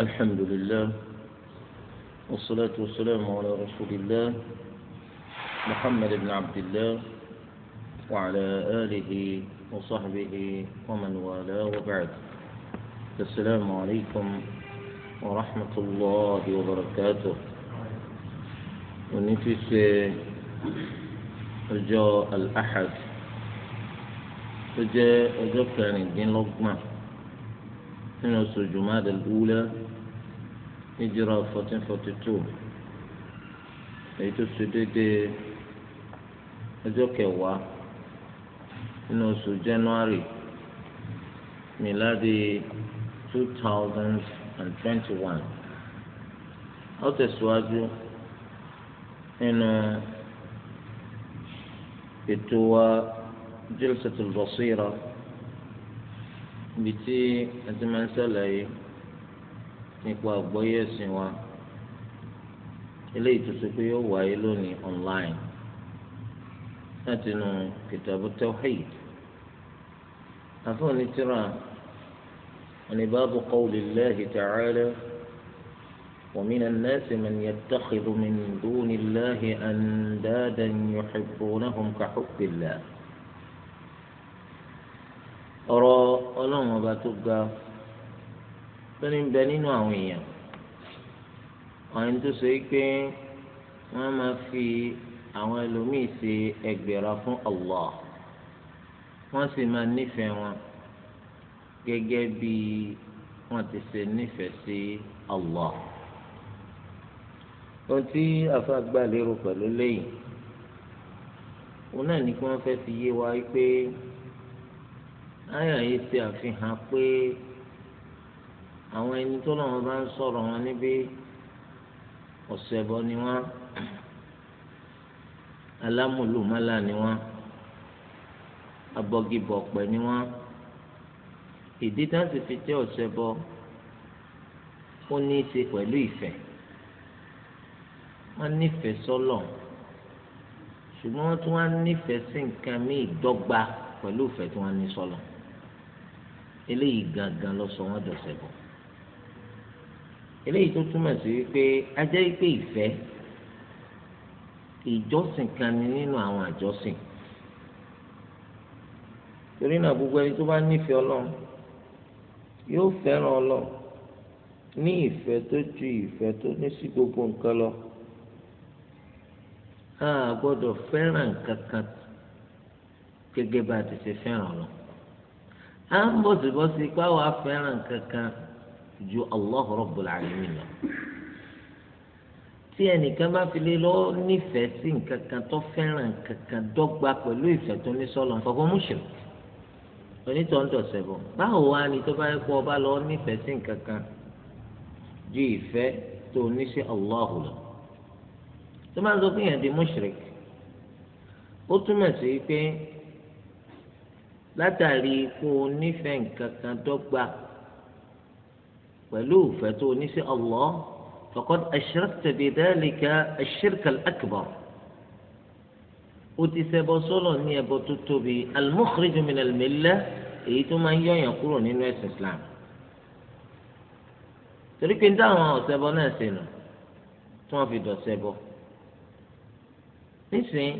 الحمد لله والصلاة والسلام على رسول الله محمد بن عبد الله وعلى آله وصحبه ومن والاه وبعد السلام عليكم ورحمة الله وبركاته ونفس رجاء الأحد رجاء رجاء كان الدين لقمة من الجمادة الأولى hijira fourteen forty two èyí tó ṣe déédéé ọjọ́ kẹwàá nínú oṣù january miladi two thousand and twenty one ó tẹ̀síwájú nínú ètò wa jalsatul basira ibi tí a ti máa ń sọ̀lẹ̀ yìí nípa ọ̀gbọ́yé ẹ̀sìn wa eléyìí tó ṣe pé yóò wáyé lónìí online láti nu kìtàbù tawhid àfọ̀n onítìrà oníbàbù qawli llahi ta'ala ومن الناس من يتخذ من دون الله أندادا يحبونهم كحب الله أرى ألم بتبقى tó ní bẹ nínú àwọn èèyàn àwọn ẹni tó sọ yìí pé wọ́n máa fi àwọn ẹlòmíì ṣe ẹgbẹ̀rún fún Allah wọ́n sì máa nífẹ̀ẹ́ wọn gẹ́gẹ́ bí wọ́n ti ṣe nífẹ̀ẹ́ sí Allah ohun tí afáàgbà lérò pẹ̀lú lẹ́yìn òun náà ní kí wọ́n fẹ́ fi yé wa pé àyà yìí ṣe àfihàn pé àwọn ẹni tó lọ́wọ́ bá ń sọ̀rọ̀ wọn níbí ọ̀sẹ̀bọ ni wọ́n alámùlùmálà ni wọ́n abọ́gibọ̀pẹ̀ ni wọ́n ìdí tá a sì fi jẹ́ ọ̀sẹ̀bọ ó ní í ṣe pẹ̀lú ìfẹ́ wọ́n nífẹ̀ẹ́ sọ́lọ̀ ṣùgbọ́n wọ́n tún wá nífẹ̀ẹ́ sí nǹkan míì dọ́gba pẹ̀lú ìfẹ́ tí wọ́n ní sọ́lọ̀ eléyìí gangan ló sọ wọ́n dọ̀sẹ̀bọ eléyìí tó túmọ̀ sí wípé ajẹ́ wípé ìfẹ́ ìjọsìn kan ni nínú àwọn àjọsìn torí náà gbogbo ẹni tó bá nífẹ̀ẹ́ ọlọ́run yóò fẹ́ràn ọlọ́run ní ìfẹ́ tó ju ìfẹ́ tó ní sí gbogbo nǹkan lọ a gbọ́dọ̀ fẹ́ràn nǹkan kan gẹ́gẹ́ bá a ti ṣe fẹ́ràn ọlọ́run à ń bọ̀sibọ́sí pé àwọn afẹ́ràn nǹkan kan ju Allahu Rabbul Alamin lọ tí ẹnìkan bá fi lé lọ nífẹ̀ẹ́ sí nǹkan kan tó fẹ́ràn nǹkan kan dọ́gba pẹ̀lú ìfẹ́ tó ní sọ́lọ́ fọwọ́ mùsùlùmí onítọ̀ọ́ntọ̀ sẹ́bọ̀ báwo wá ni tó bá yẹ kó o bá lọ nífẹ̀ẹ́ sí nǹkan kan ju ìfẹ́ tó ní sí Allahu lọ tó máa ń sọ pé yẹn di mushrik ó túmọ̀ sí pé látàrí kó o nífẹ̀ẹ́ nǹkan kan dọ́gba pẹ̀lú ìfẹ́ tó ní sí Allah faqad ashrakta bi dhalika ash-shirka al-akbar ó ti ṣẹbọ sọ́lọ̀ ní ẹbọ tó tóbi al-mukhrij min al-millah èyí tó máa ń yọ̀yàn kúrò nínú ẹ̀sìn Islam torí pé dáhùn ọ̀sẹ̀bọ náà ṣe nù tí wọ́n fi dọ̀sẹ̀bọ nísìnyí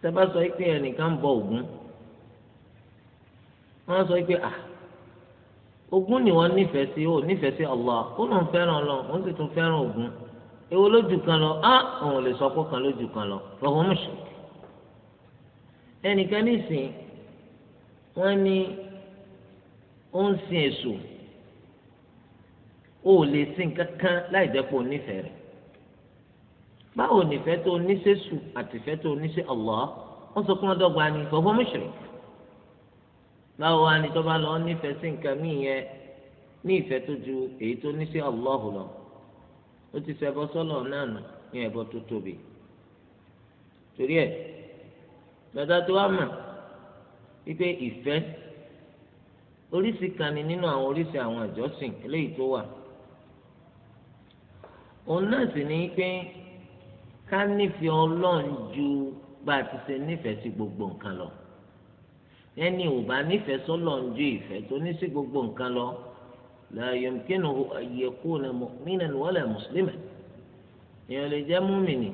tẹ́ sọ pé ẹnìkan ń Ògún wọ́n sọ pé ah ogún ni wọ́n nífẹ̀ẹ́ sí ó nífẹ̀ẹ́ sí Allah ó lóun fẹ́ràn Ọlọ́run ó sì tún fẹ́ràn ogún èwo lójú kan lọ á òun lè sọ pé kan lójú kan lọ lọ́wọ́ mùsùn. ẹnìkan nísìn wọ́n ní ó ń sin èṣù ó lè sin kankan láì jẹ́ pé ó nífẹ̀ẹ́ rẹ̀ báwo nífẹ̀ẹ́ tó oníṣẹ́ṣù àtìfẹ́ tó oníṣẹ́ Allah wọ́n sọ pé wọ́n dọ́gba ni lọ́wọ́ mùsùn báwo wá ni tó lọ nífẹ̀ẹ́ sí nǹkan yẹn ní ìfẹ́ tó ju èyí tó ní sí lọ ó ti ṣẹbọ sọ́lọ̀ náà nù ní ẹbọ tó tóbi torí ẹ̀ gbàdá tó wá mà wípé ìfẹ́ oríṣi kan ni nínú àwọn oríṣi wà òun náà sì ní pé ká nífẹ̀ẹ́ Ọlọ́run ju bá gbogbo nǹkan lọ. ẹni ò bá nífẹ̀ẹ́ sọ́lọ̀ ń ju ìfẹ́ tó ní sí gbogbo nǹkan lọ la yumkinuhu an yakuna mu'minan wala musliman èèyàn lè jẹ́ múmìnì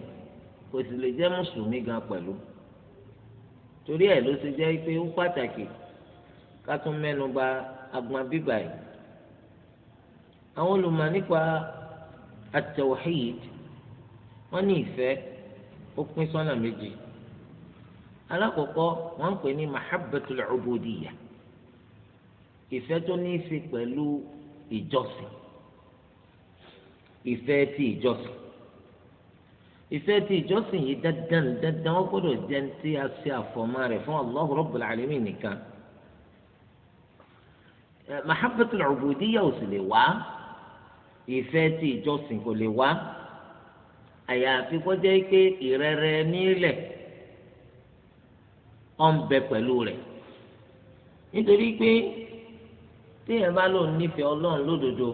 kò sì lè jẹ́ mùsùlùmí gan pẹ̀lú torí ẹ̀ ló ti jẹ́ pé ó pàtàkì ká tún mẹ́nu bà agbọn bíbà yìí àwọn olùmọ̀ nípa at wọ́n ní ìfẹ́ ó pín sọ́nà méjì alákọ̀ọ́kọ́ wọ́n ń pè ní mahabbatul ubudiyya ìfẹ́ tó ní í ṣe pẹ̀lú ìjọsìn ìfẹ́ ti ìjọsìn ìfẹ́ ti ìjọsìn yìí dandan dandan wọ́n gbọ́dọ̀ jẹ́ ní tí a fún Allahu Rabbul Alamin nìkan mahabbatul ubudiyya ò sì lè wá ìfẹ́ ti ìjọsìn kò lè wá àyàfi kó jẹ́ pé ìrẹ́rẹ́ ọ̀ ń bẹ pẹ̀lú rẹ̀ nítorí pé téèyàn bá lòun nífẹ̀ẹ́ ọlọ́run lódodo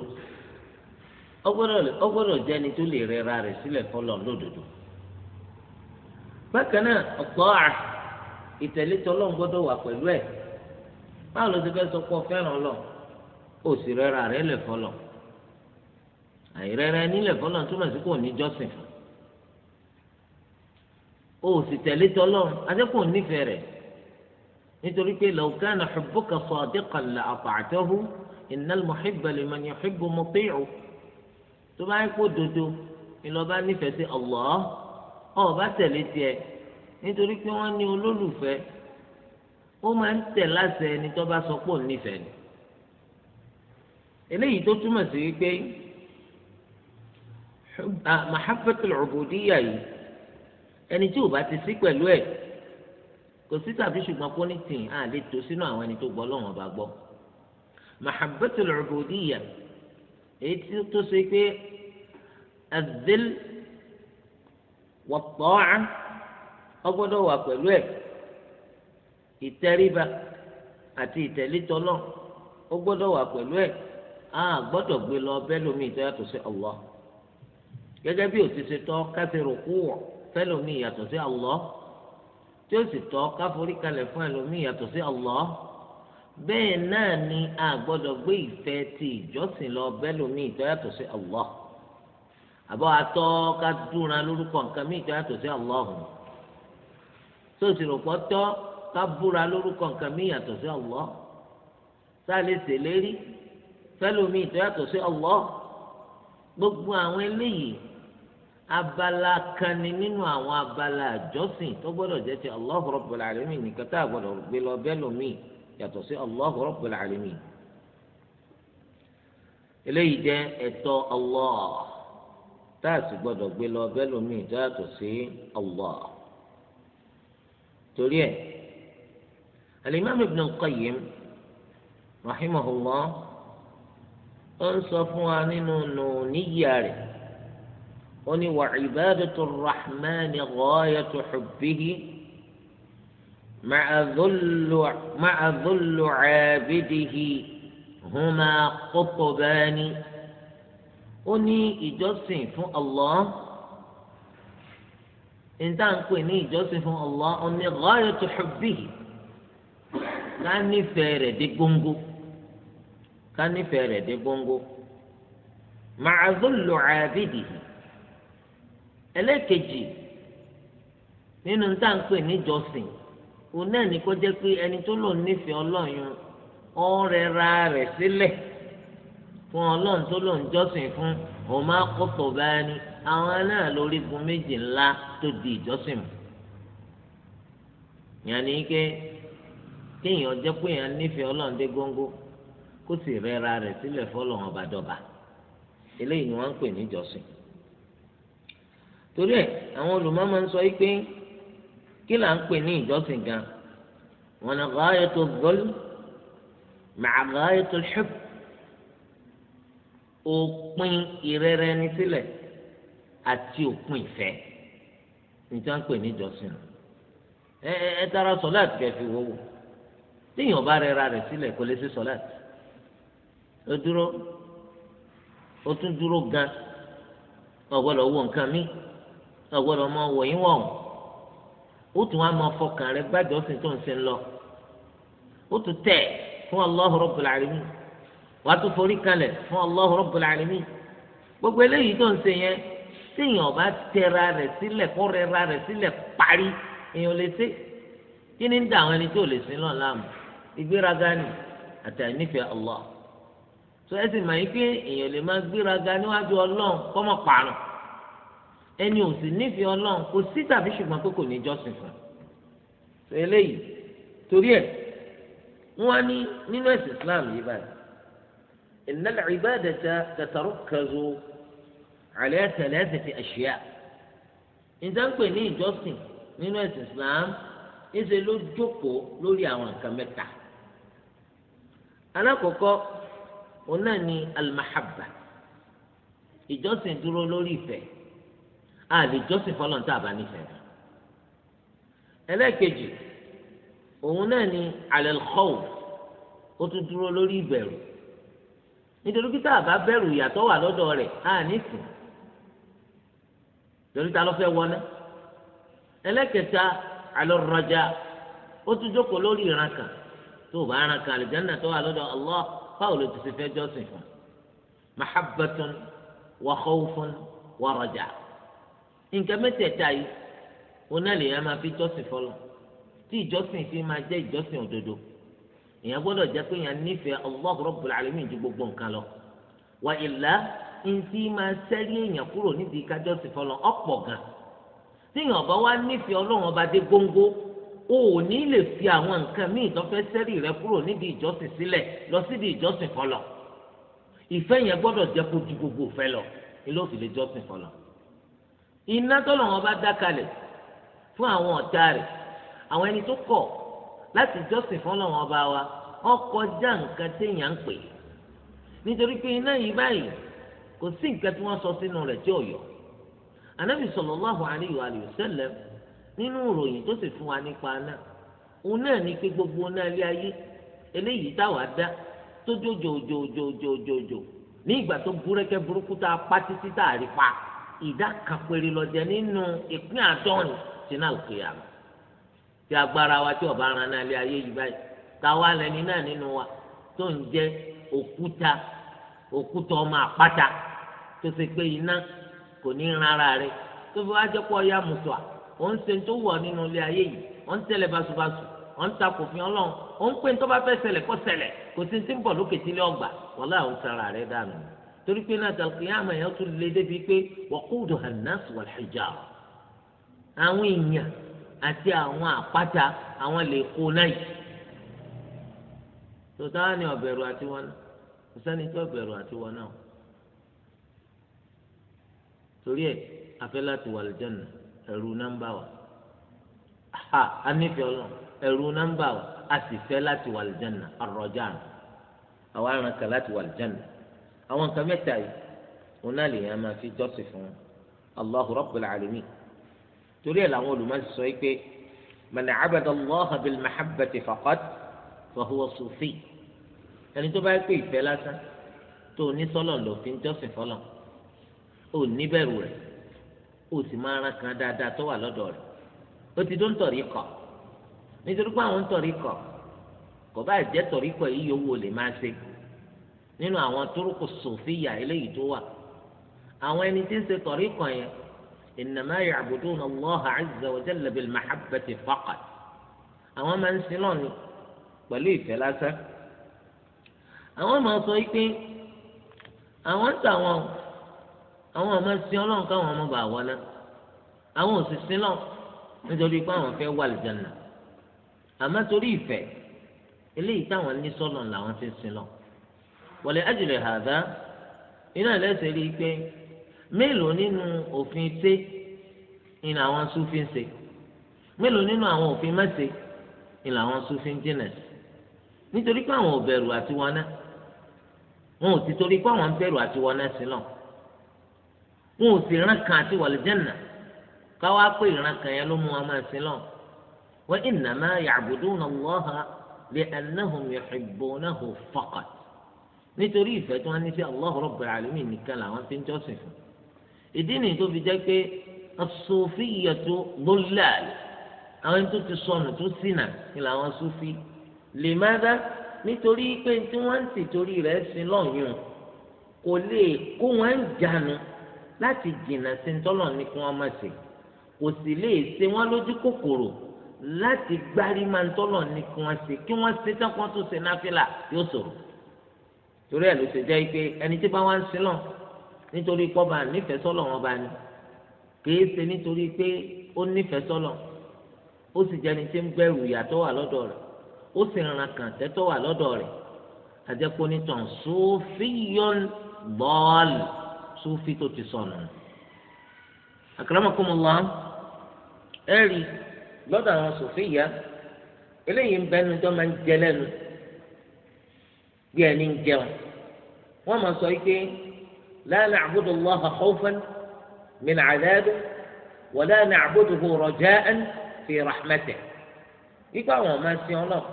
ó gbọ́dọ̀ jẹ́ni tó lè rẹra rẹ̀ sílẹ̀ fọlọ́run lódodo bákan náà ọ̀pọ̀ à ìtẹ̀lé tọlọ́run gbọ́dọ̀ wà pẹ̀lú ẹ̀ báwo ló ti fẹ́ sọ pé ọ fẹ́ràn lọ ó sì rẹra rẹ̀ lẹ̀ fọlọ́ nílẹ̀ fọlọ́ túmọ̀ sí kò ní jọ́sìn ó sì tẹ̀lé nítorí pé law kana hubbuka sadiqan la ata'tahu innal muhibba liman yuhibbu muti'u tó bá ń kó dodo ìlọba nífẹ̀ẹ́ sí Allah ọ̀ bá tẹ̀lé tiẹ̀ nítorí pé wọ́n ní olólùfẹ́ ó máa ń tẹ̀ láṣẹ ẹni tó bá sọ pé nífẹ̀ẹ́ ni eléyìí tó túmọ̀ sí wípé ah, mahabbatul ubudiyya yìí ẹni tí ò bá ti sí pẹ̀lú ẹ̀ kò sí tàbí ṣùgbọ́n kó ní tìǹ á lè tó sínú àwọn ẹni tó gbọ́ lọ́wọ́n bá gbọ́ mahabbatul ubudiyya èyí tó ṣe pé adil wat-ta'a ọgbọ́dọ̀ wà pẹ̀lú ẹ̀ ìtẹríba àti ìtẹ̀lítọ́lọ́ ó gbọ́dọ̀ wà pẹ̀lú ẹ̀ á gbọ́dọ̀ gbé lọ bẹ́lómi tó sí Allah gẹ́gẹ́ bí ó tọ́ káfíńrù kú wọ̀ fẹ́lómi yàtọ̀ sí Allah. tí ó sì tọ́ ká kalẹ̀ fún ẹlòmíì yàtọ̀ sí bẹ́ẹ̀ náà ni a gbọ́dọ̀ gbé ìfẹ́ ti ìjọsìn lọ bẹ́lòmíì tó yàtọ̀ sí àbọ̀ atọ́ ká dúnra lórúkọ nǹkan míì tó yàtọ̀ sí ọ̀hún tó sì rò pọ́ tọ́ ká búra lórúkọ nǹkan míì yàtọ̀ sí gbogbo àwọn eléyìí abala kan ni nínú àwọn abala àjọsìn tó gbọ́dọ̀ jẹ́ ti Allahu Rabbul Alamin nìkan tá a gbọ́dọ̀ gbé lọ bẹ́ẹ̀ lómi yàtọ̀ sí Allahu Rabbul Alamin eléyìí jẹ́ ẹ̀tọ́ Allah tá a sì gbọ́dọ̀ gbé lọ bẹ́ẹ̀ lómi tó yàtọ̀ sí Allah torí ẹ̀ al Ibn qayyim rahimahullah ó ń sọ fún wa nínú nù níyà وني وعبادة الرحمن غاية حبه مع ذل مع ذل عابده هما قطبان وني إجوسين فو الله إن تنقني إجوسين فو الله وني غاية حبه كاني فيري دي بونغو كاني فيري دي بونغو مع ذل عابده ẹlẹ́ẹ̀kejì nínú tá à ń pè níjọsìn òun náà ní kó jẹ́ pé ẹni tó lò nífẹ̀ẹ́ ọlọ́run ọ̀rẹ́ ra rẹ̀ sílẹ̀ fún ọlọ́run tó lò ń jọ́sìn fún òun máa kótó báyìí àwọn náà lórí gun méjì ńlá tó di ìjọsìn mu yàní ké kéèyàn jẹ́ pé èèyàn nífẹ̀ẹ́ ọlọ́run dé góńgó kó sì rẹ́ra rẹ̀ sílẹ̀ fọlọ́run ọba dọba eléyìí ni wọ́n ń pè níjọsìn torí ẹ àwọn olùmọ̀ máa ń sọ yìí pé kí là ń pè ní ìjọsìn gan wọn ni ghayatul zulm ma'a ghayatul hubb òpin ìrẹrẹ ni sílẹ̀ àti òpin ìfẹ́ níta ń pè ní ìjọsìn ẹ ẹ tara sọláàtì kẹfì wọwọ téèyàn bá rẹra rẹ̀ sílẹ̀ kò lè ṣe sọláàtì ó dúró ó tún dúró gan ọgbọdọ wọ nǹkan míì ọ̀gbọ́dọ̀ mọ wọ̀nyí wọ̀n ó tún wá mọ fọkàn rẹ gbàdọ̀ sí tó ń sin lọ ó tún tẹ̀ fún Allahu Rabbul Alamin wàá tún forí kalẹ̀ fún Allahu Rabbul Alamin gbogbo eléyìí tó ń sin yẹn téèyàn bá tẹra rẹ̀ sílẹ̀ kó rẹra rẹ̀ sílẹ̀ parí èèyàn lè ṣe kí ni ń da àwọn ẹni tó lè sin lọ́ọ̀ láàmú ìgbéraga ni àtàrí nífẹ̀ẹ́ Allah tó ẹ sì mọ̀ yín pé èèyàn lè má gbéraga níwájú Ọlọ́run kọ́mọ̀ pààrọ̀ ẹni ò sì nífẹ̀ẹ́ ọlọ́run kò sí tàbí ṣùgbọ́n pé kò ní jọ́sìn fún un ṣe eléyìí torí ẹ̀ wọ́n á ní nínú ẹ̀sìn Islam yìí báyìí innal ibadata tatarukkazu ala thalathati ashya ìjà ń pè ní ìjọ́sìn nínú ẹ̀sìn Islam ńṣe ló jókòó lórí àwọn nǹkan mẹ́ta alákọ̀ọ́kọ́ òun náà ní al-mahabba dúró lórí ìfẹ́ a lè jọ́sìn fọlọ́n tá a bá nífẹ̀ẹ́ rẹ̀ ẹlẹ́ẹ̀kejì òun náà ni alẹ́ lọ́wọ́ ó tún dúró lórí ìbẹ̀rù nítorí pé tá a bá bẹ̀rù ìyàtọ̀ wà lọ́dọ̀ rẹ̀ a nísìn torí ta ló fẹ́ wọlé ẹlẹ́kẹta alẹ́ rọjà ó tún jókòó lórí ìrankà tó o bá ranka àlùjáná tó wà lọ́dọ̀ Allah báwo ló fẹ́ jọ́sìn fún mahabbatun wa khawfun wa nǹkan mẹ́tẹ̀ẹ̀ta yìí oná lèèyàn máa fi jọ́sìn fọlọ́ tí ìjọ́sìn fi máa jẹ́ ìjọ́sìn òdodo èèyàn gbọ́dọ̀ jẹ́ pé èèyàn nífẹ̀ẹ́ Allah Rabbul Alamin ju gbogbo nǹkan lọ wà ìlà ntí máa sẹ́rí èèyàn kúrò nídìí kájọ́sìn fọlọ́ ọ̀pọ̀ gan tíyàn ọba wa nífẹ̀ẹ́ ọlọ́run ọba dé góńgó o ò ní lè fi àwọn nǹkan míì tó fẹ́ sẹ́rí rẹ kúrò nídìí ìjọ́sìn sílẹ̀ lọ síbi ìjọ́sìn fọlọ́ ìfẹ́ yẹn gbọ́dọ̀ jẹ́ kó ju gbogbo ìfẹ́ lọ ilé òfin lè jọ́sìn fọlọ́ iná tọ́lọ̀ wọn bá dákalẹ̀ fún àwọn ọ̀tá rẹ̀ àwọn ẹni tó kọ̀ láti jọ́sìn fún ọlọ́wọ́n ọba wa ọkọjá nǹkan téèyàn ń pè nítorí pé iná yìí báyìí kò sí nǹkan tí wọ́n sọ sínú rẹ̀ tí ò yọ anabi sallallahu alayhi wa sallam nínú ìròyìn tó sì fún wa nípa náà òun náà ní pé gbogbo náà lé ayé eléyìí táwa dá tó jójòjòjòjòjò ní ìgbà tó búrẹ́kẹ́ burúkú tá a pa títí tá a rí pa. ìdá kan péré lọ́jẹ́ nínú ìpín àádọ́rin ti náà kì í àmọ́ tí agbára wa tí ọba ara náà lé ayé yìí báyìí táwa lẹni náà nínú wa tó ń jẹ òkúta òkúta ọmọ àpáta tó ṣe pé iná kò ní ran ara rẹ tó fi wá jẹ́ pọ̀ ya mùsùà ó ń ṣe tó wọ̀ nínú ilé ayé yìí ó ń tẹ̀lé basubasu ó ń ta kòfin ọlọ́run ó ń pè torí pé náà dàlùkìyàmà yẹn tún lé débi pé wàkúùdù hànàs wàlhìjà àwọn èèyàn àti àwọn àpáta àwọn lè kó náà yìí tòtáwá ni ọ̀bẹ̀rù àti wọn náà kò sẹ́ni tó ọ̀bẹ̀rù àti wọn náà torí ẹ̀ afẹ́ wà lẹ́jọ́nà ẹ̀rù nọ́mbà wa ha anífẹ́ ọlọ́run ẹ̀rù nọ́mbà wa a sì wà lẹ́jọ́nà ọ̀rọ̀jà àwọn arìnrìn kan láti wà lẹ́jọ́nà àwọn nǹkan mẹ́ta yìí òun náà lèèyàn máa fi jọ́sìn fún Allahu Rabbul Alamin torí ẹ̀ làwọn olùmọ̀ọ́sì sọ yìí pé man abada Allaha bil mahabbati faqat fa huwa sufi ẹni tó bá yẹ pé ìfẹ́ lásán tó ní sọ́lọ̀ ló fi ń jọ́sìn fọlọ́ ò níbẹ̀rù rẹ̀ ò sì máa rán kan dáadáa tó wà lọ́dọ̀ rẹ̀ ó ti dó tọ̀rí kọ̀ nítorí pé àwọn ń tọ̀rí kọ̀ kò bá jẹ́ tọ̀rí kọ̀ yìí yòówó lè máa ṣe nínú àwọn turuku sòfíyà eléyìí tó wà àwọn ẹni tí ń ṣe tọ̀rí kan yẹn innama ya'buduna Allaha azza wa jalla bil mahabbati faqat àwọn máa ń sin náà ni pẹ̀lú ìfẹ́ lásán àwọn máa sọ pé àwọn ń tà wọn àwọn ọmọ sin ọlọ́run káwọn ọmọ bà wọ́n náà àwọn ò sì sin náà nítorí pé àwọn fẹ́ wà lìjànà àmọ́ torí ìfẹ́ eléyìí táwọn ní sọ́nà làwọn fi sin náà wa li ajli hadha iná lẹ́sẹ̀ rí i pé mélòó nínú òfin tẹ́ ìnà àwọn Súfí ń ṣe mélòó nínú àwọn òfin mẹ́sẹ̀ ìnà àwọn Súfí ń jìnà sí nítorí pé àwọn ò bẹ̀rù àti wọn wọn ò ti torí pé àwọn ń àti wọn sí náà wọn ò sì ìran kan àti wọ àlùjánnà káwá pé ìran kan yẹn ló mú wọn máa sí náà wa innama ya'buduna Allaha li'annahum yuhibbunahu faqat nítorí ìfẹ́ tí wọ́n ní sí Allah Rabbul Alamin nìkan làwọn ti ń jọ́sìn fún ìdí nìyí tó fi jẹ́ pé as-sufiyyatu dhullal àwọn ẹni tó ti sọnù tó ṣìnà ni làwọn sufi limadha nítorí pé tí wọ́n ń sì torí rẹ̀ sin lọ́yún kò lè kó wọn ń jánu láti jìnnà sí tọ́lọ̀ ní kí wọ́n má ṣe kò sì lè ṣe wọ́n lójú kòkòrò láti gbárí máa tọ́lọ̀ ní kí wọ́n ṣe kí wọ́n ṣe tán kí tó ṣe náfìlà yóò sọ̀rọ̀ torí ẹ̀ ló ṣe jẹ́ pé ẹni tí bá wá ń sin lọ nítorí pọ́ bá nífẹ̀ẹ́ sọ́lọ̀ wọn bá ní kìí ṣe nítorí pé ó nífẹ̀ẹ́ sọ́lọ̀ ó sì jẹ́ni tí ń bẹ̀rù ìyàtọ̀ wà lọ́dọ̀ rẹ̀ ó sì ràn kàn tẹ́tọ̀ wà lọ́dọ̀ rẹ̀ àjẹpọ̀ nítàn sófìyàn bọ́ọ̀lù sófì tó ti sọnù. àkàràmọ̀kọ́mọ̀lá ẹ̀rí lọ́dọ̀ àwọn sòfìyà eléyìí ń bẹ́nu tó máa ń jẹ lẹ́nu bí ẹni ń jẹun wọn máa sọ pé la na'budu Allaha khawfan min 'adhabihi wa la na'buduhu raja'an fi rahmatihi wípé àwọn máa sin Ọlọ́run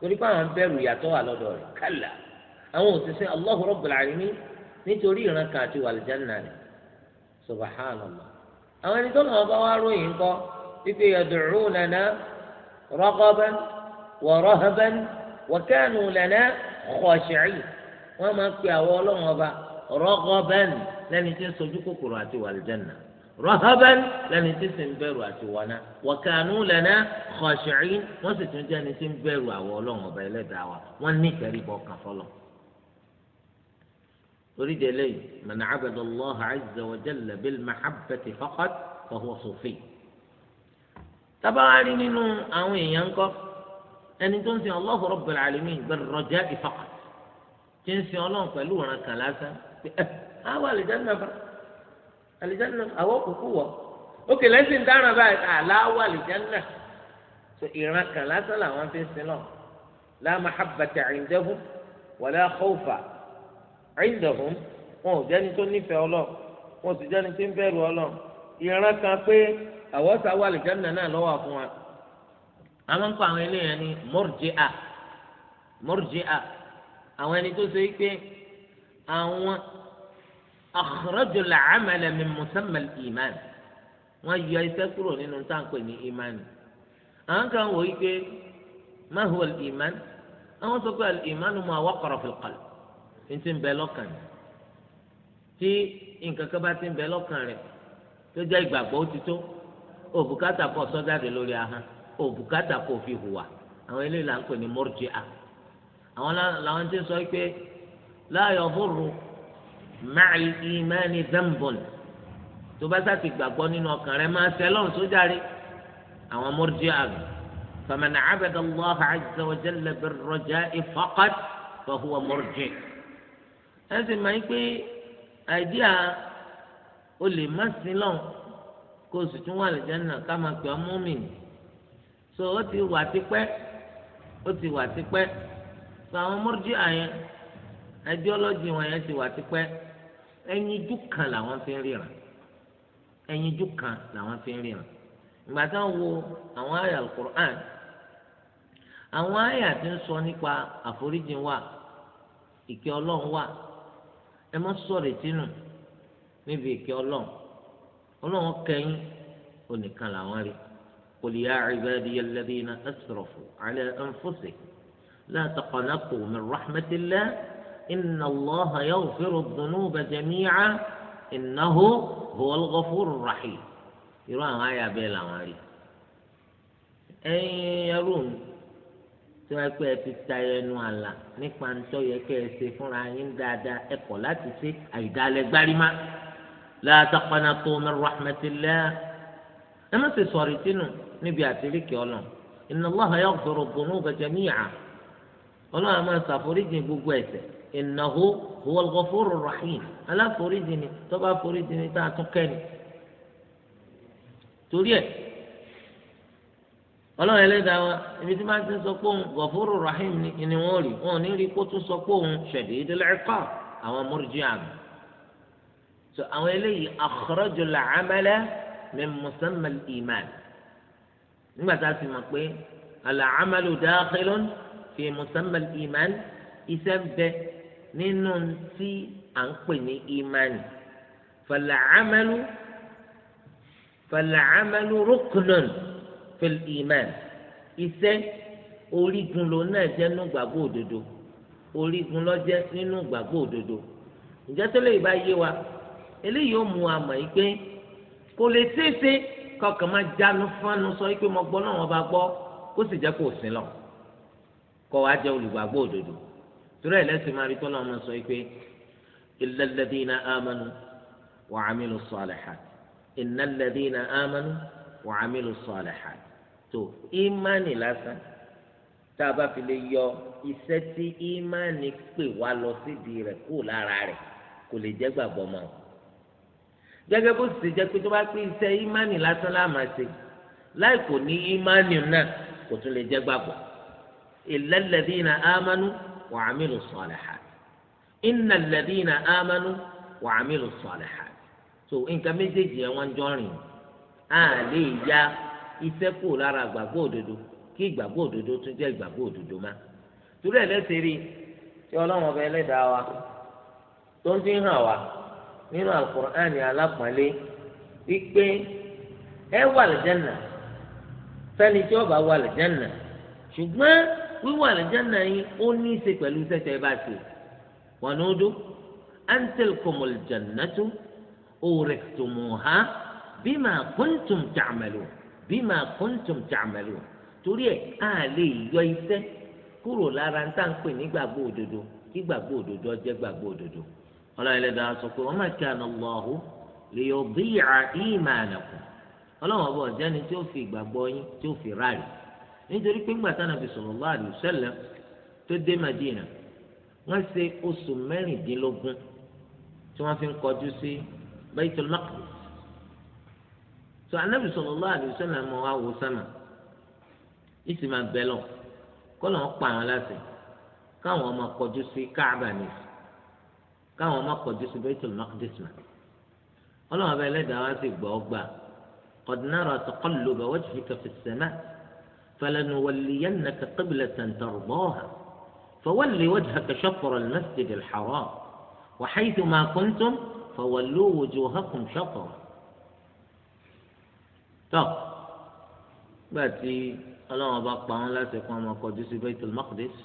torí pé àwọn bẹ̀rù ìyàtọ̀ wà lọ́dọ̀ rẹ̀ kálá àwọn òṣìṣẹ́ Allahu Rabbul Alamin nítorí ìran kan àti wàlìjánná rẹ̀ subhanallah àwọn ẹni tó lọ́wọ́ bá wá ròyìn kọ́ wípé yad'unana raghaban wa rahaban wa khashi'in wọ́n máa ń pe àwọn ọlọ́run ọba raghaban lẹ́ni tí ń sojú kòkòrò àti wàlìjẹ́nà rahaban lẹ́ni tí sì ń bẹ̀rù àti wọná wa kanu lana wọ́n sì tún jẹ́ni tí ń bẹ̀rù àwọn ọlọ́run ọba ẹlẹ́dàá wa wọ́n ní ìtẹríbọ kan fọlọ́ أريد إليه من عبد الله عز وجل بالمحبة فقط فهو صوفي تبعني منه أو ينقف ẹni tó ń sin Allahu Rabbul Alamin bir-raja'i faqat tí ń sin ọlọ́run pẹ̀lú ọ̀ràn kan lásán eh, àwọn àlìjáná bá àlìjáná àwọn òkùnkù wọ̀ ókè lẹ́sìn dáná báyìí àláwọ̀ àlìjáná tó ìran kan lásán làwọn fi ń sin lọ la mahabbata 'indahum wala khawfa 'indahum wọn ò jẹ́ni tó nífẹ̀ẹ́ ọlọ́ wọn ò sì jẹ́ni tó ń bẹ̀rù ọlọ́ ìran kan pé àwọn sáwọ́ àlìjáná náà lọ́wọ́ àwọn ń kọ àwọn eléyàn ní murji'a murji'a àwọn ẹni tó ṣe pé àwọn akhraju al-amala min musamma al-iman wọn yọ iṣẹ́ kúrò nínú táǹpẹ ní ìmánì àwọn kan wò yí pé ma huwa al-iman àwọn sọ pé al-imanu ma waqara fi al-qalb ń bẹ lọ́kàn tí nǹkan kan bá ti ń bẹ lọ́kàn rẹ̀ tó jẹ́ ìgbàgbọ́ ó òbúkátà pọ̀ sọ́jáde lórí ahọ́n òbùkátà kò fi hùwà àwọn eléyìí là ń pè ní murji'a àwọn làwọn ti sọ pé la yadurru ma'al imani dhanbun tó bá sá ti gbàgbọ́ nínú ọkàn rẹ máa ṣe lọ́run sójà rí àwọn murji'a rẹ faman 'abada Allah 'azza wa jalla bir-raja'i ẹ sì máa ń pé àìdíà o má sí lọ́run kó o sì tún wà lẹ́jẹ̀ náà ká máa pè ọ́ mọ́mìnì. so o ti wà tipẹ́ o ti wà tipẹ́ so àwọn mọ́rọ́jì àyẹn ideology wọn yẹn ti wà tipẹ́ ẹyinjú kan làwọn fi ń kan làwọn fi ń ríran ìgbà tí wo àwọn àyà alukur'an àwọn àyà ti ń sọ nípa àforíjì wa ìkẹ́ ọlọ́run wa ẹ mọ́ sọ̀rọ̀ ìtinú níbi ìkẹ́ ọlọ́run ọlọ́run kẹyìn onìkan làwọn قل يا عبادي الذين اسرفوا على انفسهم لا تقنطوا من رحمه الله ان الله يغفر الذنوب جميعا انه هو الغفور الرحيم يروان آية بلا ماري أي يرون تواكو يتتاينو على نكوان تو يكي سيفون عين دادا إقولات سي أي دالك بارما لا تقنطوا من رحمة الله أما سي صوري تنو níbi àtiríkì ọlọ́run inna Allaha yaghfiru dhunuba jami'a ọlọ́run a máa ṣàforíjì gbogbo ẹ̀ṣẹ̀ innahu huwal ghafurur rahim aláforíjì ni tọ́ba foríjì ni tá a tún kẹ́ni torí ẹ̀ ọlọ́run ẹlẹ́dàá wa ibi tí máa ti sọ pé òun gọ̀fúrú rahim ni wọ́n rí wọn ò ní rí kó tún sọ pé òun shadidul iqab àwọn murji'ah so àwọn eléyìí akhrajul amala min musammal iman nígbà tá a sì mọ̀ pé al-amalu dakhilun fi musamma al-iman iṣẹ́ ń bẹ nínú tí à ń pè ní imani fal-amalu fal-amalu ruknun fil-iman iṣẹ́ orígun ló náà jẹ́ nínú gbàgbọ́ òdodo orígun ló jẹ́ nínú gbàgbọ́ òdodo ìjẹ́tọ́lẹ́ ìbá yé wa eléyìí ó mú wa yìí pé kò lè ṣeéṣe kọkàn máa jánu fánu sọ pé mo gbọ́ náà wọn bá gbọ́ kó sì jẹ́ kó o sin lọ kọ́ wa jẹ́ olùgbàgbọ́ òdodo torí ẹ̀ lẹ́sìn máa rí tọ́lọ́ ọmọ sọ pé illal ladina amanu wa amilus salihat innal ladina amanu wa amilus salihat tó ìmánì lásán tá a bá fi lè yọ iṣẹ́ tí ìmánì pè wá lọ sídìí rẹ̀ kú lára rẹ̀ kò lè jẹ́ gbàgbọ́ mọ́ ọ. gẹ́gẹ́ bó ṣe jẹ́ pé tó bá pín iṣẹ́ ìmánì lásán láàmà ṣe láì kò ní ìmánì náà kò tún lè amanu wa amilus so nǹkan méjèèjì yẹn wọ́n jọrìn ya iṣẹ́ kù lára ìgbàgbọ́ òdodo kí òdodo tún jẹ́ òdodo má lẹ́sẹ̀ rí ọlọ́run ọba wa nínú alukur'ani alápọ̀nlé wípé ẹ wà lẹ́jẹ̀nà sẹ́ni tí ó bá wà lẹ́jẹ̀nà ṣùgbọ́n wíwà lẹ́jẹ̀nà yìí ó ní í ṣe pẹ̀lú sẹ́tẹ̀ bá ṣe wọn ní ó dún antel kọmọl jannatu òrètòmùhá bímà kúntùm tàmẹlú bímà kúntùm tàmẹlú torí ẹ á lè yọ iṣẹ́ kúrò lára ń tà ń pè òdodo kí gbàgbọ́ òdodo ọjẹ́ gbàgbọ́ òdodo. ọlọ́run ẹlẹ́dàá sọ pé wọ́n máa kí àná lọ́hù bí ìhà ọlọ́run ọba ọ̀jẹ́ni tí ó fi ìgbàgbọ́ yín tí ó fi ráàlì nítorí pé ńgbà tánà fi sọ̀rọ̀ láàrin ìṣẹ̀lẹ̀ tó dé Madina wọ́n ṣe oṣù mẹ́rìndínlógún tí wọ́n fi ń kọjú sí tó sọ̀rọ̀ láàrin ìṣẹ̀lẹ̀ mọ́ àwọ̀ sánà máa bẹ̀ lọ káwọn má kọjú sí Baitul sí mà ọlọ́run ọba ẹlẹ́dàá wá sí gbọ́ ọgbà gbà qad nara taqalluba wajhika fi as-sama' falanuwalliyannaka qiblatan tardaha fawalli wajhaka shatra al-masjid al-haram wa haythu ma kuntum fawallu wujuhakum shatrahu tọ́ gbàtí ọlọ́run ọba pa wọn láti kọ́ ọmọ kọjú sí Baitul Maqdis.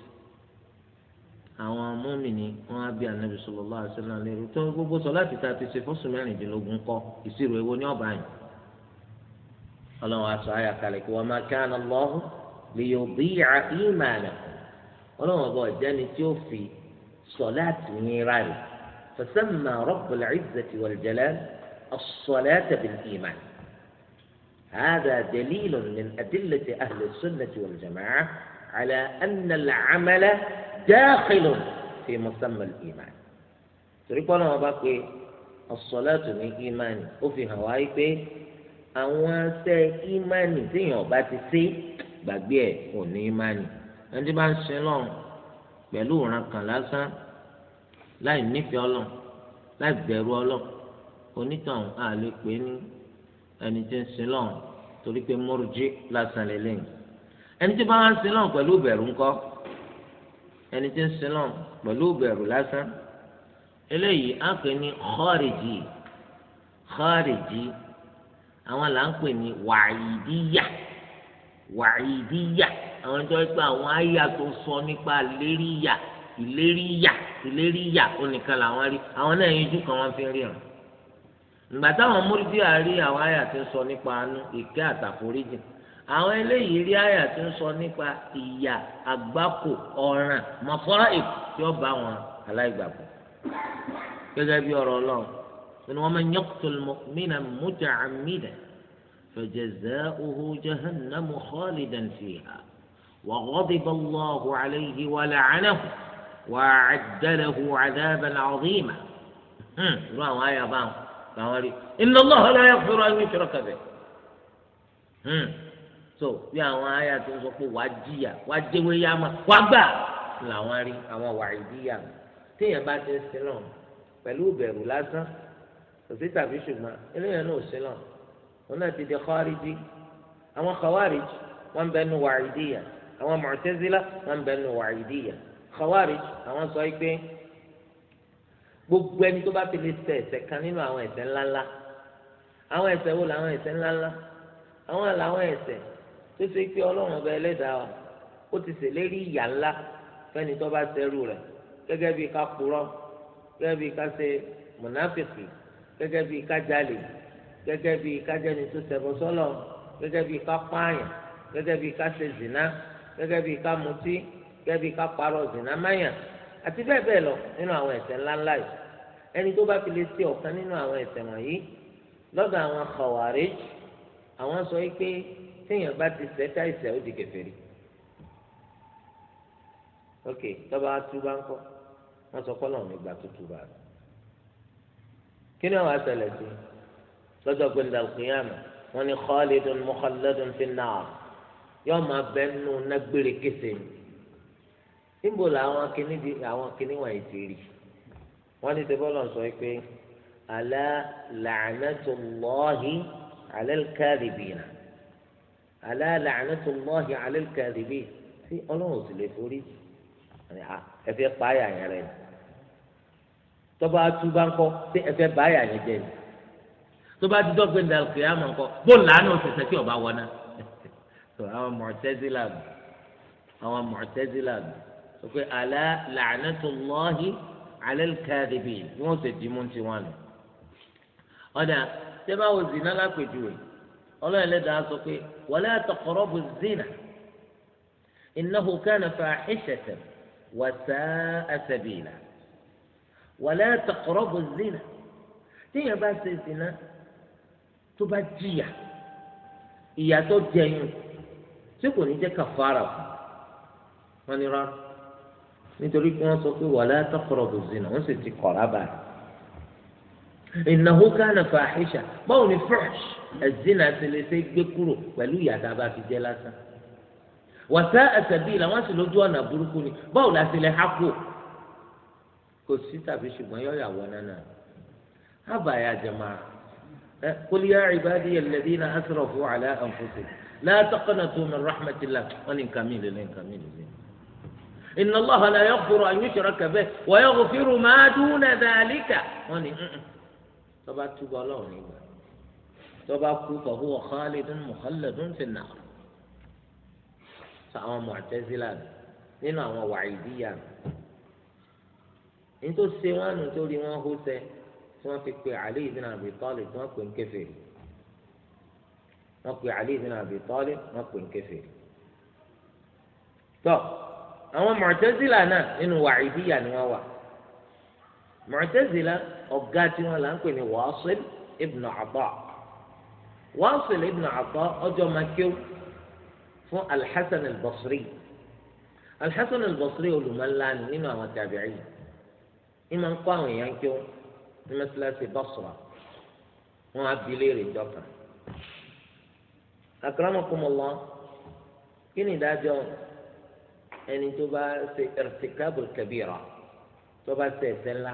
àwọn mọ́mìnì wọn á bí anabi sallallahu alaihi wasallam lérò tó gbogbo sọ láti ta ti ṣe fún sùmẹ́rìndínlógún kọ́ ìṣirò èwo ní ọ̀bà yìí ọlọ́run aṣọ àyàkálẹ̀ kí wọ́n máa kí lè kana Allahu li yudi'a imanakum ọlọ́run ọba ọ̀jẹ́ni tí ó fi sọ sọ̀láàtì yín ráàlì fasamma rabbul izzati wal jalal as-salata bil iman هذا دليل من أدلة أهل السنة والجماعة على أن العمل داخل في مسمى الإيمان. torí pé ọlọ́run bá pé ọ̀sọ́látù ní ìmánì ó fi hàn wáyé pé àwọn ṣe ìmánì téèyàn ọba ti ṣe gbàgbé ẹ̀ kò ní ìmánì ẹni tí bá ń ṣe lọ́run pẹ̀lú òran kan lásán láì nífẹ̀ẹ́ ọlọ́run láì bẹ̀rù ọlọ́run onítàn á lè pè ní ẹni tí ń ṣe lọ́run torí pé mọ́rùjí lásán lélẹ́yìn ẹni tí bá ń ṣe lọ́run pẹ̀lú ìbẹ̀rù ńkọ́ ẹni tí ń sinọ́ pẹ̀lú ìbẹ̀rù lásán eléyìí á pè ní kọ́rìjì kọ́rìjì àwọn là ń pè ní wàyídíyà wàyídíyà àwọn tó ń pè àwọn àyà tó sọ nípa léríyà ìléríyà ìléríyà onìkan làwọn rí àwọn náà yíjú kan wọn fi ríran ìgbà táwọn múrídìí àárí àwọn àyà tó sọ nípa àánú ìkẹ́ àtàforíjì àwọn eléyìí rí àyà tó ń sọ nípa ìyà àgbákò ọ̀ràn mọ̀fọ́ráìf tí ó bá wọn aláìgbàgbọ́ gẹ́gẹ́ bí ọ̀rọ̀ ọlọ́run ni wọ́n máa ń yaqtul mu'mina muta'ammidan fajaza'uhu jahannamu khalidan fiha وغضب الله عليه ولعنه وأعد له عذابا عظيما رواه آية بان إن الله لا يغفر أن يشرك به so bí àwọn àyà tó ń sọ pé wàá jìyà wàá jẹwé yá mà wàá gbà làwọn rí àwọn wàá jìyà mà téèyàn bá ti ń sílọ̀ pẹ̀lú ìbẹ̀rù lásán òsì tàbí ṣùgbọ́n eléyàn náà ò sílọ̀ wọn náà ti di kọ́ríjì àwọn kọ́wárìj wọn bẹ nu wàá jìyà àwọn mọ̀tẹ́sílá wọn bẹ nu wàá jìyà kọ́wárìj àwọn sọ pé gbogbo ẹni tó bá fi lè ṣẹ̀ ẹ̀ṣẹ̀ kan nínú àwọn ẹ̀ṣẹ̀ ńláńlá àwọn ẹ̀ṣẹ̀ wo làwọn ẹ̀ṣẹ̀ ńláńlá àwọn làwọn ẹ̀ṣẹ̀ tó ṣe pé ọlọ́run ọba ẹlẹ́dàá wa ó ti ṣèlérí ìyà ńlá fẹ́ni tó bá ṣẹrú rẹ̀ gẹ́gẹ́ bíi ká purọ́ gẹ́gẹ́ bíi ká ṣe mùnáfìkì gẹ́gẹ́ bíi ká jalè gẹ́gẹ́ bíi ká jẹni tó ṣẹbọ sọ́lọ̀ gẹ́gẹ́ bíi ká pààyàn gẹ́gẹ́ bíi ká ṣe zìnà gẹ́gẹ́ bíi ká mutí gẹ́gẹ́ bíi ká parọ́ zìnà máyàn àti bẹ́ẹ̀ bẹ́ẹ̀ lọ nínú àwọn ẹ̀ṣẹ̀ ńláńlá yìí ẹni tó bá fi lè ṣe ọ̀kan nínú àwọn ẹ̀ṣẹ̀ wọ̀nyí lọ́dọ̀ àwọn àwọn sọ pé téèyàn bá ti sẹ́ táìsẹ̀ ó di kèfèrí ok tọ́ba túbá ń kọ́ wọ́n sọ pé Ọlọ́run nígbà tó túbá rẹ̀ kí ni àwọn àṣẹlẹ̀ sí lọ́jọ́ gbẹ̀ndà òkèèyàmù wọ́n ní khalidun mukhalladun fi nar yóò máa bẹ́ nù nágbèrè kése ni níbo làwọn kìnnì di àwọn kìnnì wọ̀nyí ti rí wọ́n ní tẹ́fọ́ lọ́n sọ pé ala la'natullahi ala al-kadhibina ala la'natullahi 'alal kadhibin sí ọlọ́run sì lè forí ẹ fẹ́ pa àyà yẹn rẹ tọ́ba túbá ńkọ́ sí ẹ fẹ́ bá àyà yẹn jẹ ni tọ́ba dídọ́ gbé ndàlù kìyàmù ńkọ́ bó làánù òṣìṣẹ́ tí ọba wọná àwọn Mu'tazila àwọn Mu'tazila sọ pé ala la'natullahi 'alal kadhibin ni wọ́n sì dì mú tiwọn nù ọ̀dà tẹ́báwò zina lápèjúwe ọlọ́run ẹlẹ́dàá sọ pé ولا تقربوا الزنا إنه كان فاحشة وساء سبيلا ولا تقربوا الزنا تي بس الزنا تبجية يا تجيني تكوني كفارة من يرى نتوري صوتي ولا تقربوا الزنا ونسيتي قرابة إنه كان فاحشة بوني فحش ẹ̀zínà ti lè ṣe gbé kúrò pẹ̀lú ìyàtà bá fi jẹ́ lásán wàtá ẹsẹ̀bí làwọn sì lójú ọ̀nà burúkú ni báwo la ṣe lè há kú kò sí tàbí ṣùgbọ́n yọ ìyàwó nánà àbàyà jẹ̀mà ẹ qul ya ibadiya alladhina asrafu ala anfusihim la taqnatu min rahmatillah wọn ni nǹkan mi lè lè nǹkan mi lè lè. inna Allaha la yaghfiru an yushraka bihi wa yaghfiru ma duna dhalika wọn ni tọ́ba túbọ̀ tó bá kú fọwọ́ wọ khalidun mukhalladun fi nà sọ àwọn Mu'tazila nínú àwọn wàhídíyà nítorí ṣe wọn nù torí wọn hó sẹ tí wọn fi pe Ali ibn Abi Talib tí wọn pè ń kèfèrí wọn pe Ali ibn Abi Talib wọn pè ń kèfèrí tọ àwọn Mu'tazila náà nínú wàhídíyà ni wọn wà Mu'tazila ọgá tí wọn là ń pè ní Wasil ibn Ata. Wasil ibn Ata ọjọ́ makiw fún alḥasan albasri alḥasan albasri olùmọ̀láni nínú àwọn tàbíyì ìmọ̀ ń kọ́ àwọn èèyàn kí ó ní mẹ́tíláṣí Basra wọn á bi léèrè jọkà akramakumullah kí ni ìdájọ́ ẹni tó bá ṣe irtikabul kabira tó bá ṣe ẹ̀ṣẹ̀ ńlá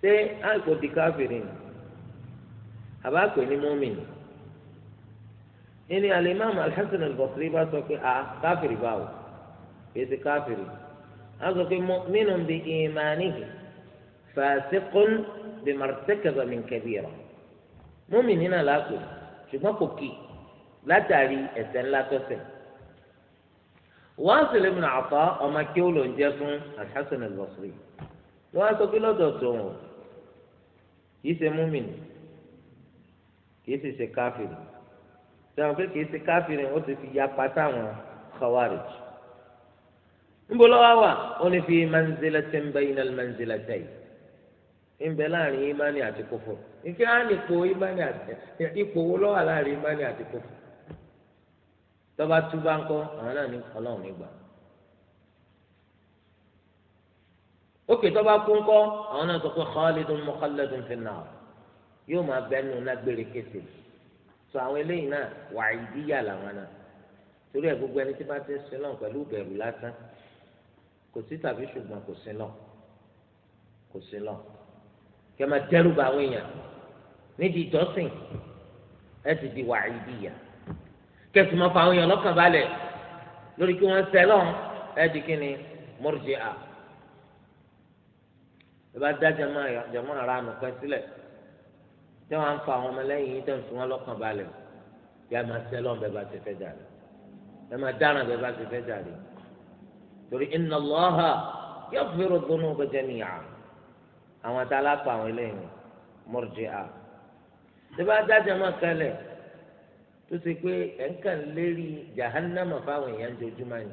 ṣé àìkò di káfírin ni àbápè ní mọ́mìnì nínú alimami alhassan albasri bá sọ pé a ah, káfìrì báwo fèsì káfìrì a sọ pé mọ́mìnì bí ìmánìhì fàṣẹkùn bí màrtẹkẹsọ mi kẹbìrọ mọ́mìnì náà lápè ṣùgbọ́n kò kì látàrí ẹ̀ṣẹ̀ ńlá tọ́ṣẹ̀ wọ́n sì lè mú àtọ́ ọmọ kí ó lò ń jẹ́ fún alhassan albasri wọ́n sọ pé lọ́dọ̀ tó wọn kì í ṣe mọ́mìnì kìí sì ṣe káfíìrì sọ̀rọ̀ pé kìí ṣe káfíìrì ó ti fi ya pátá àwọn khawarij níbo lọ́wọ́ wà ó ní fi manzilatin bayna al-manzilatayn ńbẹ láàrin imani àti kófò ìfẹ́ á ní ipò imani àti ipò wo lọ́wọ́ láàrin imani àti kófò tọ́ba túbá ńkọ́ àwọn náà ní ọlọ́run nígbà ókè tọ́ba kú ńkọ́ àwọn náà sọ pé khalidun mukhalladun fin nar yóò máa bẹnu lágbèrè kése sọ àwọn eléyìí náà wàá ìdíyà làwọn náà torí ẹ gbogbo ẹni tí bá ti ń sin náà pẹ̀lú ìbẹ̀rù lásán kò sí tàbí ṣùgbọ́n kò sí náà kò sí náà kẹ máa dẹ́rù bá àwọn èèyàn nídìí ìjọsìn ẹ ti di wàá ìdíyà kẹsì máa fa àwọn èèyàn lọ́kàn balẹ̀ lórí kí wọ́n sẹ́ lọ́n ẹ di kí ni mọ́rùjì à ẹ bá dá jẹmọ́ ara nù pẹ́ sílẹ̀ tí wọn fa àwọn ọmọlẹ́yìn yìí tẹ̀sùn wọn lọ́kàn balẹ̀ o bí a máa sẹ́lọ̀ bẹ́ẹ̀ bá ti fẹ́ jàre ẹ máa dáràn bẹ́ẹ̀ bá ti fẹ́ jàre torí inna Allaha yaghfiru dhunuba jami'a àwọn tá a lá pa àwọn eléyìí murji'a tí bá dájà máa kalẹ̀ tó ṣe pé ẹ̀ńkà lérí jahannama fáwọn èèyàn jojúmọ́ ni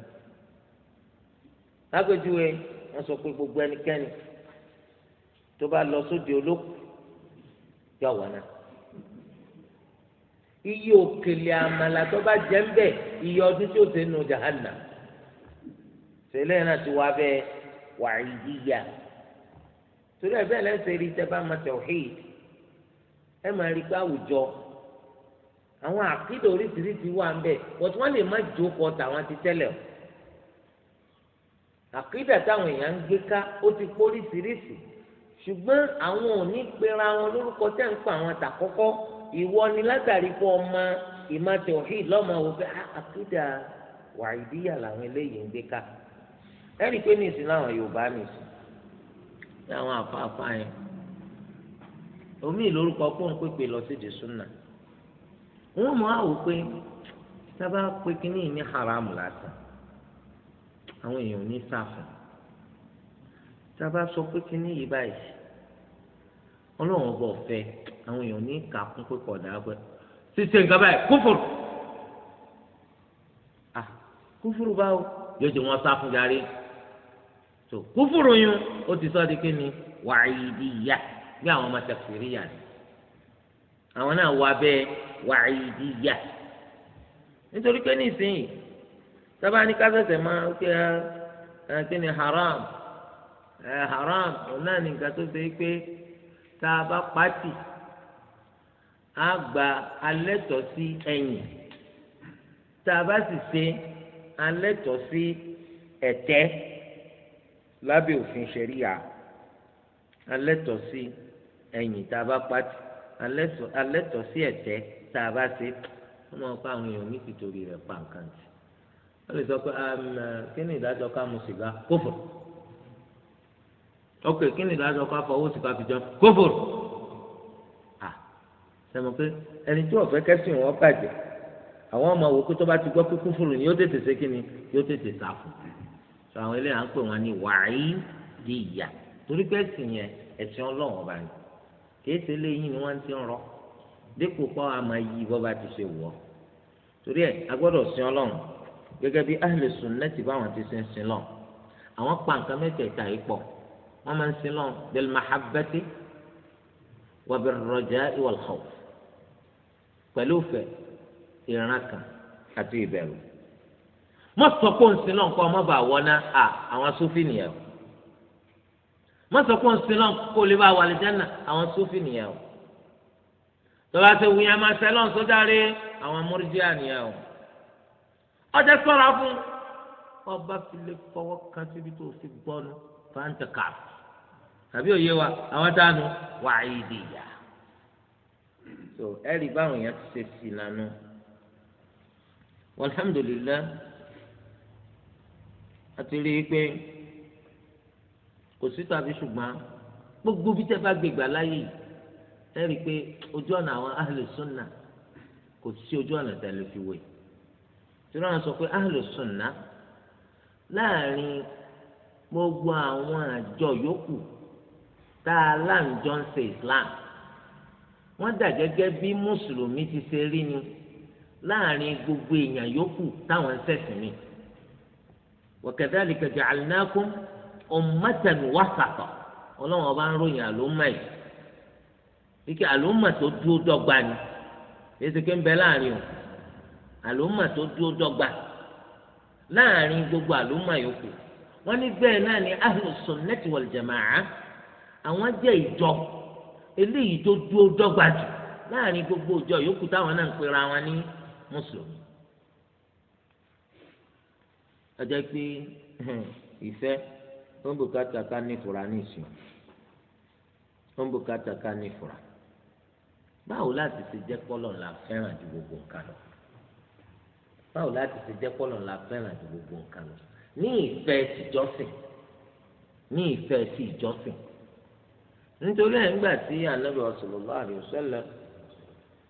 lágbèjúwe wọn sọ pé gbogbo ẹnikẹ́ni tó bá lọ sóde olókùn yọ wọ náà iye òkèlè àmàlà tó bá jẹ ń bẹ iye ọdún tí ó ṣe nù jahanna tẹ́lẹ̀ náà ti wá bẹ wàyí yíyá torí ẹ bẹ́ẹ̀ lẹsẹ rí tẹ bá máa tauhid ẹ máa rí pé àwùjọ àwọn àkídà oríṣiríṣi wà ń bẹ but lè má jókòó tàwọn ti tẹ́lẹ̀ o àkídà táwọn èèyàn ń gbé ká ó ti póríṣiríṣi ṣùgbọ́n àwọn ò ní pera wọn lórúkọ tẹ́ ń pa àwọn àtàkọ́kọ́ ìwọ ni látàrí pé ọmọ ìmọ̀ tẹ̀wọ̀hìn lọ́mọ wò pé ah, àkídà wàhídíyà làwọn eléyìí ń gbé ká ẹ̀rí pé ní ìsìn láwọn Yorùbá mi sùn ní àwọn àfáàfá yẹn omi ìlórúkọ pọ́n pépè lọ sí di wọ́n mọ̀ àwò pé sábà pé kínní ní haram lásán àwọn èèyàn ò ní sáfún sábà sọ pé kínní yìí báyìí ọlọ́run ọba ọ̀fẹ́ àwọn èèyàn ní ìka kún pé kọ̀dà abẹ́ ṣíṣe nǹkan báyìí kúfùrù à kúfùrù báwo yóò jẹ wọn sá fún darí tó kúfùrù yún ó ti sọ di kí ni wàhídìyà bí àwọn ọmọ tẹkùrìyà ni àwọn náà wà bẹ́ẹ̀ wàhídìyà nítorí pé nísìnyí sábà ní kásẹ̀sẹ̀ máa ń kí ni haram haram òun náà nǹkan tó ṣe tá a bá pàtì á gba alẹ́ tọ́ sí ẹ̀yìn tá a bá sì ṣe alẹ́ tọ́ sí ẹ̀tẹ́ lábẹ́ òfin ṣẹ̀ríyà alẹ́ tọ́ sí ẹ̀yìn tá a bá pàtì alẹ́ tọ́ sí ẹ̀tẹ́ tá a bá ṣe wọ́n máa kọ́ àwọn èèyàn ní tìtorí rẹ̀ pa nǹkan jù wọ́n lè sọ pé kí ni ìdájọ́ ká mu sìgá kófò ok kí ni ìdájọ́ ká fọwọ́ sí ká fi jọ kófòrò à sẹ́mi pé ẹni tí wọ́n fẹ́ kẹ́sìn wọn bàjẹ́ àwọn ọmọ wò pé tó bá ti gbọ́ pé kófòrò ni yóò tètè ṣe kí ni yóò tètè sá fún un sọ àwọn eléyà ń pè wọn ní wàáyí di ìyà torí pé ẹ̀sìn yẹn ẹ̀sìn ọlọ́run ọba ni kìí ṣe léyìn ni wọ́n ti ń rọ dípò pọ́ àmọ́ yí bọ́ bá ti ṣe wọ̀ torí ẹ̀ a gbọ́dọ̀ sin ọlọ́run gẹ́gẹ́ bí ahlẹ̀ sùn náà ti bá àwọn ti sin sin lọ wọn máa ń sin lọ bil mahabbati wa bir raja'i wal khawf pẹ̀lú ìfẹ́ ìran kan àti ìbẹ̀rù mọ sọ pé òǹsìn náà kọ ọmọ bá wọ ná à àwọn sófin nìyẹn o mọ sọ pé òǹsìn náà kó lè bá wà lìjánà àwọn sófin nìyẹn o tọ́lá ṣe wùyàn máa ṣe lọ́n sójà rí àwọn mọ́rìjíà nìyẹn o ọjà sọ̀rọ̀ fún ọba file fọwọ́ kan síbi tó fi gbọ́nu fáńtà káàpù àbí òye wa àwọn tánu wàhídìyà so ẹ̀rí báwọn yẹn ti ṣe sí lánà alhamdulilayi a ti rí i pé kò sí tàbí ṣùgbọ́n gbogbo bí tẹ́ bá gbègbà láyè ẹ̀rí pé ojú ọ̀nà àwọn ahlus sunna kò sí ojú ọ̀nà tẹ̀lé fi wé tí wọ́n sọ pé ahlus láàrin gbogbo àwọn àjọ yòókù tá a láǹjọ ń ṣe islam wọn dà gẹ́gẹ́ bí mùsùlùmí ti ṣe rí ni láàrin gbogbo èèyàn yòókù táwọn ń ṣẹ̀sìn ni wa kadhalika ja'alnakum ummatan wasata ọlọ́wọ́n bá ń ròyìn àlùmọ́ yìí ike àlùmọ́ tó dúró dọgba ni eze kemgbe ń bẹ láàrin o àlùmọ́ tó dúró láàrin gbogbo àlùmọ́ yòókù wọ́n ní bẹ́ẹ̀ náà ni àwọn jẹ́ ìjọ eléyìí tó dúró dọ́gba jù láàrin gbogbo ìjọ yòókù táwọn náà ń pera wọn ní mùsùlùmí. ọjọ́ pé ìfẹ́ ó ń bùkátà ká nífura ní ìsìn ó ń bùkátà ká nífura báwo láti ṣe jẹ́ pọ́lọ̀ la fẹ́ràn ju gbogbo nǹkan lọ báwo láti ṣe jẹ́ pọ́lọ̀ la fẹ́ràn ju gbogbo nǹkan lọ ní ìfẹ́ tìjọ́sìn ní ìfẹ́ sí ìjọ́sìn nítorí ẹ̀ ńgbà tí anabi sallallahu alaihi wasallam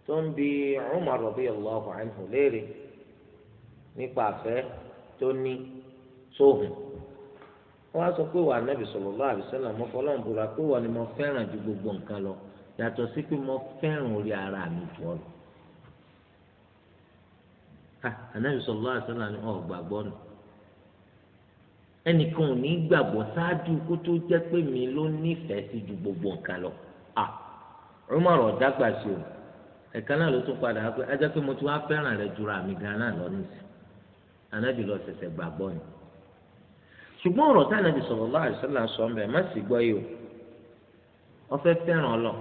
tó ń bi Umar radiyallahu anhu léèrè nípa àfẹ́ tó ní sóhùn wọ́n á sọ pé wà anabi sallallahu alaihi wasallam mo fọlọ́n búra pé wọ́n ni mo fẹ́ràn ju gbogbo nǹkan lọ yàtọ̀ sí pé mo fẹ́ràn ara mi jù ah, ẹnìkan ò ní gbàgbọ́ ṣáájú kó tó jẹ́ mi ló nífẹ̀ẹ́ sí ju gbogbo nǹkan lọ à Umar sí o ẹ̀ka náà ló tún padà wá pé pé mo ti wá fẹ́ràn rẹ jura mi ganan lọ nísì anábì lọ ṣẹ̀ṣẹ̀ gbàgbọ́ ni ṣùgbọ́n ọ̀rọ̀ tá ànábì sallallahu alaihi wasallam sọ ń bẹ̀ má sì gbọ́ yìí o ọ fẹ́ fẹ́ràn ọlọ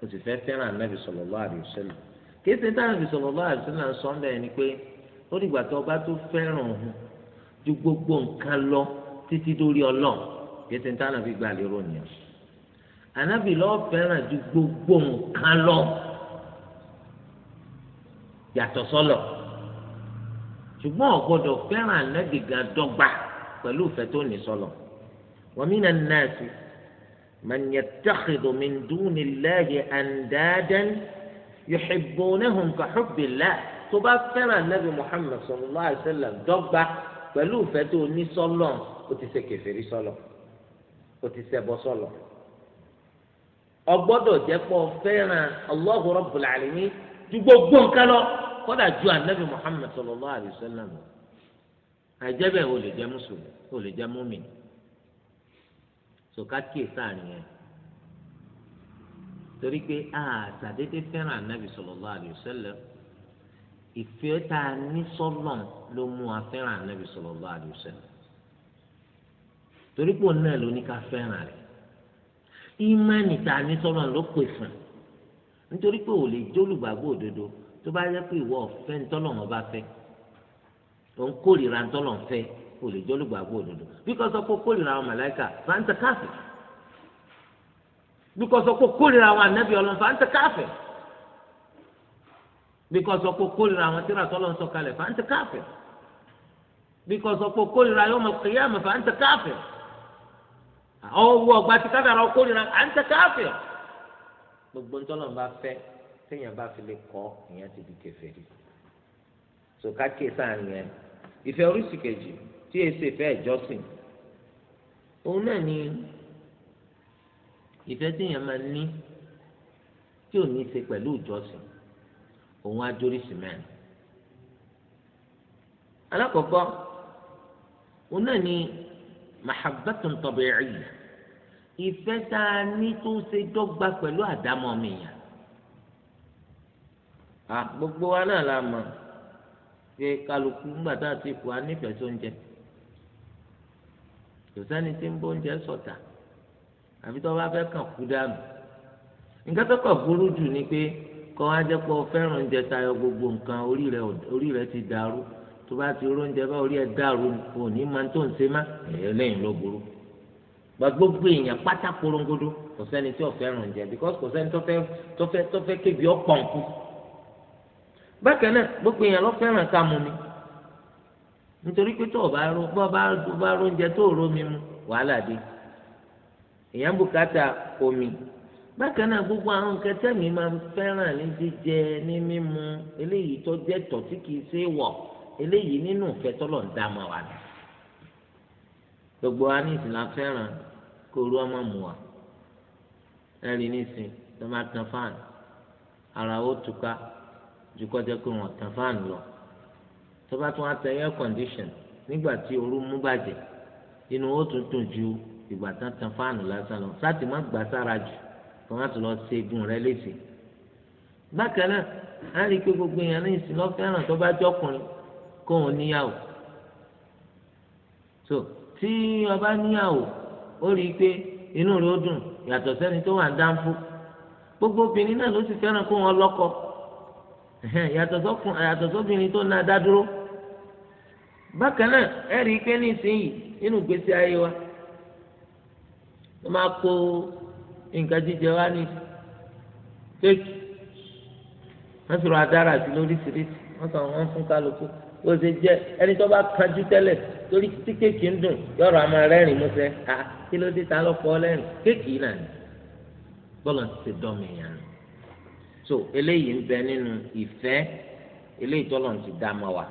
o sì fẹ́ fẹ́ràn ànábì sallallahu alaihi wasallam ju gbogbo nǹkan lọ títí dórí ọlọ́run kété níta ànábì gbà lérò nìyẹn ànábì lọ́ọ́ fẹ́ràn ju gbogbo nǹkan lọ yàtọ̀ sọ́lọ̀ ṣùgbọ́n ọ̀gbọ́dọ̀ fẹ́ràn ànábì gan dọ́gba pẹ̀lú ìfẹ́ tó ní sọ́lọ̀ wa minan nasi man yattakhidhu min dunillahi andadan yuhibbunahum ka hubbillah tó bá fẹ́ràn ànábì Muhammad sallallahu alaihi wasallam dọ́gba pẹ̀lú ìfẹ́ tó ní sọ́lọ̀ ó ti ṣe kèfèrí sọ́lọ̀ ó ti ṣẹbọ sọ́lọ̀ ọgbọ́dọ̀ jẹ́ pọ̀ fẹ́ràn Allahu Rabbul Alamin ju gbogbo nǹkan lọ kódà ju anabi Muhammad sallallahu alayhi wa sallam àìjẹ́ bẹ́ẹ̀ o lè jẹ́ mùsùlùmí o lè jẹ́ mùmínì sọ̀ká kíyè sáà nìyẹn torí pé a fẹ́ràn anabi sallallahu alayhi ìfẹ́ tá a ní sọ́lọ̀ ló mú a fẹ́ràn anábì sallallahu alaihi wasallam torí pò náà ló ní ká fẹ́ràn rẹ̀ ìmánì tá a ní sọ́lọ̀ ló pè fún nítorí pé ò lè jólùgbàgbọ́ òdodo tó bá yẹ pé ìwọ ọ̀fẹ́ ńtọ́lọ̀ wọn bá fẹ́ òun kórìíra ńtọ́lọ̀ ń fẹ́ ò lè jólùgbàgbọ́ òdodo bí kò sọ pé kórìíra àwọn màláìkà fáńtà káfẹ́ bí kò sọ pé kórìíra àwọn anábì ọlọ́fà fáńtà Because kò sọ pé kórìíra àwọn tíra tọ́lọ̀ ń sọ kalẹ̀ fà ń tẹ káàfẹ̀ bí kò sọ pé kórìíra yóò mọ kìyà mọ̀ fà ń tẹ káàfẹ̀ ọwọ́ ọgbà tí kádàrá kórìíra à ń tẹ káàfẹ̀ gbogbo ń tọ́lọ̀ ń bá fẹ́ téèyàn bá fi lè kọ́ ìyẹn ti di kèfèrí sòká kíyè sáàrin yẹn ìfẹ́ oríṣi kejì tí èsì ìfẹ́ ìjọsìn òun náà ni ìfẹ́ téèyàn máa ní tí ò ní í ṣe pẹ̀lú ìjọsìn òun adórísì mẹ́rin alákọ̀ọ́kọ́ òun náà ni mahabbatun tabi'iyya ìfẹ́ tá a ní tó ṣe dọ́gba pẹ̀lú àdámọ́ mi yàn à gbogbo wa náà la mọ̀ pé kálukú ńgbà tá a ti kú a nífẹ̀ẹ́ sóúnjẹ kò sẹ́ni tí ń bó oúnjẹ sọ̀tà àfi tó bá fẹ́ kàn kú dànù nǹkan tó kàn burú jù ni pé kọ́ wá jẹ́ pé o fẹ́ràn oúnjẹ tayọ gbogbo nǹkan orí rẹ ti dàrú tó bá ti rọ oúnjẹ bá orí ẹ dàrú kò ní máa tó ń se má ẹ̀yẹ lẹ́yìn ló burú gbogbo èèyàn pátá korongodo kò sẹ́ni tí o fẹ́ràn oúnjẹ because kò sẹ́ni tó fẹ́ kébi ọ̀pọ̀ nkú bákan náà gbogbo èèyàn ló fẹ́ràn ká mu mi nítorí pé tó o bá rọ bá bá rọ oúnjẹ tó o rọ mi mu wàhálà dé èèyàn bùkátà omi bákan náà gbogbo àwọn nǹkan tẹ́mi máa ń fẹ́ràn ní jíjẹ ní mímu eléyìí tó jẹ́ tọ̀ tí kìí ṣe wọ̀ eléyìí nínú ìfẹ́ tọ́lọ̀ ń dá máa wà ní. gbogbo wa ní ìsìn la fẹ́ràn kó orú ọmọ mu wa ẹ̀rí nísìn tó máa tan fáàn ara ó túká ju kọjá pé wọn tan fáàn lọ tó bá tún wá tan air condition nígbà tí ooru mú bàjẹ́ inú ó tún tún ju ìgbà tán tan fáàn lásán lọ sáà má gbà sára jù. wọn á tún lọ ṣe egun rẹ léṣe bákan náà á pé gbogbo èèyàn ní tó bá jọkùnrin kó níyàwó so tí ọba níyàwó ó rí i pé inú rẹ ó dùn tó wà ń gbogbo obìnrin náà ló sì fẹ́ràn kó wọn tó dá dúró bákan náà ẹ rí i pé ní nǹkan jíjẹ wá ní kéèkì wọ́n sọ̀rọ̀ adára sí lóríṣiríṣi wọ́n sọ wọ́n fún kálukú bó ṣe jẹ́ ẹni tó bá kanjú tẹ́lẹ̀ torí tí kéèkì ń dùn yọ̀rọ̀ àmọ́ rẹ́rìn músẹ́ à kí ló dé ta lọ́pọ̀ lẹ́rìn kéèkì náà ni bọ́lá ti ṣe dọ́mi so eléyìí ń bẹ nínú ìfẹ́ eléyìí tọ́lọ̀ ti dá ma wà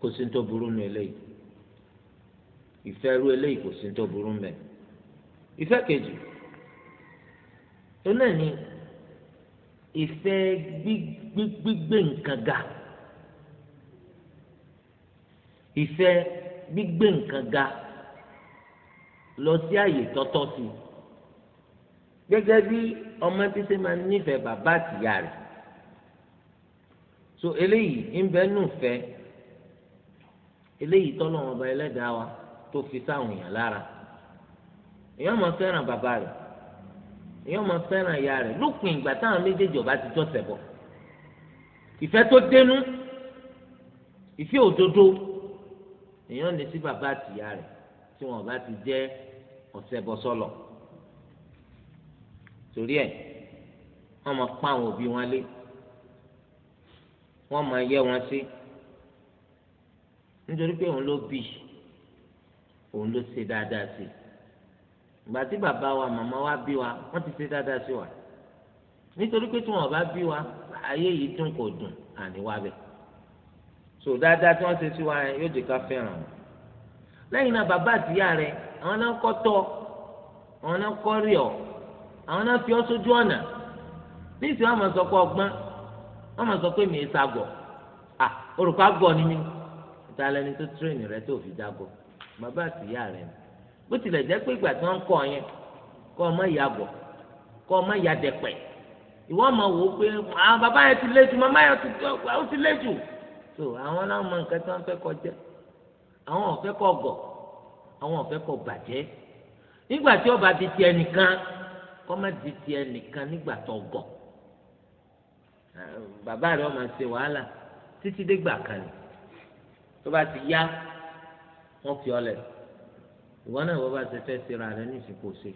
kò sí tó burú nu eléyìí ìfẹ́ ru eléyìí kò sí tó burú mẹ́ ìfẹ́ kejì tó náà ni ìfẹ́ gbígbé nǹkan ga ìfẹ́ gbígbé nǹkan ga lọ sí àyè tọ́tọ́ sí gẹ́gẹ́ bí ọmọ títí máa nífẹ̀ẹ́ bàbá àtìyá rẹ̀ so eléyìí ń bẹ nù fẹ́ eléyìí tọ́lọ́ ọba ẹlẹ́dàá wa tó fi sáwọn èèyàn lára èèyàn máa fẹ́ràn bàbá rẹ̀ èèyàn máa fẹ́ràn ìyá rẹ̀ lópin ìgbà táwọn méjèèjì ọba ti jọ́ ṣẹbọ ìfẹ́ tó dénú ìfẹ́ òdodo èèyàn ní sí bàbá àtìyá rẹ̀ tí wọn bá ti jẹ́ ọ̀ṣẹbọ sọlọ torí ẹ̀ wọ́n máa pa àwọn òbí wọn lé wọ́n máa yẹ́ wọn sí nítorí pé òun ló bí òun ló ṣe dáadáa sí i. gbàtí bàbá wa màmá wa bí wa wọ́n ti ṣe dáadáa sí wa nítorí pé tí bá bí wa ayé yìí dùn kò dùn so dáadáa tí wọ́n ṣe sí wa yóò jẹ́ ká fẹ́ràn lẹ́yìn náà bàbá àtìyá rẹ àwọn àwọn náà kọ́ rí ọ àwọn náà fi ọ sójú ọ̀nà wọn sọ pé ọgbọ́n wọn sọ pé mi ì orúkọ ni tó rẹ bàbá àtìyá rẹ ni bó tilẹ̀ jẹ́ pé ìgbà tí wọ́n ń kọ́ yẹn kọ́ ọmọ ìyá bọ̀ kọ́ ọmọ ìyá dẹ̀pẹ̀ ìwọ ọmọ wò ó pé àwọn bàbá yẹn ti lé jù màmá yẹn ti lé jù so àwọn náà mọ nǹkan tí wọ́n fẹ́ kọ́ jẹ́ àwọn ò fẹ́ kọ́ gọ̀ àwọn ò fẹ́ kọ́ bàjẹ́ nígbà tí ó di tiẹ̀ nìkan kọ́ má di tiẹ̀ nìkan nígbà tó gọ̀ bàbá rẹ̀ ọmọ ṣe wàhálà títí dégbà kan tó bá ti yá wọ́n fi ọ lẹ̀ ìwọ náà wọ́n bá ti fẹ́ síra rẹ ní ìsìnkú ṣe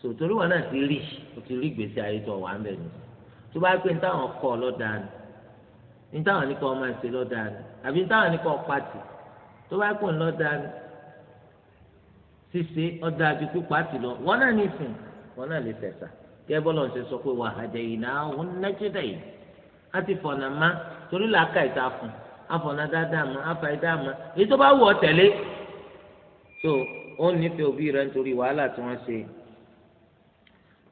sòtòrí wọn náà ti rí o ti rí gbèsè ayé tó wà ń bẹ̀ nù tó bá pé nítawọn kọ lọ́dà ni nítawọn ní kọ́ máa ṣe lọ́dà ni àbí nítawọn ní kọ́ pàtì tó bá pè lọ́dà ni ṣíṣe ọ̀dà ju pípàtì lọ wọn náà ní ìsìn wọn náà lè tẹ̀sà kẹ́ bọ́lọ̀ ṣe sọ pé wà àjẹ ìná òun nẹ́jẹ̀dẹ̀ yìí á ti fọ̀nà má torí làákà ìta fún afọ̀nà dáadáa mọ́ afọ̀ ìdá èyí tó bá wù ọ́ tẹ̀lé so ó nífẹ̀ẹ́ òbí rẹ nítorí wàhálà tí wọ́n ṣe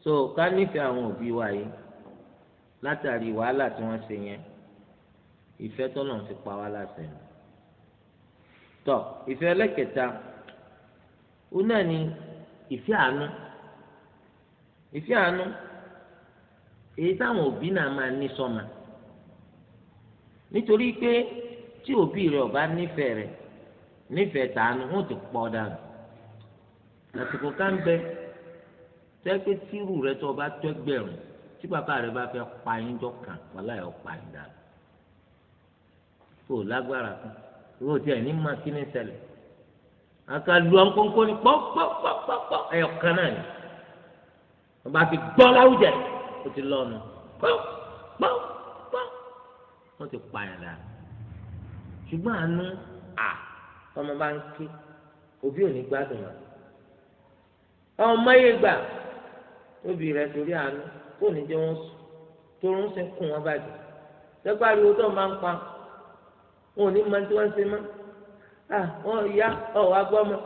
so ká nífẹ̀ẹ́ àwọn òbí wa yìí látàrí wàhálà tí wọ́n ṣe yẹn ìfẹ́ tọ́nà ti pa wá láṣẹ tọ ìfẹ́ ẹlẹ́kẹta ó náà ní ìfẹ́ àánú ìfẹ́ àánú èyí táwọn òbí náà máa ní sọ́mà nítorí pé tí òbí rẹ ò nífẹ̀ẹ́ rẹ̀ nífẹ̀ẹ́ tàánú wọ́n ti pọ̀ dànù lásìkò ká ń bẹ tẹ́gbẹ́ tírù rẹ tó o bá tó ẹgbẹ̀rún tí bàbá rẹ bá fẹ́ pa yín jọ kàn wàláyà ó pa yín dànù tó lágbára kan ìwọ tí ẹ ní máa kí ni ṣẹlẹ̀ aka lu ankónkó ni pọ́pọ́pọ́pọ́ ẹ̀yọ̀ kan náà ni wọ́n bá fi gbọ́ láwùjẹ o ti lọ ọ̀nà pọ́pọ́pọ́ wọ́n ti pààyàn dànù ṣùgbọ́n àánú à. Ah tọmọ bá ń ké òbí ò ní gbádùn rẹ ọmọ yẹ gbà tóbi rẹ torí àánú kó ní jẹ wọn sùn torí ń sin kùn wọn bàjẹ́ lẹgbàá ariwo tó máa ń pa wọn ò ní mọ tí wọn ń ṣe mọ à wọn ìyá ọwọ agbọmọ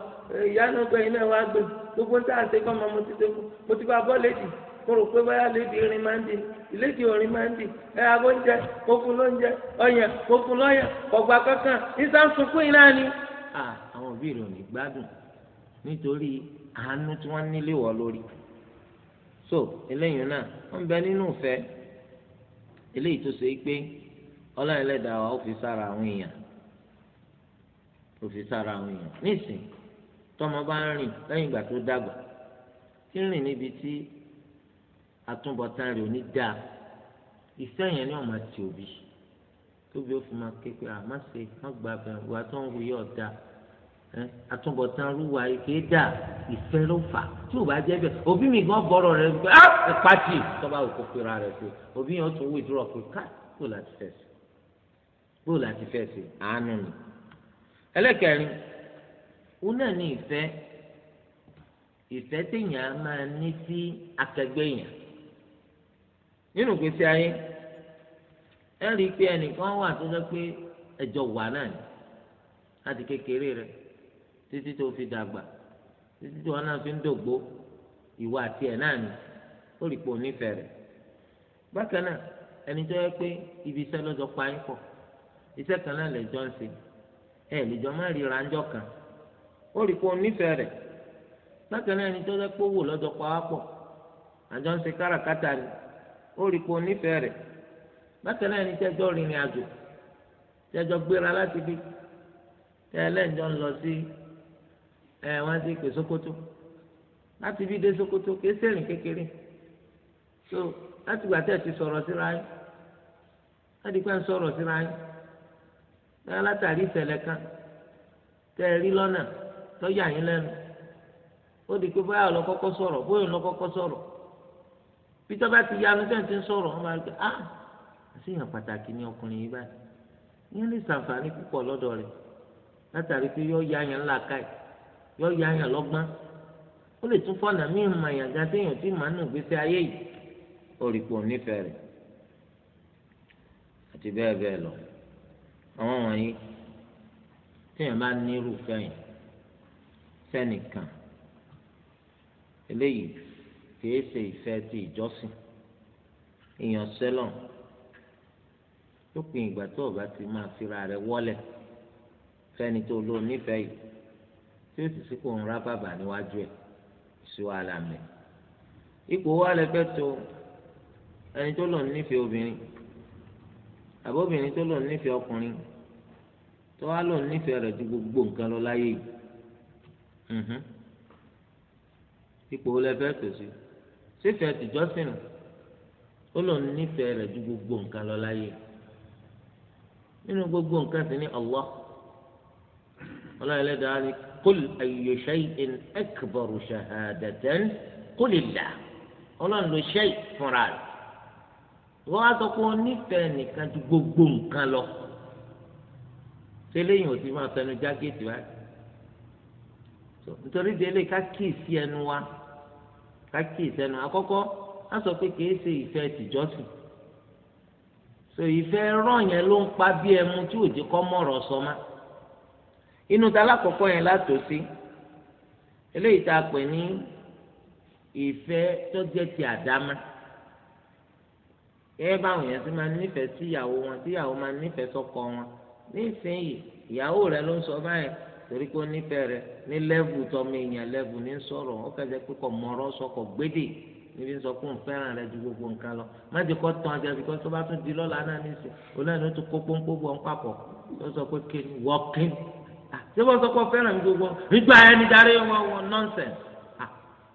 ìyá náà gbẹ iná wa gbẹ gbogbo ń tà ṣe kọmọ mo ti ṣe fún mo ti bá bọ lédi mo rò pé báyà lédi irin máa ń di ìlédi orin máa ń di ẹ agbóúnjẹ mo fún lóúnjẹ ọyàn mo fún lọyàn ọgbà kankan ìsàǹsùn fún iná ni a àwọn òbí rẹ̀ ò ní gbádùn nítorí àánú tí wọ́n nílé wọ́ lórí so eléyìí náà wọ́n bẹ nínú ìfẹ́ eléyìí tó ṣe é pé ọlọ́run ẹlẹ́dàá wa ó fi sára àwọn èèyàn ó fi sára àwọn èèyàn nísìnyí tọ́mọ bá ń rìn lẹ́yìn ìgbà tó dàgbà tí ń rìn níbi tí àtúbọ̀tán rẹ̀ ò ní dáa ìfẹ́ yẹn ni ọmọ àti òbí tóbi ó fi máa ké pé àmọ́ ṣe má gba abẹ́rẹ́ ìwà tó ń hu dáa àtúbọ̀tán rúwa èké dà ìfẹ́ ló fà tí ò bá jẹ́ bẹ́ẹ̀ òbí mi gan bọ̀rọ̀ rẹ gbé ẹ pàtì tọ́ba òkú pera rẹ̀ sí òbí yẹn ó tún wí dúró pé ká bó láti fẹ́ sí bó láti fẹ́ sí àánú nù. ẹlẹ́kẹ̀rin òun náà ní ìfẹ́ ìfẹ́ téèyàn á máa ní sí akẹgbẹ́ èèyàn nínú ìgbésí ayé ẹ rí i pé ẹnìkan wà tó jẹ́ pé ẹjọ́ wà náà ni láti kékeré rẹ̀ títí tó fi dàgbà títí tó wọn náà fi ń dògbó ìwà àti ẹ̀ náà ni ó rí pò nífẹ̀ẹ́ rẹ̀ bákan náà ẹni tó yẹ pé ibi iṣẹ́ lọ́jọ́ pa yín pọ̀ iṣẹ́ kan náà lè jọ ń ṣe ẹ lè jọ má ríra ńjọ́ kan ó rí pò nífẹ̀ẹ́ rẹ̀ bákan náà ẹni tó yẹ pé owó lọ́jọ́ pa wá pọ̀ àjọ ń ṣe káràkátà ni ó rí pò nífẹ̀ẹ́ rẹ̀ bákan náà ẹni tẹ́jọ́ rìnrìn àjò tẹ́jọ́ gbéra láti bí tẹ́lẹ̀ Si, ẹ wọn ti pè Sokoto láti bí dé Sokoto kì í kékeré so láti gbà tẹ̀ ti sọ̀rọ̀ síra yín láti pẹ́ ń sọ̀rọ̀ síra yín bẹ́ẹ̀ látàrí ìṣẹ̀lẹ̀ kan tẹ́ ẹ rí lọ́nà lọ́yà yín lẹ́nu ó di pé bóyá ọ̀lọ́ kọ́kọ́ sọ̀rọ̀ kọ́kọ́ peter bá ti yanu tẹ́ ń ti sọ̀rọ̀ wọn máa gbé ah àṣeyàn pàtàkì ni ọkùnrin yìí báyìí yín lè púpọ̀ lọ́dọ̀ rẹ̀ látàrí pé yóò yá yẹn yọ ya yàn lọ́gbọ́n ó lè tún fọ̀nà mí hùmà yàn gan téèyàn tí màá nù gbèsè ayé yìí òrìpò nífẹ̀ẹ́ rẹ̀ àti bẹ́ẹ̀ bẹ́ẹ̀ lọ àwọn wọ̀nyí téèyàn bá ní irúfẹ́ yìí eléyìí kìí ṣe ìfẹ́ ti ìjọsìn èèyàn lópin ìgbà tó o bá ti máa fira rẹ̀ wọ́lẹ̀ fẹ́ni tó lò nífẹ̀ẹ́ yìí tí ó sì sí kò ń rá bàbà níwájú ẹ̀ sí wàhálà mẹ́. ipò wa lè fẹ́ tó ẹni tó lò nífẹ̀ẹ́ obìnrin àbóbìnrin tó lò nífẹ̀ẹ́ ọkùnrin tó wá lò nífẹ̀ẹ́ rẹ̀ ju gbogbo nǹkan lọ láyé yìí ipò wo lè fẹ́ tó sí sífẹ̀ẹ́ tìjọ́sìn ó lò nífẹ̀ẹ́ rẹ̀ ju gbogbo nǹkan lọ láyé nínú gbogbo nǹkan sì ní Allah ọlọ́run ẹlẹ́dàá ni قل أي شيء أكبر شهادة قل الله Ọlọ́run ló ṣe ìfúnra rẹ̀ wọn á sọ pé wọn nífẹ̀ẹ́ nìkan ju gbogbo nǹkan lọ tẹlẹyìn ò ti máa fẹnu jágéètì wa nítorí délé ká kíyèsí ẹnu wa ká kíyèsí ẹnu àkọ́kọ́ á sọ pé kìí ṣe ìfẹ́ tìjọ́sìn so ìfẹ́ ràn yẹn ló ń pa bí ẹmu tí òjì kọ́ mọ̀rọ̀ sọ máa inú ta alákọ̀ọ́kọ́ yẹn látò sí eléyìí tá a pè ní ìfẹ́ tó jẹ́ ti àdámá gẹ́gẹ́ báwọn yẹn ti máa nífẹ̀ẹ́ sí ìyàwó wọn tí ìyàwó máa nífẹ̀ẹ́ sọ́kọ wọn nísìnyí ìyàwó rẹ ló ń sọ báyìí torí pé ó nífẹ̀ẹ́ rẹ ní lẹ́bù tọmọ èèyàn lẹ́bù ní sọ̀rọ̀ ó kẹ́jẹ́ pé kò mọ̀ọ́rọ́ sọkọ̀ gbédè níbi ń sọ fún fẹ́ràn rẹ ju gbogbo nǹkan lọ má ti kọ́ tán ajá bíkọ́ tó bá tún di lọ́la náà nísìnyí olóyìn ló tún kó pọ́npọ́ ṣé wọ́n sọ pé fẹ́ràn mi gbogbo nígbà ẹni darí wọn wọn nọ́nsẹ̀nsì ah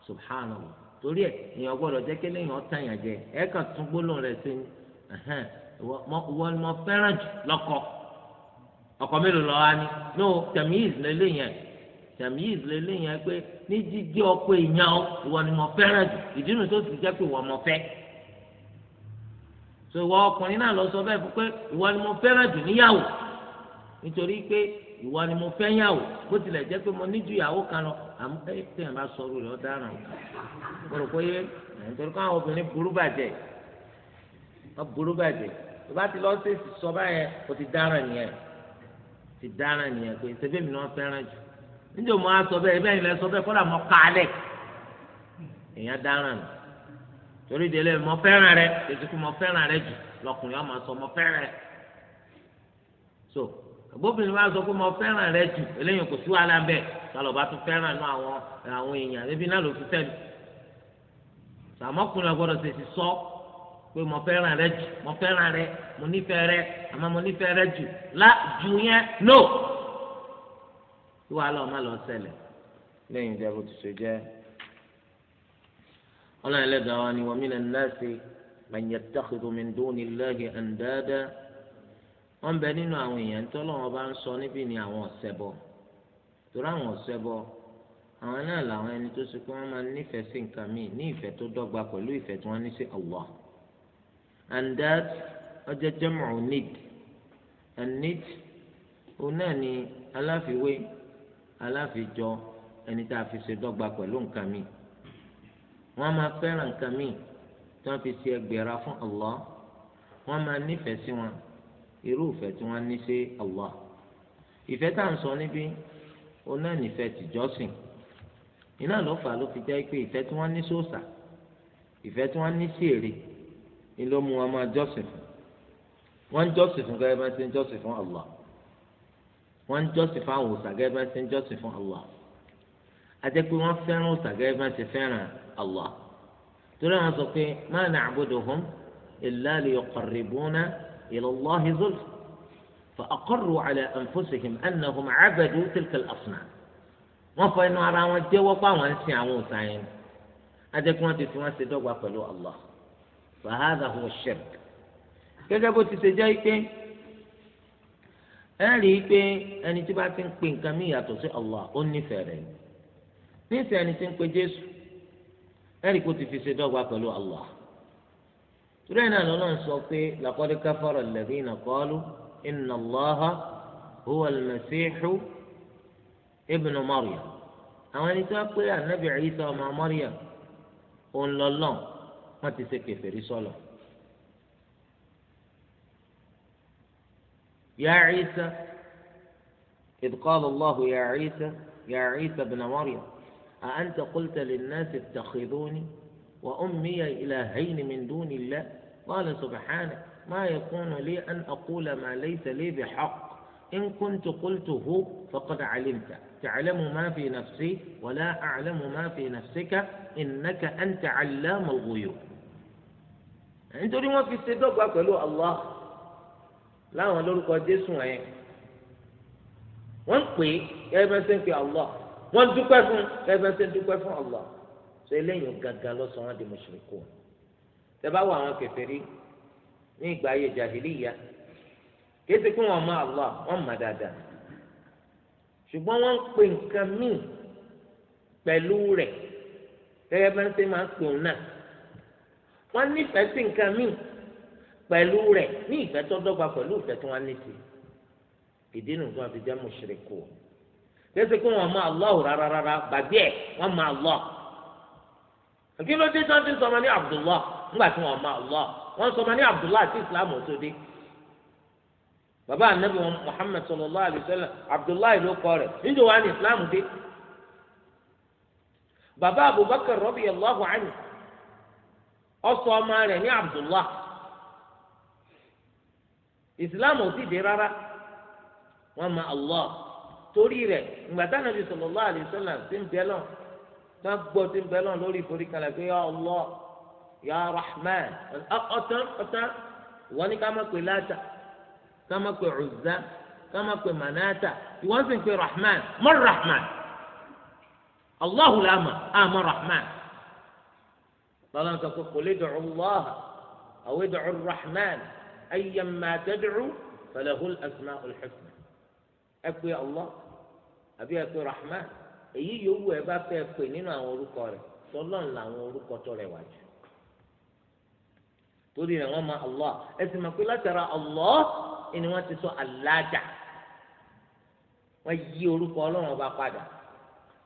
subhanallah torí ẹ èèyàn kí lèèyàn jẹ ẹ kàn tún gbólóhùn rẹ̀ sí ni wọ́n ni mo fẹ́ràn jù lọkọ ọkọ mélòó ni no pé ní jíjí ọkọ èèyàn o ni jù tó ti pé sọ fún pé ni jù níyàwó nítorí pé ìwọ ni mo fẹ́ yàwó bó tilẹ̀ jẹ́ pé mo ní ju ìyàwó kan lọ àmọ́ ẹ tẹ̀ ẹ̀ bá sọ̀rọ̀ rẹ̀ ó dára o mo rò pé nítorí káwọn obìnrin burú bàjẹ́ wọ́n burú bàjẹ́ tó bá ti lọ sí sọ báyẹn o ti dára nìyẹn ti dára nìyẹn pé ṣẹbi mi náà fẹ́ràn jù níjọ mo á sọ bẹ́ẹ̀ bẹ́ẹ̀ ilẹ̀ sọ bẹ́ẹ̀ kọ́dà mo kà á èèyàn dára nù torí délé mo fẹ́ràn rẹ ètùkú mo fẹ́ràn rẹ jù lọkùnrin ọmọ sọ mo fẹ́ràn rẹ so bóbìnrin wa sọ pé mo fẹ́ràn rẹ jù eléyìí kò sí wàhálà ń bẹ̀ sálọ̀ bá tún fẹ́ràn náà àwọn àwọn èèyàn ẹbí náà ló fi fẹ́ mi sàmọ́kùnrin ọgbọ́dọ̀ tètè sọ pé mo fẹ́ràn rẹ jù mo fẹ́ràn rẹ mo nífẹ̀ẹ́ rẹ àmọ́ mo nífẹ̀ẹ́ rẹ jù lá jù yẹn no wàhálà ọmọ lọ ṣẹlẹ̀ lẹ́yìn ìjẹ́ bó ṣe jẹ́ ọlọ́run ẹlẹ́dàá wa ni wa minan nasi man wọ́n bẹ nínú àwọn èèyàn tí Ọlọ́run bá ń sọ níbí ni àwọn ọ̀ṣẹbọ torí àwọn ọ̀ṣẹbọ àwọn náà làwọn ẹni tó ṣe pé wọ́n máa nífẹ̀ẹ́ sí nǹkan míì ní ìfẹ́ tó dọ́gba pẹ̀lú ìfẹ́ tí wọ́n ní sí and that ọjọ́ jẹ́mọ̀ need and need náà ni aláfiwé aláfijọ ẹni tá a fi ṣe dọ́gba pẹ̀lú nǹkan míì wọ́n máa fẹ́ràn nǹkan tí wọ́n fi ṣe fún wọ́n máa nífẹ̀ẹ́ sí wọn. irú ìfẹ́ tí wọ́n ní sí Allah ìfẹ́ tá à ń sọ níbí ó náà nífẹ̀ẹ́ tìjọ́sìn iná ló fà ló fi jẹ́ pé ìfẹ́ tí wọ́n ní sóòsà ìfẹ́ tí wọ́n ní sí èrè ni ló mú wọn máa jọ́sìn fún wọ́n ń jọ́sìn fún gẹ́gẹ́ bá ń ṣe ń jọ́sìn fún Allah wọ́n ń jọ́sìn fún àwọn òòsà gẹ́gẹ́ bá ń ṣe ń jọ́sìn fún Allah àti pé wọ́n fẹ́ràn òòsà gẹ́gẹ́ bá ń ṣe fẹ́ràn Allah torí àwọn sọ pé ma na'buduhum illa liyuqarribuna إلى الله زلفى فأقروا على أنفسهم أنهم عبدوا تلك الأصنام ما فإن أراهم جوا طاوا نسي عمو سعين هذا كنت تنسي دوا قلو الله فهذا هو الشرك كذا قلت تجايك أليك أني تبعتين كن كمية تصي الله أني فارين نسي أني تنكو جيسو أليك تفسي دوا قلو الله torí náà lọ́nà ń sọ pé laqad kafara alladhina qalu inna Allaha huwa al-Masihu ibnu Maryam àwọn ẹni tó pé anabi Isa ọmọ Maryam òun lọ́lọ́n wọ́n ti ṣe kèfèrí sọ́lọ̀. يا عيسى إذ قال الله يا عيسى يا عيسى ابن مريم أأنت قلت للناس اتخذوني وأمي إلهين من دون الله قال سبحانك ما يكون لي أن أقول ما ليس لي بحق إن كنت قلته فقد علمت تعلم ما في نفسي ولا أعلم ما في نفسك إنك أنت علام الغيوب أنت wọn في ṣe وقالوا الله لا ولو lórúkọ Jésù وانقي كيف pè الله ẹbẹ كيف ń الله sọ eléyìí gangan ló sọ wọn di mùṣírikù tẹ́bá wọ àwọn kèfèrí ní ìgbà ayé jahiliya kéésì kí wọ́n mọ Allah wọ́n mọ̀ dáadáa ṣùgbọ́n wọ́n ń pè nǹkan míì pẹ̀lú rẹ̀ gẹ́gẹ́ bá ń ṣe máa ń pè òun náà wọ́n nífẹ̀ẹ́ sí nǹkan míì pẹ̀lú rẹ̀ ní ìfẹ́ tó dọ́gba pẹ̀lú ìfẹ́ tí wọ́n ní ìdí nìkan wọn fi jẹ́ mùṣírikù kí wọ́n mọ Allah rárá rárá bàbí ẹ̀ wọ́n mọ Allah. kí ló dé tí wọ́n ti sọ ọmọ ní Abdullah nígbà tí wọ́n Allah wọ́n sọ ọmọ ní Abdullah àti Islam tó dé baba anabi Muhammad sallallahu alayhi wa sallam Abdullah ló kọ rẹ̀ níjọ wa ní Islam dé bàbá Abubakar radiyallahu anhu ọsọ ọmọ rẹ̀ ní Abdullah Islam ò ti dé rárá wọ́n mọ Allah torí mgbata ìgbà tí anabi sallallahu alayhi wa sallam ti ń bẹ tí wọ́n gbọ́ tí ń bẹ lọ́n lórí ìforí kan lẹ́gbẹ́ ya ọlọ́ ya Rahman ọ̀tán ọ̀tán ìwọ ni ká má pè láta ká má pè Uzza ká má pè manata ìwọ sì ń pè Rahman mọ́ Rahman Allahu làmà àmọ́ Rahman lọ́la ń sọ pé kò lè dùn Allah àwọn ìdùn Rahman ayyamma tad'u fẹlẹ́ al-asma'ul husna ẹ pé ọlọ́ àbí ẹ pé Rahman. èyí yòówù ẹ bá fẹ́ pè nínú àwọn orúkọ rẹ, tọ́lọ́n làwọn orúkọ tó rẹwà jù torí rẹ̀ wọ́n máa Allah ẹ sì mọ̀ pé látara Allah ni wọ́n ti sọ aláàjà wọ́n yí orúkọ ọlọ́run ọba padà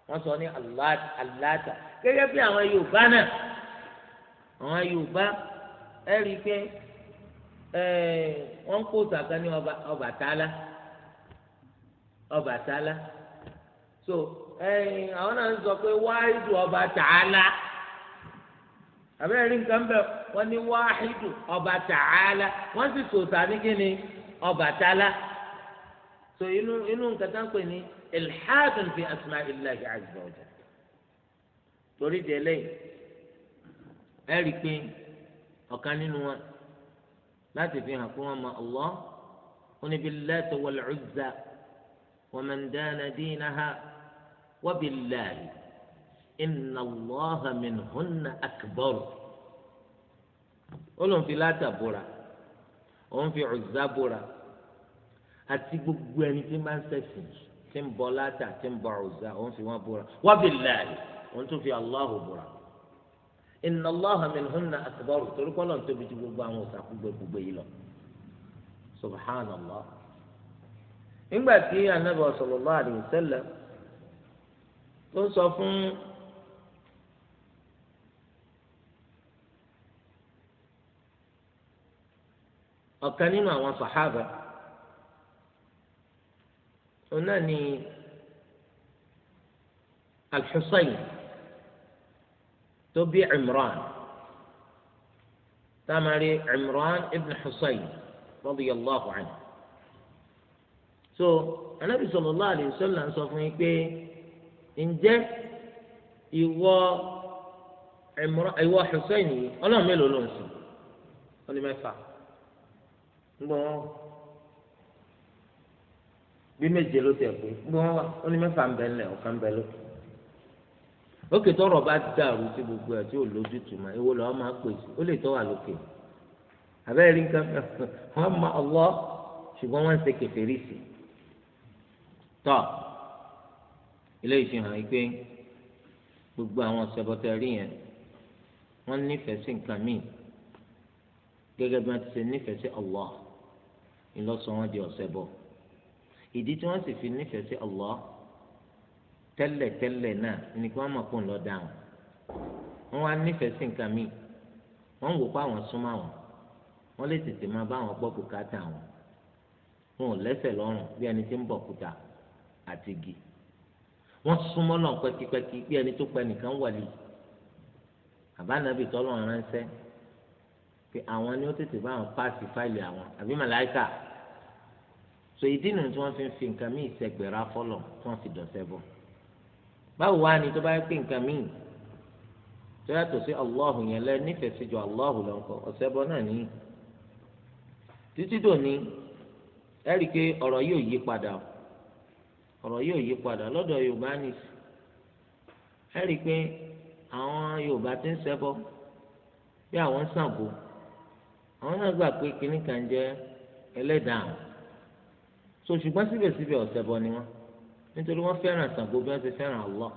wọ́n sọ ní aláàjà gẹ́gẹ́ bí àwọn Yorùbá náà àwọn Yorùbá ẹ rí i pé wọ́n kó sàkà ní Ọbàtálá so. ẹ̀yìn àwọn náà ń sọ pé wáhídù ọba tààlà àbẹ́rẹ́ rí nǹkan bẹ́ẹ̀ wọ́n ní wáhídù ọba tààlà wọ́n sì sòtà ní kíni ọba tààlà so inú inú nǹkan tá ń pè ní ilhadun fi asma ilahi azza wa jalla torí délé ẹ rí i pé ọ̀kan nínú wọn láti fi hàn pé wọ́n mọ Allah wọn ni billati wal uzza wa man dana dinaha. وبالله إن الله منهن أكبر olóhùn fi láta búra òun fi ọ̀zá búra àti gbogbo ẹni tí máa ń ṣẹ̀sìn tí ń bọ láta tí ń bọ ọ̀zá òun fi wọn búra wabillahi òun tún fi Allahu búra inna Allaha minhunna akbar torí kọ́ lọ́n tóbi ju gbogbo àwọn òsàkú gbogbo yìí lọ subhanallah. nígbà tí Ànábì sallallahu alaihi wasallam tó ń sọ fún ọ̀kan nínú àwọn sàhábà òun náà ni al tó bí Imran tamari Imran ibn Husayn radiyallahu anhu so anabi sallallahu alayhi wa sallam sọ fún yín pé. ǹjẹ́ ìwọ ẹmọrọ ìwọ Hussein yìí Ọlọ́run mélòó ló ń sìn ó ní mẹ́fà ńgbọ́n wọn bí méje ló tẹ pé ńgbọ́n wọn wá ó ní mẹ́fà ń bẹ ńlẹ̀ ọ̀kan ń bẹ lókè lókè tọrọ bá dàrú sí gbogbo ẹ tí ò lójútùú mà ìwọ lọ́wọ́ máa pè sí ó lè tọ́ wà lókè abẹ́rẹ́ rí nǹkan fẹ́ wọ́n mọ ọwọ́ ṣùgbọ́n wọ́n ń ṣe kẹfẹ́ sí tọ́ ilé ìfihàn yìí pé gbogbo àwọn sẹbọtẹrí yẹn wọ́n nífẹ̀ẹ́ sí nǹkan míì gẹ́gẹ́ bí wọ́n ti ṣe nífẹ̀ẹ́ sí Allah ìlọsọ wọn di ọsẹ bọ ìdí tí wọ́n sì fi nífẹ̀ẹ́ sí Allah tẹ́lẹ̀ náà ni kí wọ́n mọ̀ pọ̀ lọ́ọ́ dáhùn wọ́n wá nífẹ̀ẹ́ sí nǹkan míì wọ́n wò pa àwọn súnmọ́ àwọn wọ́n lè tètè máa bá àwọn gbọ́ bùkátà àwọn wọn ò lẹ́sẹ̀ lọ́rùn bí ẹni tí ń bọ̀ kúta àti igi wọ́n súnmọ́ lọ pẹ́kípẹ́kí bí ẹni tó pẹ́ nìkan wọlé àbánabi tọ́lọ̀ ránṣẹ́ pé àwọn ni ó tètè bá wọn páàsì fáìlì àwọn àbí màláìkà so ìdí nu tí wọ́n fi ń fi nǹkan míì sẹgbẹ̀rẹ̀ afọ́lọ̀ tí wọ́n fi dọ̀sẹ̀ bọ̀ báwo wá ni tó bá yẹ pé nǹkan míì tó yàtọ̀ sí Allahu yẹn lẹ nífẹ̀ẹ́ sí ju Allahu lọ nǹkan ọ̀sẹ̀ bọ́ náà nìyí títí dòní ẹ̀rí pé ọ̀rọ̀ yóò yí padà o ọ̀rọ̀ yóò yí padà lọ́dọ̀ yorùbá nìsí ẹ rí i pé àwọn yorùbá ti ń ṣẹbọ bí àwọn ń Ṣàngó àwọn náà gbà pé kínní kan jẹ́ ẹlẹ́dàá àwọn so ṣùgbọ́n síbẹ̀síbẹ̀ ọ̀ṣẹbọ ni wọ́n nítorí wọ́n fẹ́ràn Ṣàngó bí wọ́n ti fẹ́ràn Allah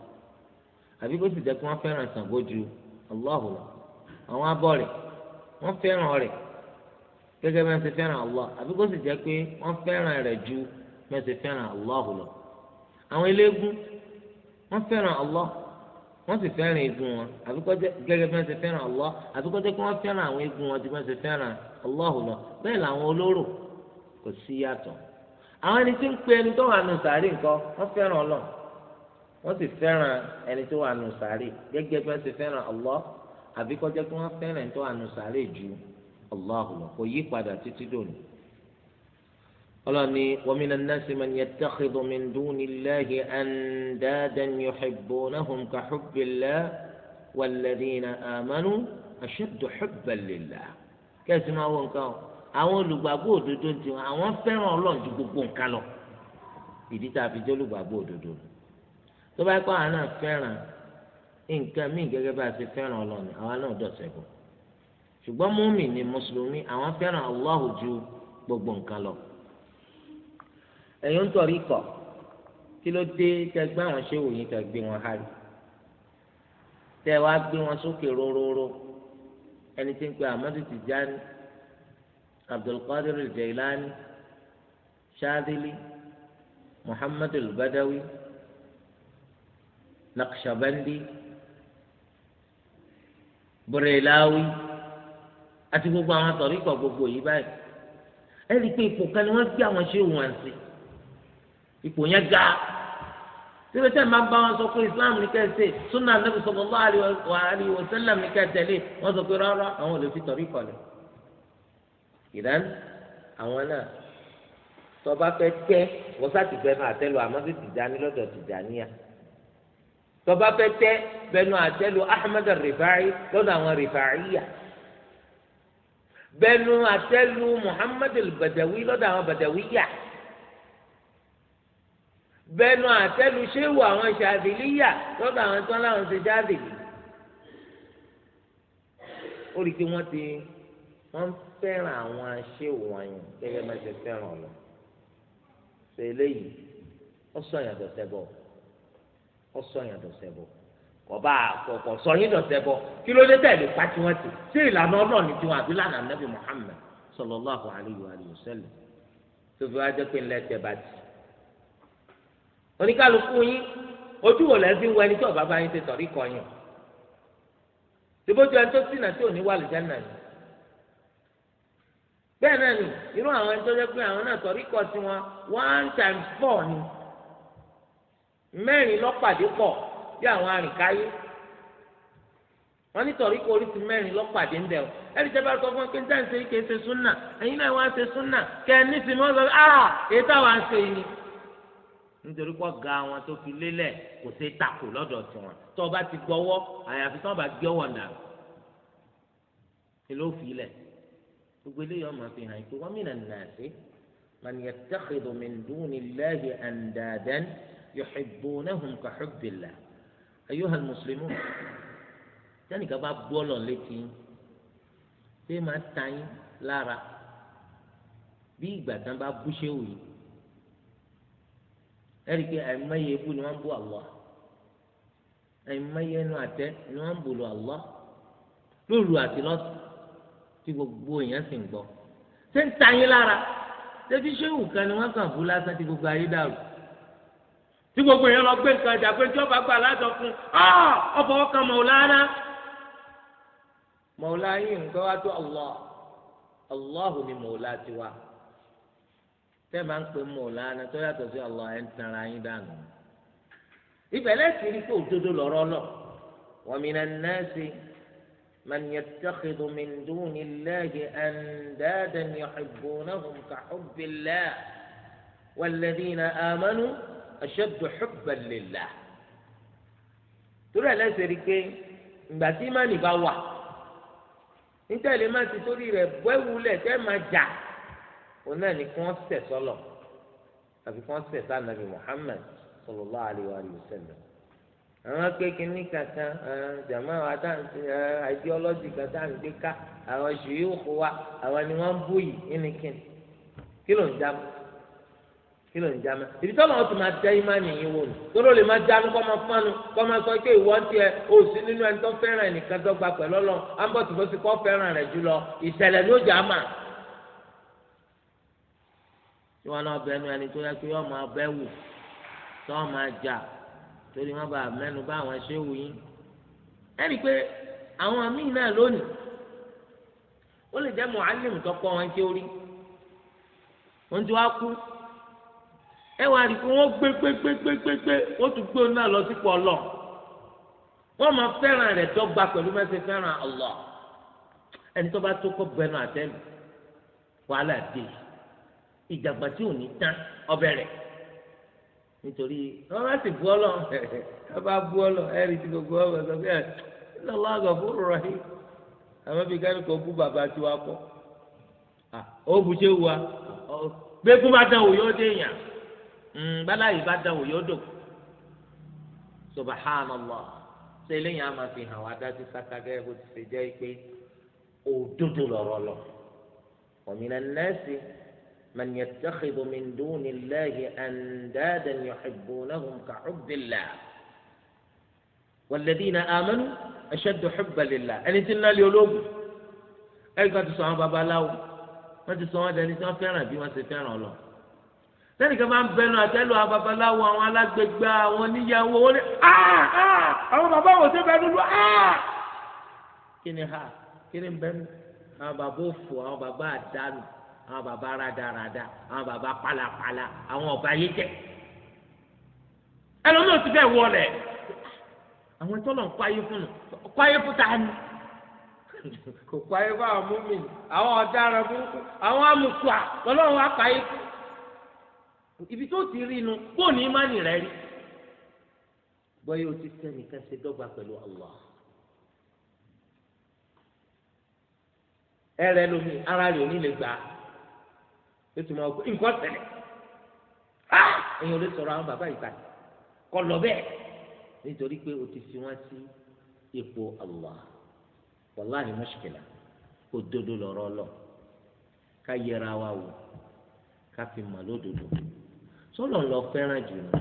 àbí kó sì jẹ́ pé wọ́n fẹ́ràn Ṣàngó ju Allah lọ àwọn abọ́ rẹ̀ wọ́n fẹ́ràn rẹ̀ gẹ́gẹ́ bí wọ́n ti fẹ́ràn Allah àbí kó sì jẹ́ pé wọ́n fẹ́ràn rẹ̀ ju bí wọ́n ti fẹ́ràn Allah lọ. àwọn eléégún wọ́n fẹràn Allah wọ́n sì fẹràn eégún wọn àbíkọ́ gẹ́gẹ́ bí wọ́n ṣe fẹ́ràn Allah àbíkọ́ kí àwọn wọn ju bí wọ́n ṣe fẹ́ràn Allah lọ oloro, làwọn olóró kò sí yàtọ̀ àwọn ẹni tí ń pe ẹni tó wà nù sàárì nǹkan sì ẹni tó wà nù sàárì bí ṣe Allah kí ẹni tó wà nù lọ kò yí padà títí dòní ọlọ́ni wàmínà nàásì man yattakhidhu min dunillahi andadan yuhibbunahum ka hubbillah walladhina amanu ashaddu hubban lillah kẹ́sì máa wọ nǹkan o àwọn olùgbàgbọ́ òdodo ti wọn àwọn fẹ́ràn ọlọ́run ju gbogbo nǹkan lọ ìdí tá a fi jẹ́ olùgbàgbọ́ òdodo tó bá kọ́ àwọn náà fẹ́ràn nǹkan míì gẹ́gẹ́ bá a ti fẹ́ràn ọlọ́run àwọn náà ẹ̀yin ń tọ̀rí kọ̀ kí ló dé tẹ gbé àwọn ṣéwò yín tẹ gbé wọn hárì tẹ wá gbé wọn sókè róróró ẹni tí ń pe Ahmadu Tijani Abdulkadir Jailani Shadili Muhammadu Badawi Naqshbandi Burelawi àti gbogbo àwọn tọ̀rí kọ̀ gbogbo yìí báyìí ẹ rí i pé ipò kan ni wọ́n gbé àwọn ṣéwò wọn sí i ipò yẹn ga tẹ́lẹ̀tẹ́ máa bá wọn sọ pé islam ní ká ṣe sunna anabi sallallahu alaihi wa sallam ní ká tẹ̀lé wọ́n sọ pé rárá àwọn ò lè fi tọ̀rí kọlẹ̀ ìdáni àwọn náà tọba fẹ́ tẹ́ wọ́sá ti bẹnu àtẹ́lu amadu tìjani lọ́dọ̀ tìjaniya tọba fẹ́ tẹ́ bẹnu àtẹ́lu ahmed rifai lọ́dọ̀ àwọn rifaiya bẹnu àtẹ́lu muhammed badawi lọ́dọ̀ àwọn badawiya bẹnu àtẹlu ṣéwù àwọn ṣàbílíyà lọ́dọ̀ àwọn tán láwọn ṣe jábìlì ó rí i pé wọ́n ti wọ́n fẹ́ràn àwọn ṣéwù wọn yẹn gẹ́gẹ́ bá ṣe fẹ́ràn ọ̀la ṣe eléyìí ó sọ yàn dọ̀tẹ́ bọ̀ ó sọ yàn dọ̀tẹ́ bọ̀ kọba àkọ́kọ́ sọ yín dọ̀tẹ́ bọ̀ kí ló dé tẹ̀lé pàtí wọn ti ṣé ìlànà Ọlọ́run ni tiwọn àbí lànà nàbì Muhammad sallallahu alayhi wa tó fi wá jẹ́ pé ńlẹ́ bá ti oníkálukú yín ojú wo lẹ́sìn wọ ẹni tí ọba bá yín ṣe tọ̀rí kọ yín síbójú ẹni tó sínà tí ò ní wà lùjẹ́ náà ni bẹ́ẹ̀ náà ni irú àwọn ẹni tó jẹ́ pé àwọn náà tọ̀rí kọ sí wọn one times four ni mẹ́rin lọ́pàdé pọ̀ bí àwọn arìnkáyé wọ́n ní tọ̀rí kọ oríṣi mẹ́rin lọ́pàdé ń bẹ̀ o ẹni tẹ́ bá sọ fún pé níta ń ṣe kì í ṣe súnà ẹ̀yin náà wá ṣe súnà kẹ́ ẹ ah èyí táwa ń ṣe yìí nítorí pé ọ̀gá wọn tó fi lélẹ̀ kò ṣe é takò lọ́dọ̀ tiwọn tó o bá ti gbọ́wọ́ àyàfi tó o bá gbé ọwọ́ dànù ló fi lẹ̀ gbogbo eléyìí ọmọ fi hàn pé wọ́n mìíràn nà sí man yattakhidhu min dunillahi andadan yuhibbunahum ka hubbillah ayyuhal muslimun sẹ́nìkan bá gbọ́ lọ létí pé máa ta yín lára bí ìgbà tán bá bú ṣéwù yìí. ẹ̀rí pé àìmọye ebú ni wọ́n ń bú Allah àìmọye ẹnu àtẹ ni wọ́n bù lọ lóru àti tí gbogbo èèyàn sì ń gbọ́ ṣé ń ta yín lára ṣébi ṣéwù kan ni kàn fún lásán tí gbogbo ayé dàrú tí gbogbo èèyàn lọ gbé nǹkan ìjà pé jọba gbà lájọ fún ọ̀bọ̀ ọkàn mọ̀ọ́lánà mọ̀ọ́lá tẹ́ máa ń pè mọ mọ̀lánà tó yàtọ̀ sí ọlọ ẹ̀ ń tanra yín dànù. ìbẹ̀lẹ̀ sì rí pé òdodo lọ̀rọ̀ lọ. wọ́n wa minan nasi man yattakhidhu min dunillahi ni yuhibbunahum ka hubbillah walladhina amanu ashaddu hubban lillah. torí ẹ̀ lẹ́sẹ̀ rí pé ìgbà tí ìmánì bá wà nítorí ẹ̀ lè má ti torí rẹ̀ ma ìwúlẹ̀ tẹ́ máa jà. òun náà ni kí wọ́n tẹ̀ sọ́lọ̀ àbí kí wọ́n tẹ̀ sí ànábì Muhammad sallallahu alaihi wa sallam àwọn pé kínní kankan jàmá àìdíọ́lọ́jì kankan àǹdé ká àwọn ṣùyúkú wa àwọn ni wọ́n ń bú yìí nìkan kí ló ń já mọ́ kí ló ń já mọ́ ibi tọ́lọ̀ ọ̀tún máa dá imá nìyí wò ni tọ́lọ̀ lè máa dánú kọ́ máa fánu kọ́ máa sọ pé ìwọ́n tiẹ̀ ó nínú ẹni tó fẹ́ràn ẹnìkan dọ́gba pẹ̀lú ọlọ́run á ń bọ̀ kọ́ fẹ́ràn rẹ̀ jùlọ ìṣẹ̀lẹ̀ ló jà máa tí wọn náà bẹnu ẹni tó yẹ kí wọn máa bẹ wò tí wọn máa jà torí wọn bá mẹnu bá àwọn ṣé wù yín ẹni pé àwọn míì náà lónìí ó lè jẹ mọ̀álìmù tó kọ́ wọn ṣé orí wọn ti wá kú ẹ wá rí i pé wọn gbé gbégbégbégbé wọn tún gbé náà lọ sípò ọlọ wọn máa fẹ́ràn rẹ̀ dọ́gba pẹ̀lú mẹ́sẹ̀ fẹ́ràn Allah ẹni tó bá tó kọ́ bẹnu àtẹ́lu wàhálà dé yìí ìjàgbá tí ò ní tán ọbẹ̀ rẹ̀ nítorí wọn bá sì bu ọ lọ wọn bá bu ọ lọ ẹ rí ti gbogbo ọ bẹ sọ pé ẹ lọlá àgọ fúru rẹ àwọn bíi káni kò bú bàbá tí wàá kọ ó bu ṣé wa gbẹ́kú bá dán wò yóò dé yàn gbálá hmm, yìí bá dán wò yóò dò subhanallah ṣe eléyìí á máa fi hàn wá dájú sáká gẹ́gẹ́ bó ti ṣe jẹ́ pé òdodo lọ̀rọ̀ lọ òmìnira nẹ́ẹ̀sì. من يتخذ من دون الله اندادا يحبونهم كحب الله والذين امنوا اشد حبا لله ان تلنا اليولوج اي قد سوان بابا لاو ما تسوان داني سوان فيران بي ما سفيران الله لاني كمان بينو اتلو ها بابا لاو وانا لاك بيكبا واني يا واني اه اه اه بابا وسيب اه كيني ها كيني بينو ها بابو فو ها بابا دانو àwọn bàbá rádaràda àwọn bàbá pálapàla àwọn ọba yé jẹ ẹlòmíràn ti bẹ́ẹ̀ wọlé àwọn tọ́lọ̀ ń kọ́ ayé fún un kọ́ ayé fún ta ni kò kọ́ ayé fún àwọn múmi àwọn ọ̀daràn burúkú àwọn amùsùà lọ́lọ́run wá pa ayé ibi tó ti rí inú fóònù ìmánì rẹ rí bọ́yá o ti sẹ́nìkan ṣe dọ́gba pẹ̀lú Allah. ẹrẹ lomi ara rẹ ò ní lè gbà á yóò tún máa gbé nǹkan ṣẹlẹ̀ ah èyàn lè sọ̀rọ̀ àwọn bàbá ìgbà kọ lọ bẹ́ẹ̀ nítorí pé o ti fi wọn sí ipò Allah wàláhì mọ́ṣíkìlà òdodo lọ́rọ́ lọ ká yẹra wa wò ká fi mọ̀ lódodo sọ́lọ̀ ń lọ fẹ́ràn jù lọ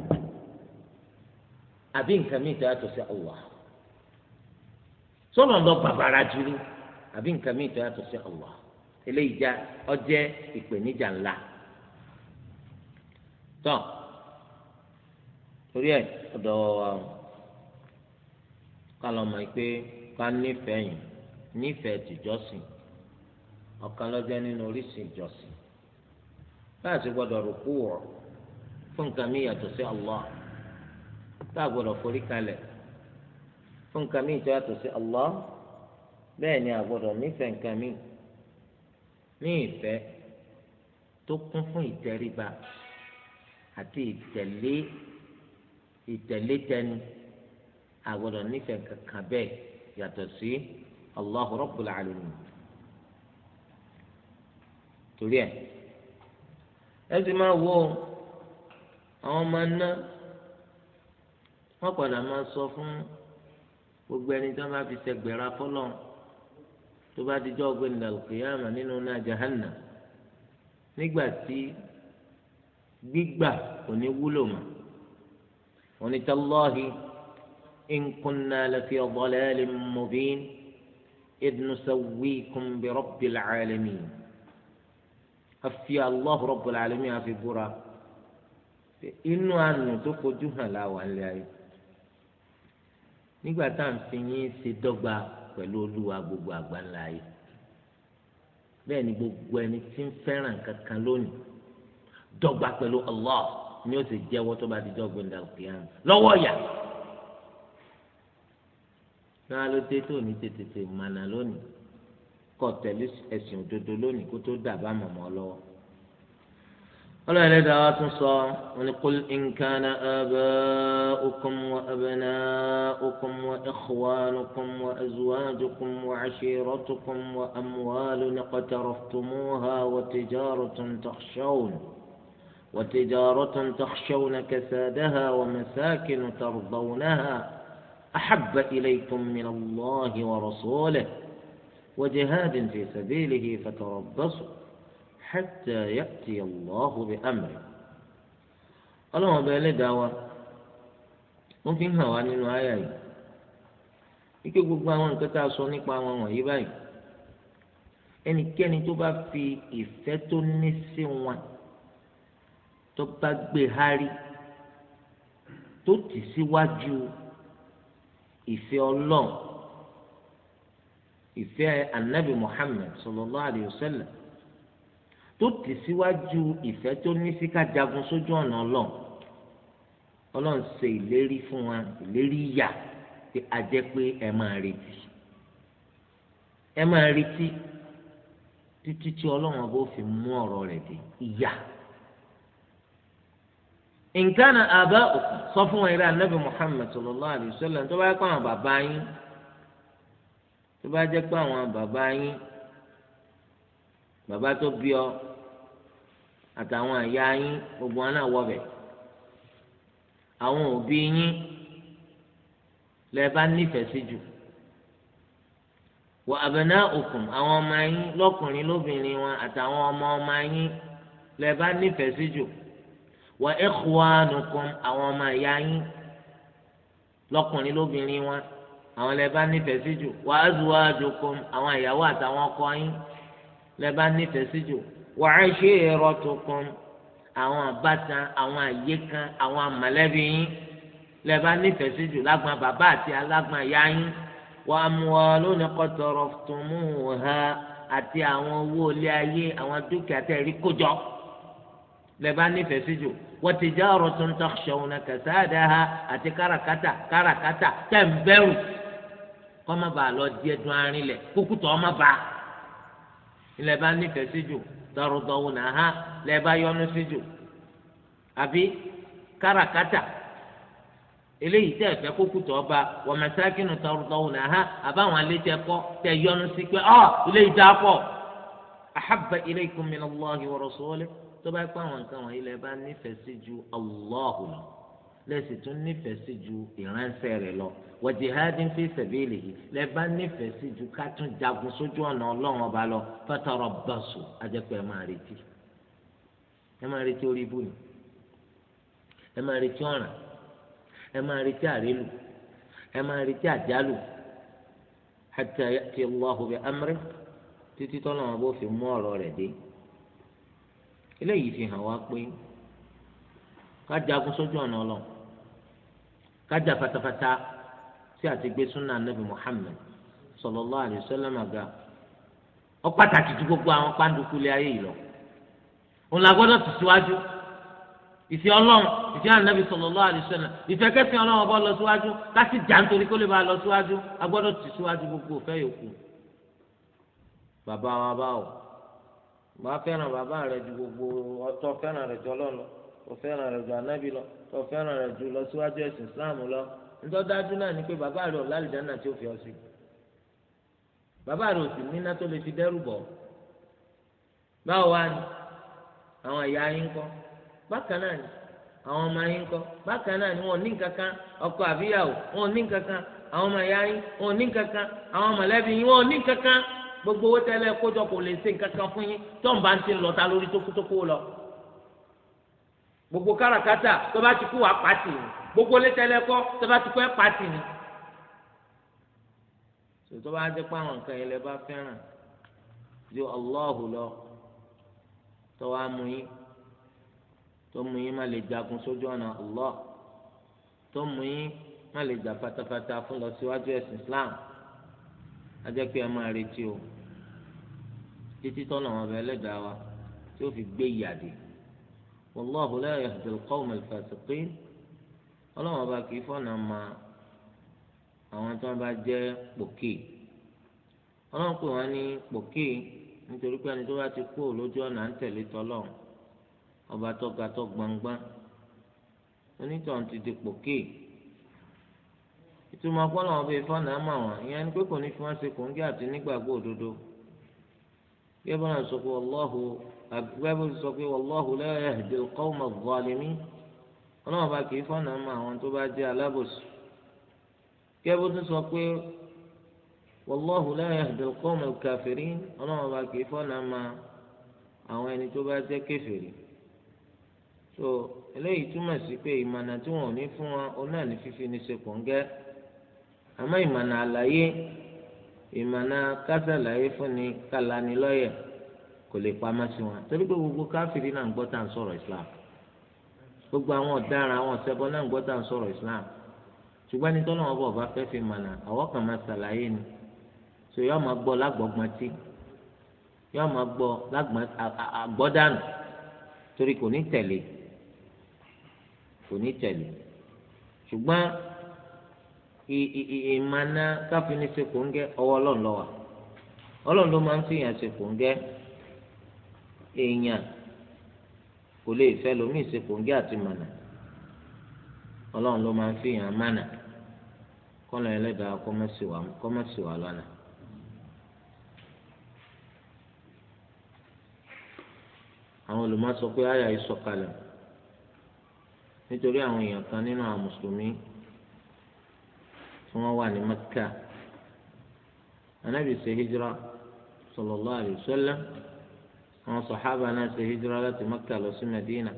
àbí nǹkan mìíràn tó yàtọ̀ sí Allah sọ́lọ̀ ń lọ bàbàrà jù lọ àbí nǹkan mìíràn tó yàtọ̀ sí Allah. eléyìí já ọjẹ́ ìpèníjà ńlá tọ́ torí ẹ̀ ọ̀dọ̀ kálọ̀ mọ̀ pé ká nífẹ̀ẹ́ yìí nífẹ̀ẹ́ tìjọ́sìn ọ̀kan lọ́jọ́ nínú oríṣi ìjọsìn báà sì gbọ́dọ̀ rúkú wọ̀ fún nǹkan mi yàtọ̀ sí Allah tá a forí fún nǹkan mi sí Allah ni a nǹkan mi ní ìfẹ́ tó kún fún ìtẹríba àti ìtẹ̀lé ìtẹ̀lé tẹnu àgbọ̀dọ̀ nífẹ̀ẹ́ kankan bẹ́ẹ̀ yàtọ̀ sí Allahu Rabbul Alamin torí ẹ ẹ sì máa wo àwọn ọmọ náà wọn padà máa sọ fún gbogbo ẹni tí wọn bá fi ṣègbèrà fọlọ́run tó bá dijọ́ ọgbẹ́ni làlùkìyàmà nínú náà jahanna nígbà tí gbígbà kò ní wúlò mọ́ onítàlọ́hì ìnkùnà lẹ́fí ọ̀bọ̀lẹ́lẹ́ mọ̀bín ìdùnnúsàwí kùnbí rọ́bì làálẹ́mì àfi allah rọ́bì làálẹ́mì àfi búra inú àánú tó kojú hàn láwa ayé nígbà tá à ń fi yín ṣe dọ́gba pẹ̀lú olúwa gbogbo àgbáńlá ayé bẹ́ẹ̀ ni gbogbo ẹni tí ń fẹ́ràn kankan lónìí dọ́gba pẹ̀lú Allah ni ó sì jẹ́wọ́ tó bá di dọ́gbọ́n dàgbìyàn lọ́wọ́ yà náà ló dé tó ní tètè mànà lónìí kọ́ tẹ̀lé ẹ̀sìn òdodo lónìí kó tó dàbá mọ̀mọ́ lọ́wọ́. ولا ولقل إن كان آباؤكم وأبناؤكم وإخوانكم وأزواجكم وعشيرتكم وأموال اقترفتموها وتجارة تخشون وتجارة تخشون كسادها ومساكن ترضونها أحب إليكم من الله ورسوله وجهاد في سبيله فتربصوا hẹ́tẹ̀ yẹ́tì ọlọ́hùn bí amẹ̀ ọlọ́run ọba ẹlẹ́dàá wa wọ́n fi ń hàn wá nínú àyà yìí wípé gbogbo àwọn nǹkan tá a sọ nípa àwọn wọ̀nyí báyìí ẹnikẹ́ni tó bá fi ìfẹ́ tó ní sí wọn tó bá gbé e hárí tó tì síwájú ìfẹ́ ọlọ́run ìfẹ́ anabi Muhammad sallallahu alayhi wa sallam tó tì síwájú ìfẹ́ tó ní sí ká jagun sójú ọ̀nà ọlọ́run ọlọ́run ṣe ìlérí fún wa ìlérí yà pé a jẹ́ pé ẹ máa retí ẹ máa retí títí tí ọlọ́run ọba ó fi mú ọ̀rọ̀ rẹ̀ dé ìyà nǹkan àbá sọ fún wa eré anabi Muhammad sallallahu alayhi wa sallam tó bá yẹ kó àwọn bàbá yín tó bá jẹ́ pé àwọn bàbá yín bàbá tó bí ọ àtàwọn àyà yín gbogbo wọn náà wọbẹ̀ àwọn òbí yín lẹ bá nífẹ̀ẹ́ sí jù wọ àbẹ̀nà òkùn àwọn ọmọ yín lọ́kùnrin lóbìnrin wọn àtàwọn ọmọ ọmọ yín lẹ bá nífẹ̀ẹ́ sí jù wọ ikhwanukum àwọn ọmọ àyà yín lọ́kùnrin lóbìnrin wọn àwọn lẹ bá nífẹ̀ẹ́ sí jù wọ azwajukum àwọn ìyàwó àtàwọn ọkọ yín lẹ bá nífẹ̀ẹ́ sí jù wa ashiratukum àwọn àbátan àwọn àyè kan àwọn àmọ̀lẹ́bí yín lẹ́ẹ̀bá nífẹ̀ẹ́ sí jù lágbọn bàbá àti alágbọn ìyá yín wa amwalun iqtaraftumuha àti àwọn owó ilé ayé àwọn dúkìá tẹ̀ rí kójọ lẹ́ẹ̀bá nífẹ̀ẹ́ sí jù wa tijaratun takhshawna kasadaha àti káràkátà káràkátà tẹ̀ ń bẹ̀rù kọ́ lọ díẹ̀ dún arin lẹ̀ kókútọ̀ má bàa nífẹ̀ẹ́ sí jù ترضونها لبا ينسجو أبي كركتا eléyìí tẹ ẹfẹ kókù puku ọba wọn mẹsàkínú na ha àbáwọn alẹtẹ tẹ yọnu si pé ọ eléyìí dá pọ ahabba ilaykum minallahi wa rasulihi tó bá pẹ àwọn nǹkan lẹ́sìn tún nífẹ̀ẹ́ sí ju ìránṣẹ́ rẹ̀ lọ wa jihadin fi sabilihi lẹ́ẹ̀bá nífẹ̀ẹ́ sí ju ká tún jagun sójú ọ̀nà ọlọ́run ọba lọ fatarabbasu ajẹ́pẹ́ ẹ máa retí ẹ máa retí orí ibú ni ẹ máa retí ọ̀ràn ẹ máa retí àrélù ẹ máa retí àjálù hatta ya'ti Allahu bi amrihi títí tọ́lọ́wọ́n bó fi mú ọ̀rọ̀ rẹ̀ dé eléyìí fi hàn wá pé ká jagun sójú ọ̀nà ọlọ́run kájà fatafata tí a ti gbé súnà nabi muhammed sallallahu alaihi wasallam àga ó pàtàkì ju gbogbo àwọn pàǹdùkú lé ayé yìí lọ òun la gbọ́dọ̀ tù síwájú ìfẹ́ Ọlọ́run ìfẹ́ ànábì sallallahu alaihi wasallam ìfẹ́ kẹsàn Ọlọ́run ọba lọ síwájú láti jà nítorí kó lè bá lọ síwájú a gbọ́dọ̀ tù síwájú gbogbo òfẹ́ yòókù bàbá wa báwò bá fẹ́ràn bàbá rẹ ju gbogbo ọtọ fẹ́ràn rẹ jọ lọ òfẹ́ràn rẹ ju ànábì lọ tó fẹ́ràn rẹ̀ jù lọ síwájú ẹ̀sìn islam lọ nítorí dájú náà ni pé bàbá rẹ̀ ọ̀la àlìjáná tí ó fi ọ sí bàbá rẹ̀ ò níná tó lè fi dẹ́rù bọ̀ báwo wá ni àwọn ìyá yín kọ́ bákan náà ni àwọn ọmọ yín kọ́ bákan náà ni wọn ò ní kankan ọkọ àbíyàwó wọn ò ní kankan àwọn ọmọ ìyá yín wọn ní kankan àwọn mọ̀lẹ́bí yín wọn ní kankan gbogbo owó tẹ́lẹ̀ kójọ kò lè ṣe nǹkankan fún yín tó ń bá ń ti lọ́ta lórí tókútókú lọ gbogbo kárakáta tó bá ti kú wá pàtì ni gbogbo létẹlẹkọ tó bá ti kú ẹ pàtì ni tó bá jẹ́ pé àwọn nǹkan yẹn lẹ bá fẹ́ràn ju Allahu lọ tó wá mú yín tó mú yín má lè jagun sójú ọ̀nà Allah tó mú yín má lè jà fatafata fún lọ síwájú ẹ̀sìn Islam ajẹ́ pé ẹ máa retí o títí tọ́nà wọn bẹ ẹlẹ́dàá wa tí ó fi gbé ìyàdé. والله لا يهدي القوم الفاسقين ọlọ́run ọba kì í fọ̀nà ma àwọn tí wọ́n bá jẹ́ pòkì ọlọ́run pè wọ́n ní pòkì nítorí pé ẹni tó bá ti kú ìtumọ̀ ọpọlọ wọn ìyẹn ni ní àgbẹ̀bí sọ pé wallahu la yahdi al-qawma adh-dhalimin ọlọ́run bá kì í fọ́nà mọ́ àwọn tó bá jẹ́ alábòsí kẹ́bí tún sọ pé wallahu la yahdi al-qawma al-kafirin ọlọ́run bá kì fọ́nà mọ́ àwọn ẹni tó bá jẹ́ kèfèrí so eléyìí túmọ̀ sí pé ìmọ̀nà tí wọn ní fún wọn ọ náà ní fífi ní ṣe kòńgẹ́ àmọ́ ìmọ̀nà àlàyé ìmọ̀nà kásàlàyé fún ni kàlánilọ́yẹ̀ kò lè pamọ́ sí wọn torí pé gbogbo káfíìrì náà ń gbọ́ tá à ń sọ̀rọ̀ islam gbogbo àwọn ọ̀daràn àwọn ọ̀sẹ̀bọ náà ń gbọ́ tá à ń sọ̀rọ̀ islam ṣùgbọ́n ní tọ́lọ́wọ́n bọ̀ bá fẹ́ fi mọ̀nà àwọn kan máa ṣàlàyé ni so yóò máa gbọ́ lágbọ́gbọ́n tí yóò máa gbọ́ àgbọ́dànù torí kò ní tẹ̀lé kò ní tẹ̀lé ṣùgbọ́n ìmọ̀nà káfíìrì ṣe kò ń gẹ́ ọwọ́ ọlọ́run ló wà ọlọ́run ló máa ń fi yàn ṣe kò ń gẹ́ èèyàn kò lè fẹ́ lómi ìsèkòǹgé àti mànà ọlọ́run ló máa ń fi hàn mánà kọ́nà ẹlẹ́dàá kọ́mọ́sì wà lọ́nà. àwọn olùmọ̀ sọ pé àyà yìí nítorí àwọn èèyàn kan nínú àwọn mùsùlùmí tí wọ́n wà ní hijira àwọn sọ̀hábà náà ṣe hijira láti mọ́kà lọ sí mẹ́dínà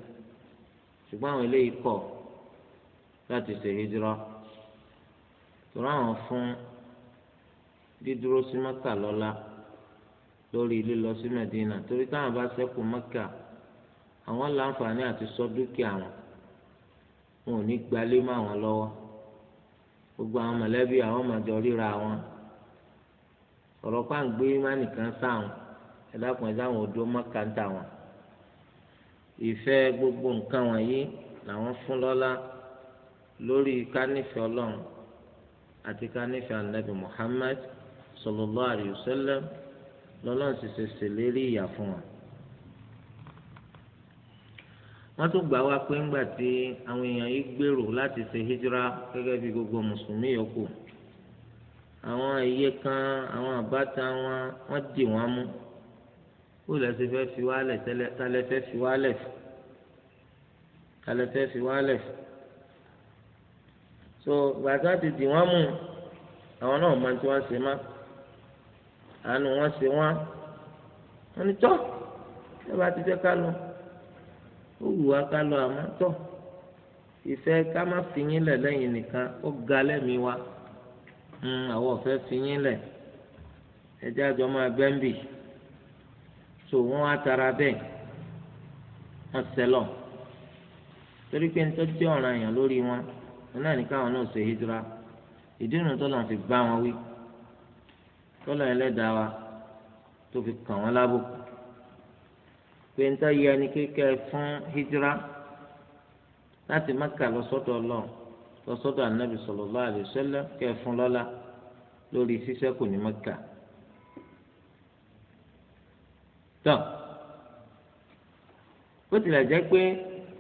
ṣùgbọ́n àwọn eléyìí kọ̀ láti ṣe hijira tòun àwọn fún dídúró sí mọ́kà lórí sí mẹ́dínà torí táwọn bá ṣẹ́kù mọ́kà àwọn láǹfààní àti sọ dúkìá wọn wọn ò ní gbalé mọ́ àwọn lọ́wọ́ gbogbo àwọn mọ̀lẹ́bí àwọn wọn ọ̀rọ̀ ẹlẹ́kùn ẹ̀ láwọn odò mọ́kàntà wọn ìfẹ́ gbogbo nǹkan wọ̀nyí làwọn fún lọ́lá lórí kánífẹ́ ọlọ́run àti kánífẹ́ anabi Muhammad sallallahu alayhi wa sallam lọ́lọ́run sì ṣe ṣèlérí ìyà fún wọn. wọ́n tún gbà wá pé ńgbà tí àwọn èèyàn yìí gbèrò láti ṣe hijira gẹ́gẹ́ bí gbogbo mùsùlùmí yòókù àwọn iye kan àwọn àbátan wọn wọ́n dì wọ́n mú kó lẹsẹ fẹ́ fi wálẹ̀ tẹ́lẹ̀ tálẹ̀ fẹ́ fi wálẹ̀ tálẹ̀ fẹ́ fi wálẹ̀ so gbàtà ti dì wọn mú àwọn náà máa tí wọn ṣe má àánú wọn ṣe wọn wọn ni tọ ẹ bá ti fẹ́ ká lọ ó wù wá ká lọ àmọ́ tọ ìfẹ́ ká má fi yín lẹ̀ lẹ́yìn nìkan ó ga lẹ́mìí wa hmm, àwọn ọ̀fẹ́ fi yín lẹ̀ ẹjẹ́ àjọ máa bẹ́ńbì so wọn á tara bẹ́ẹ̀ wọn sẹlọ torí pé nítorí tí ọ̀ràn èèyàn lórí wọn wọn náà ní káwọn náà ṣe hijira ìdí ìrùn tó lọ́n fi bá wọn wí tọ́lọ̀ ẹlẹ́dàá wa tó fi kàn wọ́n lábò pé ń táyé ẹni kékeré fún hijira láti Mẹ́kà lọ lọ sọ́dọ̀ Ànábì sallallahu alaihi wasallam kẹ́ fún lọ́lá lórí ṣíṣẹ́kù ní Mẹ́kà. tán bó tilẹ̀ jẹ́ pé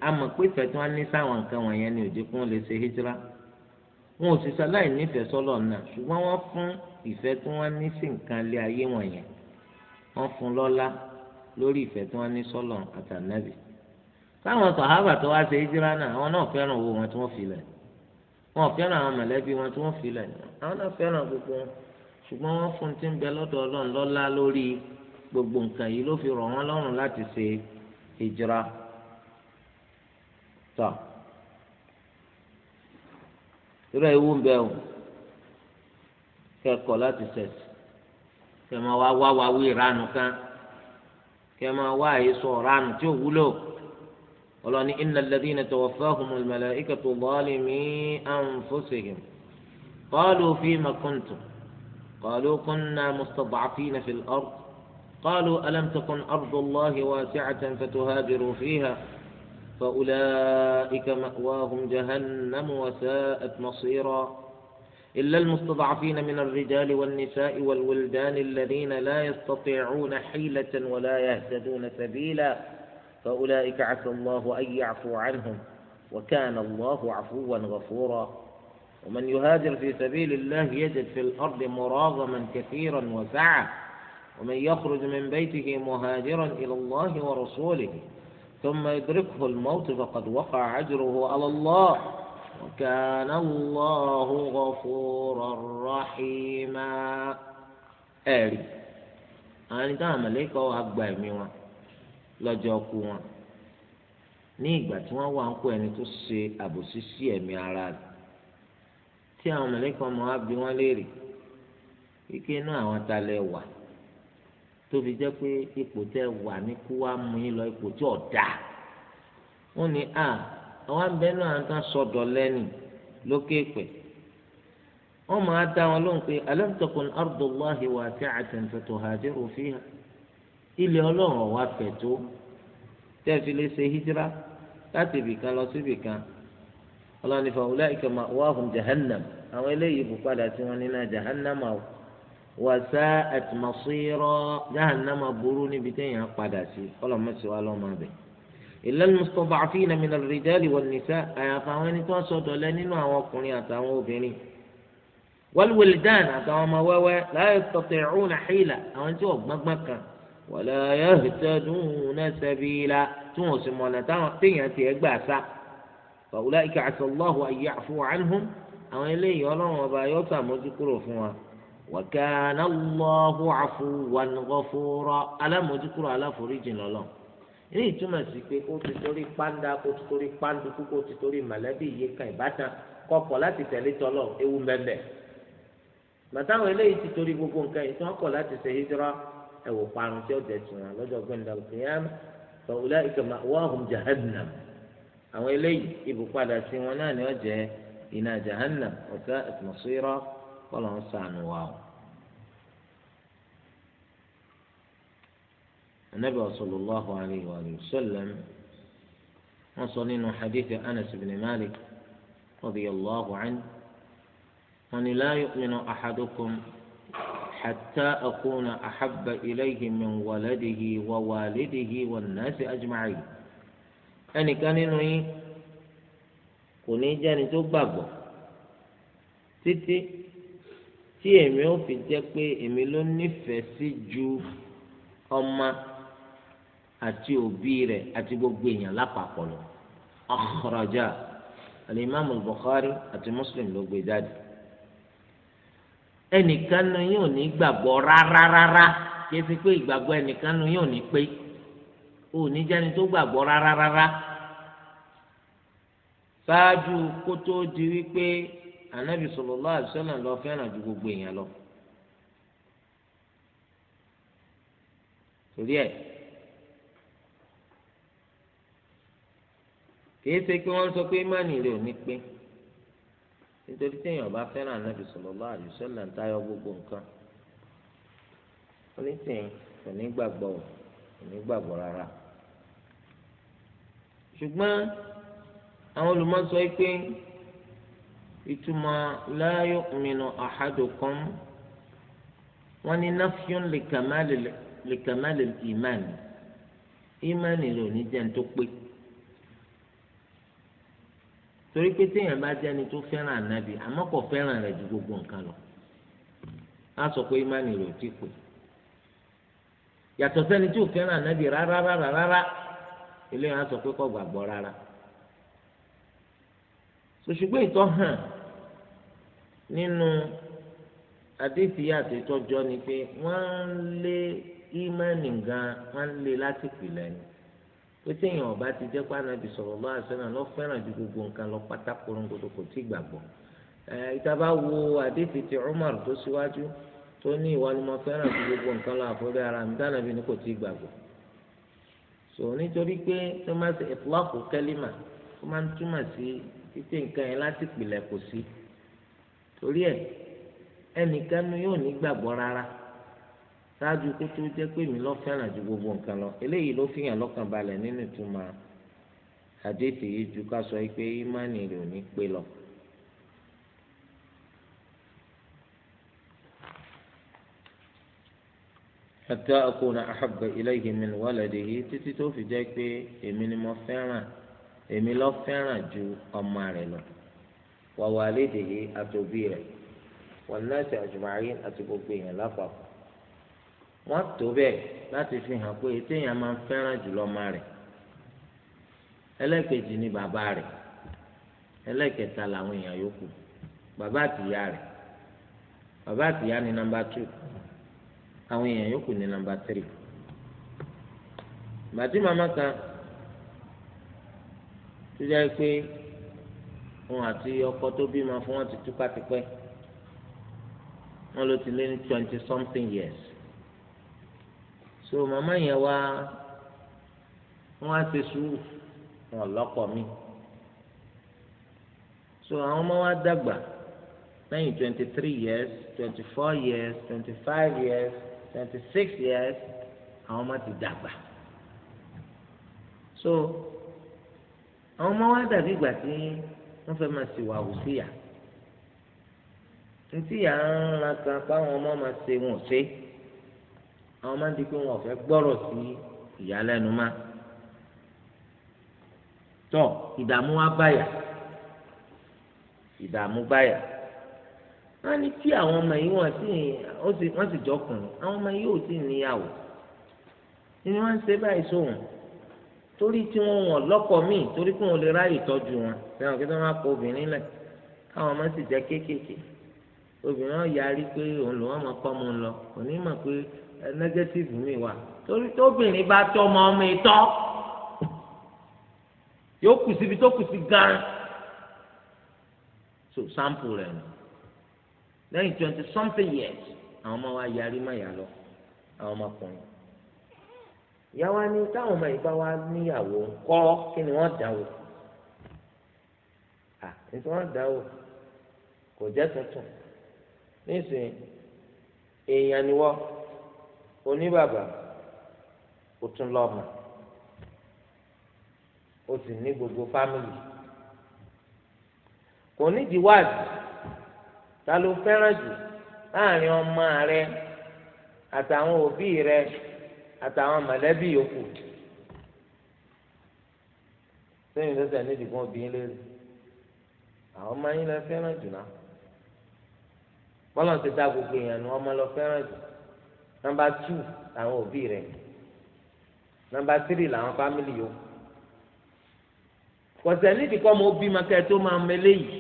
amọ̀ pé ìfẹ́ tí wọ́n ní sáwọn nǹkan wọ̀nyẹn ni òjì kún lè ṣe hijira wọn ò sì sáláì nífẹ̀ẹ́ sọ́lọ̀ náà ṣùgbọ́n wọ́n fún ìfẹ́ tí wọ́n ní sí nǹkan lé ayé wọ̀nyẹn wọ́n fún lọ́lá lórí ìfẹ́ tí wọ́n ní sọ́lọ̀ àtànábì táwọn sàhábà tó wá ṣe hijira náà àwọn náà fẹ́ràn owó wọn tí wọ́n fi lẹ̀ wọn fẹ́ràn àwọn mọ̀lẹ́bí wọn tí wọ́n fi lẹ̀ àwọn náà fẹ́ràn gbogbo wọn ṣùgbọ́n wọ́n fún ti ń bẹ lọ́dọ̀ Ọlọ́run lọ́lá lórí gbogbo nǹkan yìí ló fi rọ̀ wọ́n lọ́rùn láti ṣe hijira tọ irú ewu ń bẹ o kẹ́kọ̀ọ́ láti sẹsì kẹ́ máa wá wá wá wí ìranù kan kẹ́ máa wá àyesọ ìranù tí ò wúlò ọlọ́ni iná innal ladhina tawaffahumul malaikatu zalimi anfusihim qalu fima kuntum qalu kunna mustad'afina fil ard. قالوا ألم تكن أرض الله واسعة فتهاجروا فيها فأولئك مأواهم جهنم وساءت مصيرا إلا المستضعفين من الرجال والنساء والولدان الذين لا يستطيعون حيلة ولا يهتدون سبيلا فأولئك عسى الله أن يعفو عنهم وكان الله عفوا غفورا ومن يهاجر في سبيل الله يجد في الأرض مراغما كثيرا وسعة ومن يخرج من بيته مهاجرا إلى الله ورسوله ثم يدركه الموت فقد وقع أجره على الله وكان الله غفورا رحيما ẹ̀rí àwọn ẹni táwọn mọ̀lẹ́kọ̀ wa gba ẹ̀mí wọn lọ́jọ́ ọkú wọn ní ìgbà tí wọ́n wà ń kó ẹni tó ṣe àbòsí sí ẹ̀mí ara rẹ̀ tí àwọn mọ̀lẹ́kọ̀ ọmọ wa bi wọ́n léèrè kíkẹ́ inú àwọn talẹ̀ wà tóbi jẹ́ pé ipò tẹ́ wà ní kó wá mú yín lọ ipò tí ọ̀dà wọ́n ní à àwọn abẹ́nú àǹtá sọ̀dọ̀ lẹ́nu lókè pẹ̀ wọ́n máa dá wọn lóhùn pé alam takun ardullahi wasi'atan fatuhajiru fiha ilẹ̀ ọlọ́run ọ̀wá fẹ̀ tẹ́ fi lè ṣe hijira láti ibìkan lọ sí ibìkan ọlọ́run ní fa ulaika ma'wahum jahannam àwọn eléyìí bù padà tí wọ́n ní náà jahannam àwọn wasa'at masira jahannama burú níbi téèyàn padà sí ọlọ́mọ̀sí wa lọ́mọ abẹ́ illa al-mustada'afina min ar-rijali wan-nisa' àyàfà àwọn ẹni tó ń sọ̀dọ̀ lẹ́ nínú àwọn ọkùnrin àtàwọn obìnrin wal-wildan àtàwọn ọmọ wẹ́wẹ́ la yastati'una hila àwọn tí wọ́n gbọ́ngbọ́n kan wala yahtaduna sabila tí wọ́n sì mọ̀nà téèyàn ti ẹ̀ gbà wàkàna Allahu afuwan ghafura alámòjúkúrò aláforíjì lọ́lọ́ ni ituma si pe o ti tori panda o ti tori pàǹdùkú o ti torí mọ̀lẹ́bí ka ìbátan kọkọ̀ láti tẹ̀lé ewu mẹ́mẹ́ màtáwọn eléyìí ti tori gbogbo nǹkan yìí tí wọ́n kọ̀ láti ṣe hijira ẹ̀wò parun tí ó lọ́jọ́ gbẹ̀ndà òkèèyàn jahannam àwọn eléyìí ibùpadà náà ni jẹ́ iná jahannam kọlọ ń sànù wa o. النبي صلى الله عليه وآله وسلم وصلنا حديث أنس بن مالك رضي الله عنه أن لا يؤمن أحدكم حتى أكون أحب إليه من ولده ووالده والناس أجمعين ẹnì kan nínú yín kò ní jẹ́ni tó gbàgbọ́ títí tí èmi ò fi jẹ́ pé èmi ló nífẹ̀ẹ́ sí ju ọmọ àti òbí rẹ̀ àti gbogbo èèyàn lápapọ̀ lọ. akhraja alimami bukhari àti muslim ló gbé jáde. ẹnìkan nu yóò ní gbàgbọ́ rárárárá kìí ṣe pé ìgbàgbọ́ ẹnìkan nu yóò ní pé ò ní jẹ́ni tó gbàgbọ́ rárárárá. ṣáájú kó di wípé anabi sallallahu alaihi wasallam lọ fẹ́ràn ju gbogbo èèyàn lọ. torí ẹ kìí ṣe pé wọ́n sọ pé ìmánì rẹ̀ ò ní pé nítorí téèyàn bá fẹ́ràn anabi sallallahu alaihi wasallam táyọ gbogbo nǹkan onítìyìn kò ní gbàgbọ́ kò ní gbàgbọ́ rárá ṣùgbọ́n àwọn olùmọ̀ sọ pé. ìtumọ̀ la yu'minu ahadukum wọ́n ní nafyun li kamali ìmánì ìmánì ò ní jẹ́ ní tó pé torí pé téèyàn bá jẹ́ ni tó fẹ́ràn ànábì àmọ́ kò fẹ́ràn ju gbogbo nǹkan lọ á sọ pé ìmánì rẹ̀ ò tí pé yàtọ̀ sẹ́ni tí ò fẹ́ràn ànábì rárá rárá rárá eléyàn á sọ pé kò gbàgbọ́ rárá ìtọ́ nínú àdéhìí àtẹtọjọ ni pé wọn ń lé ímánì gan wọn ń lé láti pìlẹ ni pé téèyàn ọba ti jẹ pé anabi sọ̀rọ̀ lọ àṣẹnà lọ fẹ́ràn ju gbogbo nǹkan lọ pátá kò tí gbàgbọ́ ìtaba wo àdéhìí ti Umar tó síwájú tó ní ìwà ni mo fẹ́ràn ju gbogbo nǹkan lọ àfọwọ́dẹ ara mi dánàbí ni kò tí gbàgbọ́ so nítorí pé tó máa ṣe tó máa ń túmọ̀ torí ẹ ẹnìkan nu yóò ní gbàgbọ́ rárá ṣáájú kó tó jẹ́ pé mi lọ́ọ́ fẹ́ràn ju gbogbo nǹkan lọ eléyìí ló fihàn lọ́kàn balẹ̀ nínú ìtumọ̀ àdéhìí yìí ju ká sọ pé ìmánì rẹ̀ ò ní pé lọ. حتى أكون أحب إليه من ولده títí tó fi jẹ́ pé èmi ni mo fẹ́ràn èmi ló fẹ́ràn ju ọmọ rẹ lọ. wa walidihi àtòbí rẹ̀ wan nasi ajma'in àti gbogbo èèyàn lápapọ̀ wọ́n tó bẹ́ẹ̀ láti fi hàn pé ètò èèyàn máa ń fẹ́ràn jùlọ ọmọ rẹ̀ ẹlẹ́ẹ̀kejì ni bàbá rẹ̀ ẹlẹ́ẹ̀kẹta làwọn èèyàn yòókù bàbá àtìyá rẹ̀ bàbá àtìyá ni nàmbà tù àwọn èèyàn yòókù ni nàmbà tírì bàtí màmá kan tó jẹ́ pé òun àti ọkọ tó bímọ fún wọn ti túká tipẹ́ wọn ló ti lé ní twenty something years so màmá yẹn wá wọn á ṣe sùúrù wọn lọ́kọ mi so àwọn ọmọ wa dàgbà lẹ́yìn twenty three years twenty four years twenty five years twenty six years àwọn ọmọ ti dàgbà so àwọn ọmọ wa dàbí ìgbà tí wọ́n fẹ́ máa ṣe wàhù síyà ntí yà ń ran kan páwọn ọmọ máa ṣe wọn ṣe àwọn máa ń di pé wọn ò fẹ́ gbọ́rọ̀ sí ìyàlẹ́nu má tọ́ ìdààmú wa báyà ìdààmú báyà wọ́n ní kí àwọn ọmọ yìí wọ́n sì wọ́n sì jọkùnrin àwọn ọmọ yìí ò sì níyàwó ni wọ́n ń ṣe báyìí sóhun torí tí wọn wọn lọ́kọ míì torí kí wọn lè ráyè tọ́jú wọn fẹ́ràn kí wọn máa kọ obìnrin lẹ káwọn ọmọ sì jẹ kéékèèké obìnrin náà yarí pé òun lòun ọmọ kọ mu lọ kò ní mọ̀ pé nẹgẹtífù mi wà torí tóbìnrin bá tọ́ ọmọ ọmọ ìtọ́ yóò kù síbi tó kù sí gan so sampo rẹ nù lẹ́yìn twenty something years àwọn ọmọ wa yarí má yà lọ àwọn ọmọkùnrin ìyá wa ní táwọn ọmọ ìbá wa níyàwó ńkọ́ kí ni wọ́n dà wò à nítorí wọ́n dà wò kò jẹ́ tuntun nísìnyí èèyàn ni wọ́n oníbàbà ó tún lọ́mọ ó sì ní gbogbo fámìlì kò nídìí wáàdì ta ló fẹ́ràn jù láàrin ọmọ rẹ àtàwọn òbí rẹ àtàwọn mọ̀lẹ́bí yòókù sẹ́yìn tó sẹ́yìn nídìí kan obìnrin lérí àwọn ọmọ yín lọ fẹ́ràn jù náà bọ́lá ti dá gbogbo èèyàn ni ọmọ lọ fẹ́ràn jù nọ́mbà tù làwọn òbí rẹ̀ nọ́mbà tírì làwọn fámìlì yòókù kọ̀sẹ̀ nídìí kọ́ mo bí ma kẹ́ ẹ tó máa mẹ́lẹ́ yìí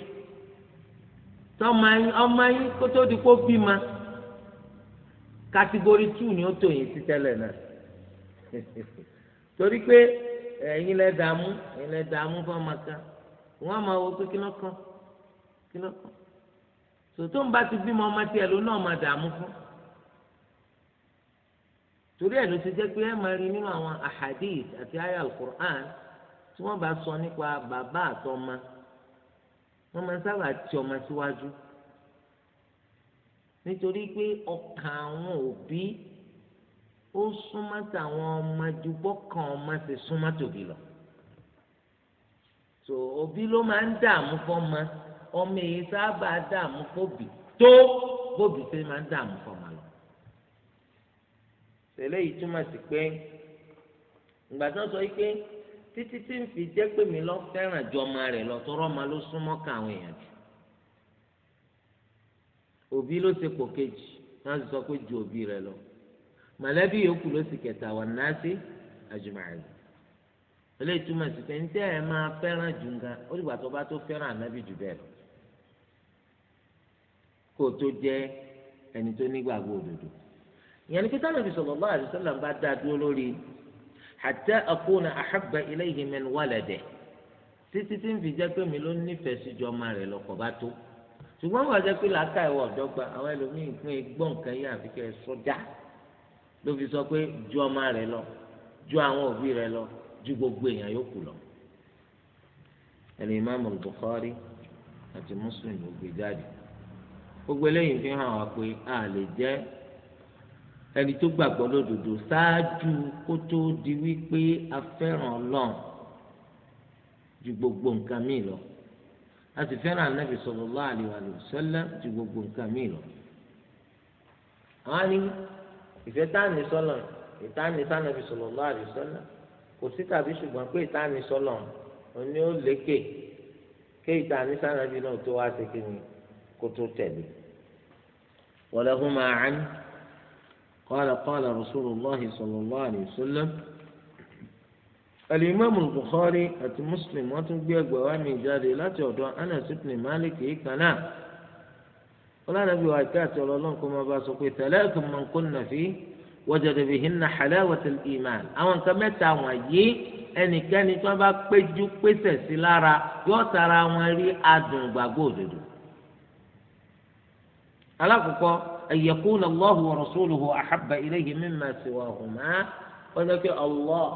ọmọ yín kótó di kó bí ma kátígórì tù ni ó tò yín sí tẹ́lẹ̀ náà. torí pé eh, ẹ̀yin lẹ dààmú ẹ̀yin lẹ dààmú fọmọkà wọn máa wo pé kíná kan kíná kan sòtó ń bá ti bímọ ọmọ tiẹ̀ ló náà máa dààmú fún torí ẹ̀ ló ti jẹ́ pé ẹ máa rí nínú àwọn ahadith àti aya alukur'an tí wọ́n bá sọ nípa bàbá àtọmọ wọ́n máa sábà ti ọmọ síwájú nítorí pé ọkàn àwọn òbí. Si ó súnmọ́ tàwọn ọmọ ju bọ́kàn ọmọ ṣe súnmọ́ tòbí lọ. tó òbí ló máa ń dààmú fọ́mọ ọmọ èyí sábà dààmú fóbì tó bóbì ṣe máa ń dààmú fọ́mọ lọ. tẹ́lẹ̀ yìí túmọ̀ sí pé ìgbà tó ń sọ pé títí tí ń fi jẹ́ pèmí lọ fẹ́ràn ju ọmọ rẹ̀ lọ tọrọ ọmọ ló súnmọ́ ká àwọn èèyàn jù òbí ló ṣe pò kejì náà sọ pé ju òbí rẹ̀ lọ mọ̀lẹ́bí yòókù ló sì kẹta wà násì àjùmáàlì eléyìí túmọ̀ sí pé níta ẹ̀ máa fẹ́ràn jù nǹkan ó dìgbà tó bá tó fẹ́ràn ànábì jù bẹ́ẹ̀ lọ kó o tó jẹ́ ẹni tó nígbàgbọ́ òdodo ìyẹn ni pé tánàbì sallallahu alaihi wasallam bá dáa dúró lórí hatta akuna ahabba ilayhi min waladihi títí tí ń fi jẹ́ pé mi ló nífẹ̀ẹ́ sí ju ọmọ rẹ̀ lọ́kọ̀ bá tó ṣùgbọ́n wọ́n jẹ́ pé làákà ìwọ̀ ọ̀dọ́gba àwọn ẹlòmíín pín gbọ́ǹkan yìí àfikẹ́ sọ́jà ló fi sọ pé ju ọmọ rẹ lọ ju àwọn òbí rẹ lọ ju gbogbo èèyàn yòókù lọ Al-Imam Al-Bukhari àti Muslim ló gbé jáde gbogbo eléyìí fi hàn wá pé a lè jẹ́ ẹni tó gbàgbọ́ lódodo ṣáájú kó tó di wípé a fẹ́ràn Ọlọ́run ju gbogbo nǹkan míì lọ a sì fẹ́ràn anábì sallallahu alaihi wa sallam ju gbogbo nǹkan míì lọ. àwọn ni ìfẹ́ táàní sọ́lọ̀ ìtáàní sànàbì sallallahu alaihi wasallam kò sí tàbí ṣùgbọ́n pé ìtáàní sọ́lọ̀ òní ó lékè ké ìtáàní sànàbì náà tó wá sí kíni kó tó tẹ̀lé. ولهما عنه قال قال رسول الله صلى الله عليه وسلم الإمام البخاري أت مسلم وتنبيه قوامي جاري لا تودع أنس بن مالك كنا ọlọ́dàbí wa ìgbà àti ọlọ́lọ́n kó máa bá sọ pé thalatun man kunna fi wajada bihinna halawatal iman àwọn nǹkan mẹ́ta wọ̀nyí ẹnikẹ́ni tí wọ́n bá péjú pésẹ̀ sí lára yóò tara wọn rí adùn gbàgbọ́ òdodo. alákọ̀ọ́kọ́ ayyakuna Allahu wa rasuluhu ahabba ilayhi mimma siwahuma wọ́n lọ pé Allah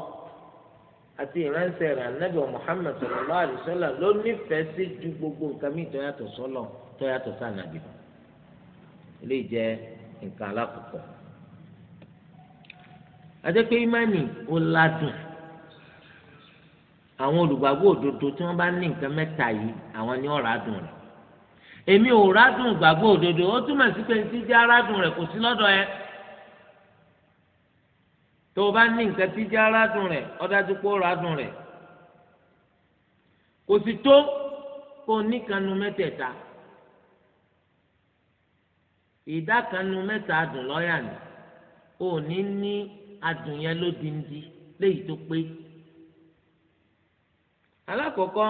àti ìránṣẹ́ rẹ̀ anábì Muhammad sallallahu alaihi wasallam ló nífẹ̀ẹ́ sí ju gbogbo nǹkan mi tó yàtọ̀ sọ́lọ̀ tó yàtọ̀ sí ànábì ilé jẹ nǹkan alákọ̀ọ́kọ́ àtẹ́pẹ́ ìmánì ó ládùn àwọn olùgbàgbọ́ òdodo tí wọ́n bá ní nǹkan mẹ́ta yìí àwọn ni ó ràádùn rẹ̀ èmi ò ràádùn gbàgbọ́ òdodo ó túmọ̀ sí pé ti jẹ́ arádùn rẹ̀ kò sí lọ́dọ̀ ẹ tó o bá ní nǹkan tí arádùn rẹ̀ ó pé ó ràádùn rẹ̀ kò sì tó kó o níkanu mẹ́tẹ̀ẹ̀ta ìdá kan nu mẹ́ta adùn lọ́yà ni ò ní ní adùn yẹn lódindi léyìí tó pé alákọ̀ọ́kọ́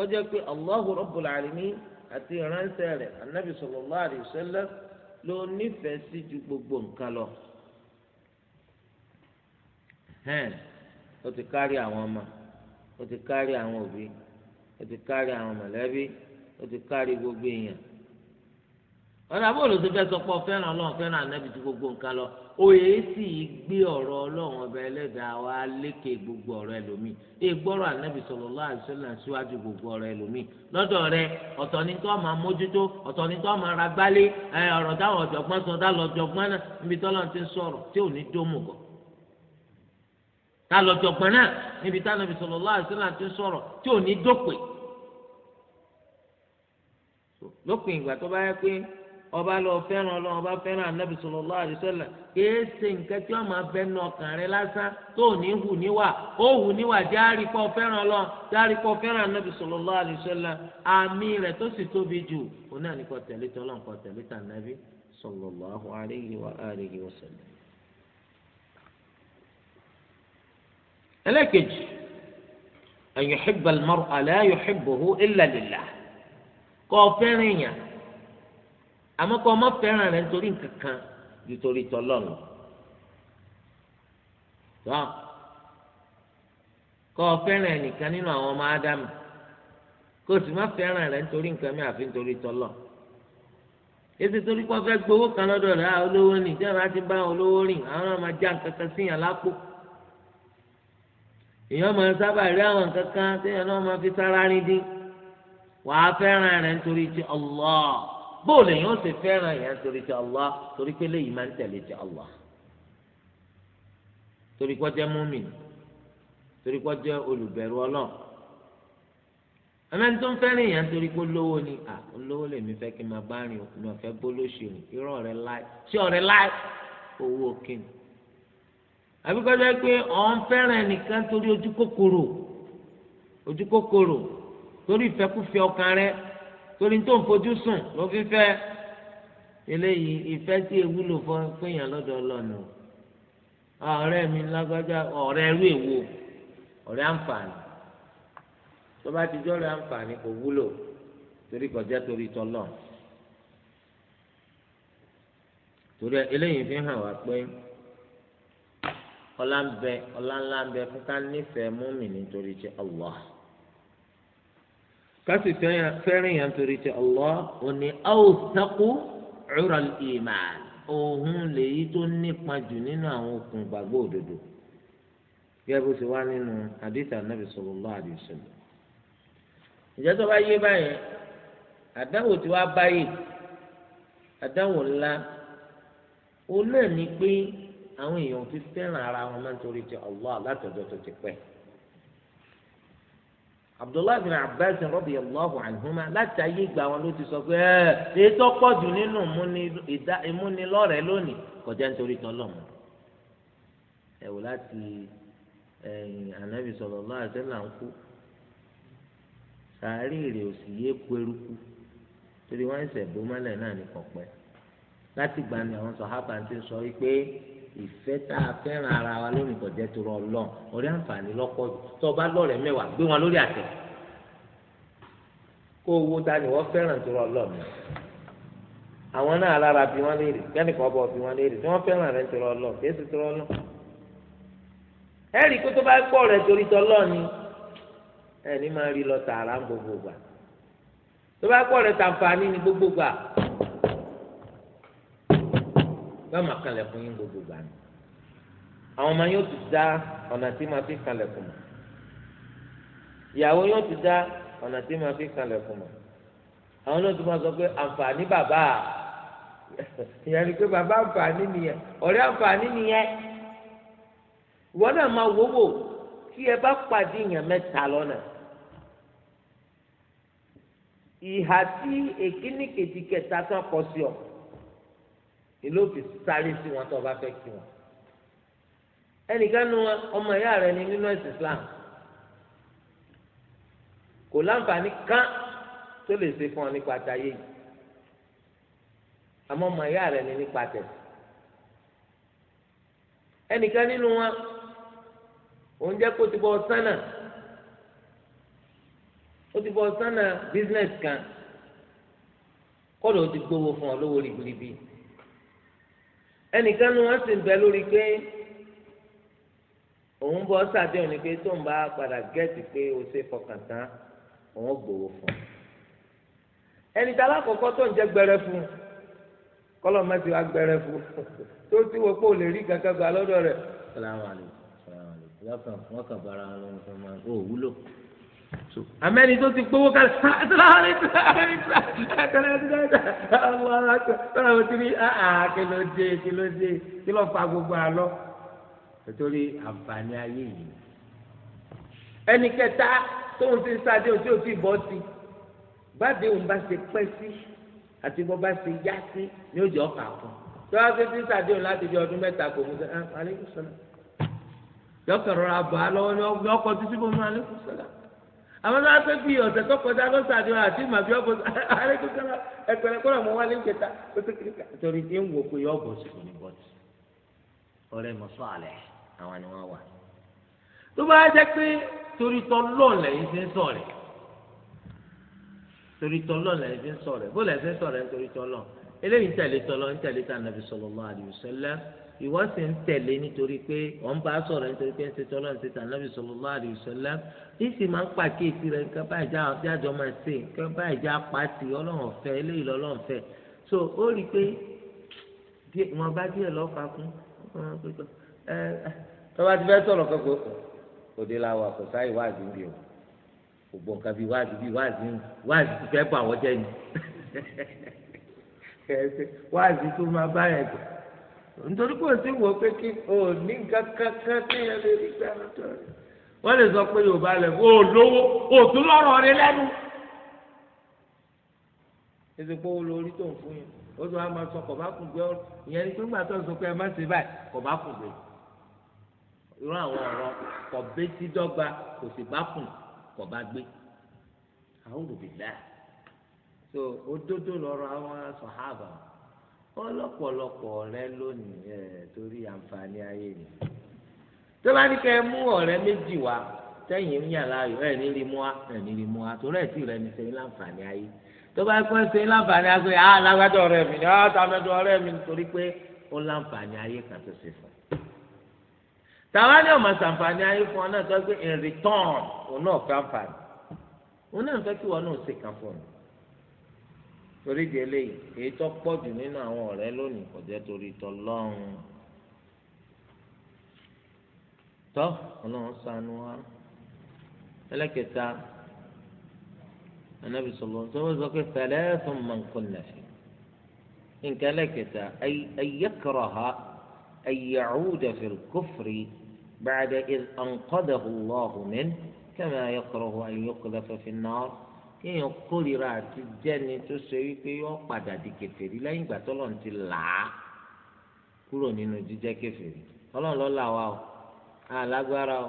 ó jẹ́ pé Allahu Rabbul Alamin àti ìránṣẹ́ rẹ̀ anábì sallallahu alaihi ló nífẹ̀ẹ́ sí ju gbogbo nǹkan lọ ó ti kárí àwọn ọmọ ó ti kárí àwọn òbí ó ti kárí àwọn mọ̀lẹ́bí ó gbogbo èèyàn ọ̀dà abụọ ló ti fẹ́ sọ pé ọ̀fẹ́ràn ọlọ́run fẹ́ràn gbogbo nǹkan lọ òye sì gbé ọ̀rọ̀ ọlọ́run ọba ẹlẹ́dàá wa lékè gbogbo ọ̀rọ̀ ẹlòmíì ègbọ́rọ̀ ànábì sallallahu alaihi síwájú gbogbo ọ̀rọ̀ ẹlòmíì lọ́dọ̀ rẹ ọ̀tọ̀ tó máa mójútó ọ̀tọ̀ tó máa ra gbálé ọ̀rọ̀ táwọn ọ̀jọ̀gbọ́n sọ ọba lọ fẹ́ràn ọlọ́run ọba fẹ́ràn anabi sallallahu alaihi wasallam kìí ṣe nǹkan tí wọ́n máa bẹnu ọkàn rẹ lásán tó ní hù níwà ó hù níwà járí pọ̀ fẹ́ràn ọlọ́run járí pọ̀ fẹ́ràn anabi sallallahu alaihi wasallam àmì rẹ̀ tó sì tóbi jù ó náà ní kó tẹ̀lé tó lọ kó tẹ̀lé sọlọ lọ sallallahu alaihi wa wà sẹlẹ. ẹlẹ́kejì an yuhibba alẹ́ mara la yuhibbuhu illa lillah kọ́ fẹ́ràn èèyàn àmọ́ kọ́ ọmọ fẹ́ràn rẹ̀ nítorí nǹkan kan ju torí tọ́lọ́nù tó kọ́ ọ fẹ́ràn ẹnìkan nínú àwọn ọmọ ádámù kó o sì má fẹ́ràn rẹ̀ nítorí nǹkan mi àfi nítorí tọ́lọ́ èsì torí kọ́ fẹ́ gbowó kan lọ́dọ̀ rẹ̀ ah, olówó ni tí wọ́n ti bá olówó rìn àwọn náà máa já nǹkan kan síyàn lápò èèyàn máa ń sábà rí àwọn nǹkan kan téèyàn náà máa fi sára rìn dín wàá fẹ́ràn rẹ̀ nítorí ti Allah. bóòlù èèyàn ṣe fẹ́ràn èèyàn torí ti Allah torí pé léyìí máa ń tẹ̀lé torí kọ́ jẹ́ torí kọ́ jẹ́ olùbẹ̀rù ọlọ́run ẹ̀mẹ́ni ń fẹ́ràn olówó ni à olówó lèmi fẹ́ kí n máa bá rìn òkú irọ́ rẹ láì ṣé ọ̀rẹ́ láì owó àbíkọ́jọ́ pé torí ojú kòkòrò ojú torí tó ń fojú sùn ló fi fẹ́ eléyìí ìfẹ́ tí ewúlò fún péyàn lọ́dọ̀ ọlọ́nu ọ̀rẹ́ mi lágbájá ọ̀rẹ́ ẹrú èwo ọ̀rẹ́ àǹfààní tó bá ti jọ́rẹ́ àǹfààní kò wúlò torí kọjá torí tọ́lọ̀ torí eléyìí fi hàn wá pé ọlá ń bẹ ọlá ńlá ń bẹ fún ká nífẹ̀ẹ́ mùmínì nítorí ti Allah. kasi fẹ́ràn yẹn torí ti Allah òní awthaqu ural iman òun lèyí tó nípa jù nínú àwọn okùn ìgbàgbọ́ òdodo gẹ́gẹ́ bó ti wá nínú hadith anabi sallallahu alaihi ìjẹ́ tó bá yé báyẹn àdáwò tí wàá báyìí àdáwò ńlá òun náà ní pé àwọn èèyàn ti fẹ́ràn ara wọn máa ń torí ti Allah látọ̀jọ́ tó ti pẹ́. abdullahi bin abbas radiyallahu anhuma láti ayé ìgbà wọn ló ti sọ pé ẹ ètò pọ̀jù nínú ìmúnilọ́rẹ̀ lónìí kọjá nítorí tọ́lọ́mù ẹ wò láti anabi sallallahu alaihi wasallam ń kú sàárì rè ò sì yé ku eruku torí wọn ń sẹ̀ bó mọ́lẹ̀ náà ní kọ̀pẹ́ láti gbani àwọn sọ̀hábà ti sọ wípé. ìfẹ́ tá a fẹ́ràn ara wa lórí ìkọ̀jẹ́ tó rọ lọ́n orí àǹfààní lọ́pọ̀ tó o bá lọ́rẹ̀ẹ́ mẹ́wàá gbé wọn lórí àtẹ̀ kó o wo wọ́n fẹ́ràn tó rọ lọ́n mi àwọn náà lára bí wọ́n léèrè kẹ́nìkan bọ̀ bí wọ́n léèrè tí wọ́n fẹ́ràn rẹ̀ tó rọ lọ́n kí èsì tó rọ lọ́n ẹ̀rí kó tó bá pọ̀ rẹ̀ torí tọ́ lọ́ọ̀ ni ẹni máa rí lọ tààrà gbogbo gbà tó bá pọ̀ rẹ̀ tàǹfààní ni gbogbogbà. yóò máa kanlẹ̀kùn yín gbogbo gbà ní. àwọn ọmọ yóò ti dá ọ̀nà tí máa fi kanlẹ̀kùn mọ̀ ìyàwó yóò ti dá ọ̀nà tí máa fi kanlẹ̀kùn mọ̀ àwọn náà ti máa sọ pé àǹfààní bàbá ìyẹn ni pé bàbá àǹfààní nìyẹn ọ̀rẹ́ àǹfààní nìyẹn ìwọ náà máa wówó tí ẹ bá pàdé èèyàn mẹ́ta lọ́nà ìhà tí èkíní kejì kẹta kan kọ sí ọ ìlú òfì sáré sí wọn tó o bá fẹ́ kí wọn ẹnìkan nu ọmọ ìyá rẹ ní nínú ẹ̀sìn Islam kò láǹfààní kan tó lè ṣe fún ọ nípa àtàyè yìí àmọ́ ọmọ ìyá rẹ ní nípa tẹ̀ ẹnìkan nínú wọn òun jẹ́ kó ti bọ́ sánà ó ti bọ́ sánà bísínẹ́sì kan kọ́dọ̀ ó ti gbowó fún ọ lówó rìbìrìbì ẹnìkan ni wọn sì ń bẹ lórí pé òun bọ sàdéhùn ni pé tó ń bá padà gẹ́ẹ̀tì pé o ṣe fọkàn tán òun gbòòrò fún un ẹnì tí alákọ̀ọ́kọ́ tó ń jẹ́ gbẹrẹ fún un kọ́lọ̀ mẹ́tì wá gbẹrẹ fún un tó ti wọ pé ò lè rí kankan gba lọ́dọ̀ rẹ̀. sàlámù àlè sàlámù àlè wọ́n kàn bára wọn lọ́nà fún wọn ò wúlò amẹ́ni tó ti gbowó kalẹ̀ sọ́dọ̀ àwọn ti rí kí ló dé Kilo ló Kilo kí ló fa gbogbo àlọ́ nítorí àǹfààní ayé yìí ẹnì kẹta tóun ti ń sáde òtí òtí bọ́ sí gbàdé òun bá ṣe pẹ́ sí àti bọ́ bá ṣe yá sí ní òjò ọkà fún tí wọ́n ti ń sáde òun láti di ọdún mẹ́ta kò mú sẹ́yìn ah, alẹ́ kò sọ́la yọkọ̀ rọra bọ̀ á lọ́wọ́ ní títí bọ́ mú alẹ́ kò sọ́la àwọn bá pẹ́ bí ọ̀sẹ̀ tó kọjá ló ṣàdúrà àti màbí ọ̀bọ̀ àrékùnkàrà ẹ̀pẹ̀rẹ̀ kọ́ra mọ́ wálé ń kẹta ó ti kiri ká. torí pé ń wò pé yọ bọ̀ sí òní bọ́tì ọ̀rẹ́ mọ̀ sọ àlẹ́ àwọn ni wọ́n wà. tó bá jẹ́ pé torí tọ́ lọ́ọ̀lẹ̀ yìí fi ń sọ̀rẹ̀ torí tọ́ lọ́ọ̀lẹ̀ yìí fi ń sọ̀rẹ̀ bó lẹ̀ fi ń sọ̀rẹ̀ nítorí tọ́ lọ́ọ̀ eléyìí ń tẹ̀lé tọlọ ń tẹ̀lé tà nàbì sallallahu alaihi wasallam ìwọ sì ń tẹ̀lé nítorí pé wọn bá sọ̀rọ̀ nítorí pé ń ṣe tọlọ ń ṣe tà nàbì sallallahu alaihi wasallam ìsì máa ń pàkíyèsí rẹ nǹkan báyìí jájọ máa ṣe nǹkan báyìí já pàtì Ọlọ́run fẹ́ eléyìí lọ́lọ́run fẹ́ so ó rí i pé wọn bá díẹ̀ lọ́fà kún tọ́ba ti fẹ́ sọ̀rọ̀ kọ́kọ́ òde la wà kò sáyé wáàzì bí wáàzì bí wáàzì ti fẹ́ bọ̀ àwọn jẹ́ ni. kẹsẹ wáàzì tó máa bá yẹn jẹ nítorí kò sí wò pé kí o ní nǹkan kankan téèyàn lè rí gbà lọ́tọ̀ rẹ̀ wọ́n lè sọ pé yorùbá lẹ̀ o lówó o tún lọ́rọ̀ rẹ lẹ́nu. èsì pé o lórí tó ń fún yẹn o tún wá máa sọ kọ̀ọ̀bá kùn gbé ọ̀rọ̀ ìyẹn ni pé ńgbà tó ń sọ pé ẹ má ṣe báyìí kọ̀ọ̀bá kùn gbé irú àwọn ọ̀rọ̀ kọ̀ọ̀bẹ́tì dọ́gba kò sì bá kùn kọ̀ọ̀bá gbé àwọn òbí dáa so òdodo lọ́rọ̀ àwọn sọhábà ọlọ́pọ̀lọpọ̀ ọ̀rẹ́ lónìí ẹ torí àǹfààní ayé ni tó bá ní kẹ́ mú ọ̀rẹ́ méjì wá sẹ́yìn ń yàn láàyò ẹ ní mú wa ẹ ní mú wa torí ẹ tí rẹ ní sẹ́yìn láǹfààní ayé tó bá pẹ́ sẹ́yìn láǹfààní ayé pé ah lágbájọ ọ̀rẹ́ mi ni ah tàmẹjọ ọ̀rẹ́ mi nítorí pé ó láǹfààní ayé kan tó ṣe fún tàwa ni ọmọ sàǹfààní ayé fún ọ náà tó gbé in return òun náà fẹ́ àǹfààní òun náà fẹ́ kí wọn náà ṣe kan fún ọ torí di eléyìí èyí tó pọ̀ jù nínú àwọn ọ̀rẹ́ lónìí kò jẹ́ torí tọlọ́run tọ́ ọlọ́run sanu wa ẹlẹ́kẹta anabi sọ̀rọ̀ tó wọ́n sọ pé fẹ̀lẹ́ fún mọ̀nkún nàfẹ́ nǹkan ẹlẹ́kẹta ayẹ́kọ̀rọ̀ha ayẹ́cúdà fìl kófìrí bàdà ìdànkọ́dà hùwà hùmẹ́n kẹ́mi ayẹ́kọ̀rọ̀ha ayẹ́kọ̀dà fẹ́fẹ́ náà. kéèyàn kórìíra àti jẹ́ni tó ṣe wípé yóò padà di kèfèrí lẹ́yìn ìgbà tọ́lọ́run ti là á kúrò nínú jíjẹ́ kèfèrí ọlọ́run ló là wá o alágbára o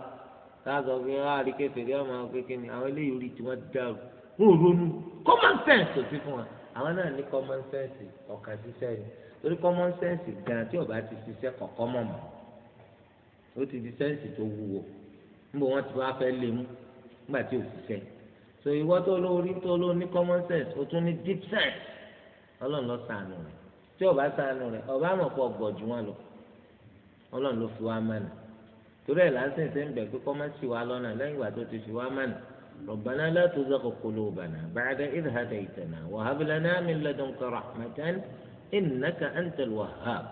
káàzọ fi hàn àrí kèfèrí ọmọ kékeré ni àwọn eléyìí rí tí wọ́n dàrú wọn ò ronú common sense ò sí fún wa àwọn náà ní common sense ọ̀kan ṣiṣẹ́ ni torí common sense gan tí ó bá ti ṣiṣẹ́ kọ̀ọ̀kan mọ̀ mọ́ ó ti di sense tó wúwo níbo wọ́n ti wá lé mú nígbà tí ò ṣiṣẹ́ so ìwọ tó lórí tó ló ní common sense o tún ní deep sense ọlọ́run ló ṣàánú rẹ̀ tí ọba ṣàánú rẹ̀ ọba àmọ̀ pọ̀ gbọ̀ jù wọn lọ ọlọ́run ló fi wá mánà torí ẹ̀ lásìkò ṣe ń bẹ̀ pé kọ́má sì wá lọ́nà lẹ́yìn ìgbà tó ti fi wá mánà ربنا لا تزغ قلوبنا بعد إذ هديتنا وهب لنا من لدنك رحمة إنك أنت الوهاب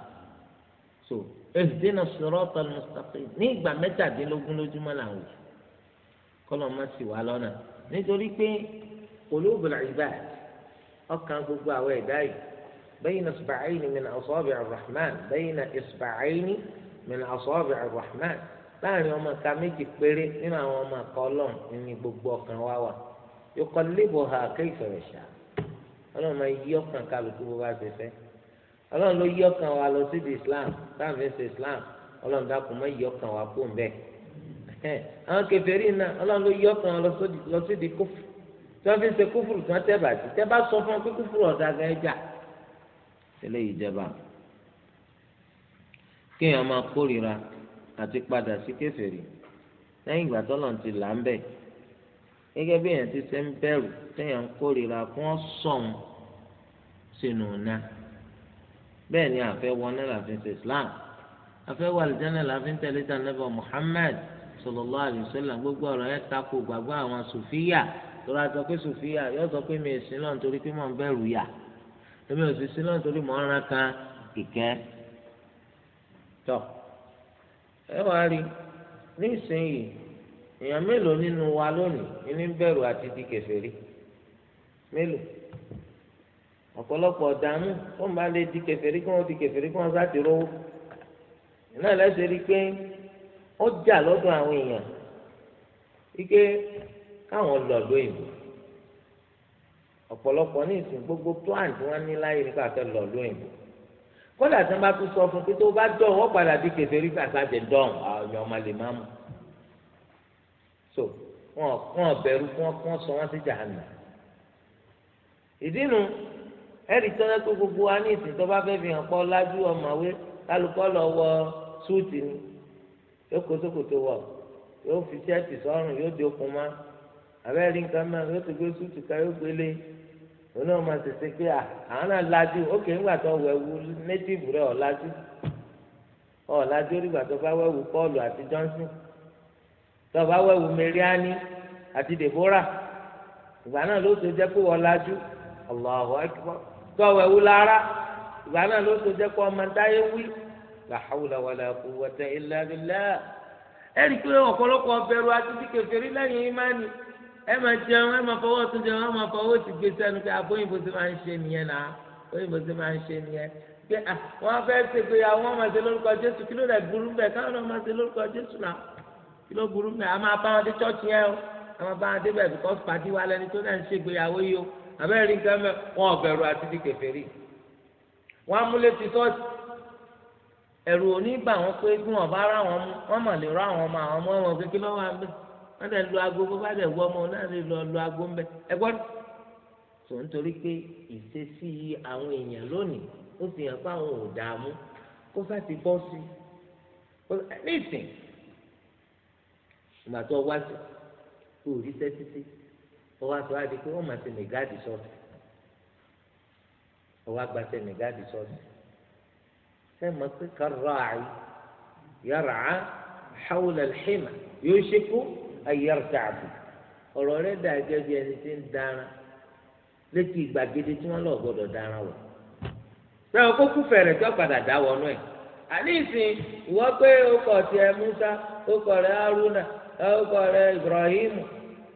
so اهدنا الصراط المستقيم ní ìgbà mẹ́tàdínlógún lójúmọ́ làwọn kọ́lọ́ má sì wá nítorí pé olóògbèrè ìbá ọkàn gbogbo àwọn ẹ̀dá yìí bẹ́yìn isbàáyìn min asọ́bì arrahman bẹ́yìn isbàáyìn min asọ́bì arrahman láàrin ọmọ ìka méjì péré nínú àwọn ọmọ ìka ní gbogbo ọkàn wa wà yuqallibuha kayfa yasha ọlọ́run máa yí ọkàn kálukú bó bá fẹ́ ọlọ́run ló yí ọkàn wa lọ sí di islam táwọn islam ọlọ́run dákun yí ẹ àwọn kèfèrí náà Ọlọ́run ló yọ kan lọ sí di kófù tí wọ́n fi ń ṣe kófùrù tí wọ́n tẹ bàtí tẹ bá sọ fún wọn pé kófùrù ọ̀dà gan ẹjà eléyìí jẹba kéèyàn máa kórìíra àti padà sí kèfèrí lẹ́yìn ìgbà tó lọ́n ti là ń bẹ̀ gẹ́gẹ́ bí èèyàn ti ṣe ń bẹ̀rù téèyàn kórìíra kí wọ́n sọ̀n sínú ọ̀nà bẹ́ẹ̀ ni àfẹ́ wọná làfi ń ṣe Islam àfẹ́ wà lìjánà làfi ń tẹ̀lé Muhammad sọlọlọ alaihi wasallam gbogbo ọrụ yẹn tako gbàgbọ́ àwọn sofiya tó ra sọ pé sùfíyà yóò sọ pé mi ò sí náà nítorí pé mò ń bẹ̀rù yà èmi ò sì sí náà nítorí mò ń tọ ẹ rí èèyàn mélòó wa lónìí ní àti di mélòó ọ̀pọ̀lọpọ̀ ń bá lè di kí wọ́n di kí wọ́n sá ti rówó náà lẹ́sẹ̀ rí ó jà lọ́dọ̀ àwọn èèyàn wípé káwọn lọ lóyìnbó ọ̀pọ̀lọpọ̀ ní ìsìn gbogbo plan tí wọ́n ní láyé nípa àfẹ́ lọ lóyìnbó kódà tí wọ́n bá tún sọ fún pé tó bá dọ̀ wọ́n padà di kèfèrí àtàjẹ dọ̀n àwọn ọmọ lè má mú so wọn kàn bẹ̀rù kí wọ́n sọ wọ́n sí jàǹdà ìdí nu ẹ̀rí tọ́lá tó gbogbo wa ní ìsìn tó bá fẹ́ fi hàn pọ́ lájú ọmọwé kálukọ́ lọ wọ súùtì ni yóò kó sókòtò wọ̀ yóò fi ṣẹ́ẹ̀tì sọ́rùn yóò di okùn mọ́ abẹ́rẹ́ rí nǹkan mọ́ yóò tó gbé súùtù ká yóò gbélé òun náà máa tètè pé àwọn náà lajú ókè ńgbà tó nétìfù Paul àti Johnson tó bá Meriani àti Deborah ìgbà náà ló tó jẹ́ pé wọ́n lajú tó ìgbà náà ló tó jẹ́ pé ọmọ la hawla wala quwwata illa billah ẹ̀rí pé ọ̀pọ̀lọpọ̀ bẹ̀rù àti bí kèfèrí lẹ́yìn ìmánì ẹ máa jẹun ẹ máa fọwọ́ tún jẹun ẹ máa fọwọ́ ti gbé sẹ́nu pé àbóyìnbó ah, ti máa ń ṣe nìyẹn náà àbóyìnbó ti máa ń ṣe nìyẹn pé ah, wọ́n fẹ́ ṣègbéyàwó wọ́n máa ṣe lórúkọ Jésù kí ló rẹ̀ burú bẹ̀ káwọn náà máa ṣe lórúkọ Jésù náà kí ló burú bẹ̀ a máa bá wọn dé chọ́ọ̀chì yẹn o a máa bá wọn dé bẹ̀ bíkọ́sì pàdé wa lẹni tó náà ń ṣègbéyàwó yìí o àbẹ́rẹ́ nǹkan mẹ́ wọn ò àti ẹ̀rù onígbà wọn pé bí wọn bá rà wọn mú wọn mọ̀ lè rà wọn mọ àwọn ọmọ wọn kékeré lọ́wọ́ abẹ́ wọn dẹ̀ lu aago bó bá dẹ̀ wọ ọmọ náà lè lọ lu aago ńbẹ ẹ gbọ́n. sọ nítorí pé ìṣesí àwọn èèyàn lónìí ó fi hàn pé àwọn ò dààmú kó sá ti bọ́ sí i ní ìsìn ìgbà tó wá sí kó rí sẹ́ títí ó wá sọ wá di pé wọ́n máa ṣe mẹ̀gáàdì sọ́ọ̀tì ó wá gba ṣe mẹ̀gáàdì sọ́ọ̀tì. سمك كالراعي يرعى حول الحمى يوشك أن يرتع به ọ̀rọ̀ rẹ̀ dà gẹ́gẹ́ bí ẹni tí ń dáná létí ìgbàgede tí wọ́n tí wọ́n padà dá wọnú ẹ̀ àníìsín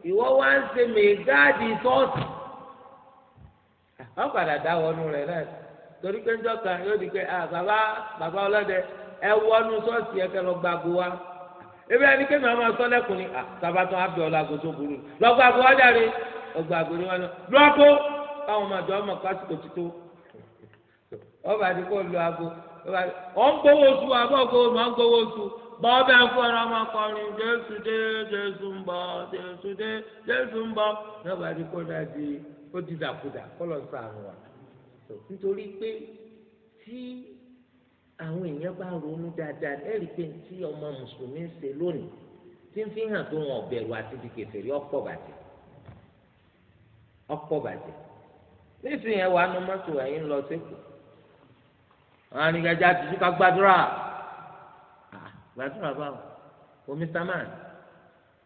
ìwọ wá ń ṣe mẹ́gáàdì sọ́ọ̀tì wọ́n padà dá wọnú rẹ̀ náà torí pé njọ́ kan yóò di pé a ah, bàbá bàbá ọlọ́dẹ ẹ wọnú sọ́ọ̀sì ẹ̀kẹ́ lọ gbago wa ebi ẹni pé màmá sọ́lẹ̀kùn ni a ah, bàbá tó abẹ́ ọ̀làgò tó burú lọ gbago wa dàrí ọgbàgo ni wọn lọ lọ́kọ́ káwọn ọba lu ọba ń gbowó oṣù àbọ̀ ń gbowó oṣù ọbẹ̀ so nítorí pé tí àwọn èèyàn bá ronú dáadáa ẹ rí i pé tí ọmọ mùsùlùmí ń ṣe lónìí tí ń fi hàn tó wọn ọ̀bẹ̀rù àti di kèfèrí ọ̀pọ̀ bàjẹ́ ọ̀pọ̀ bàjẹ́ nísìnyí ẹ wà á nu mọ́tò ẹ̀yìn lọ sẹ́kù àwọn arìnrìnàjà ti tún ká gbàdúrà gbàdúrà báwo o mr man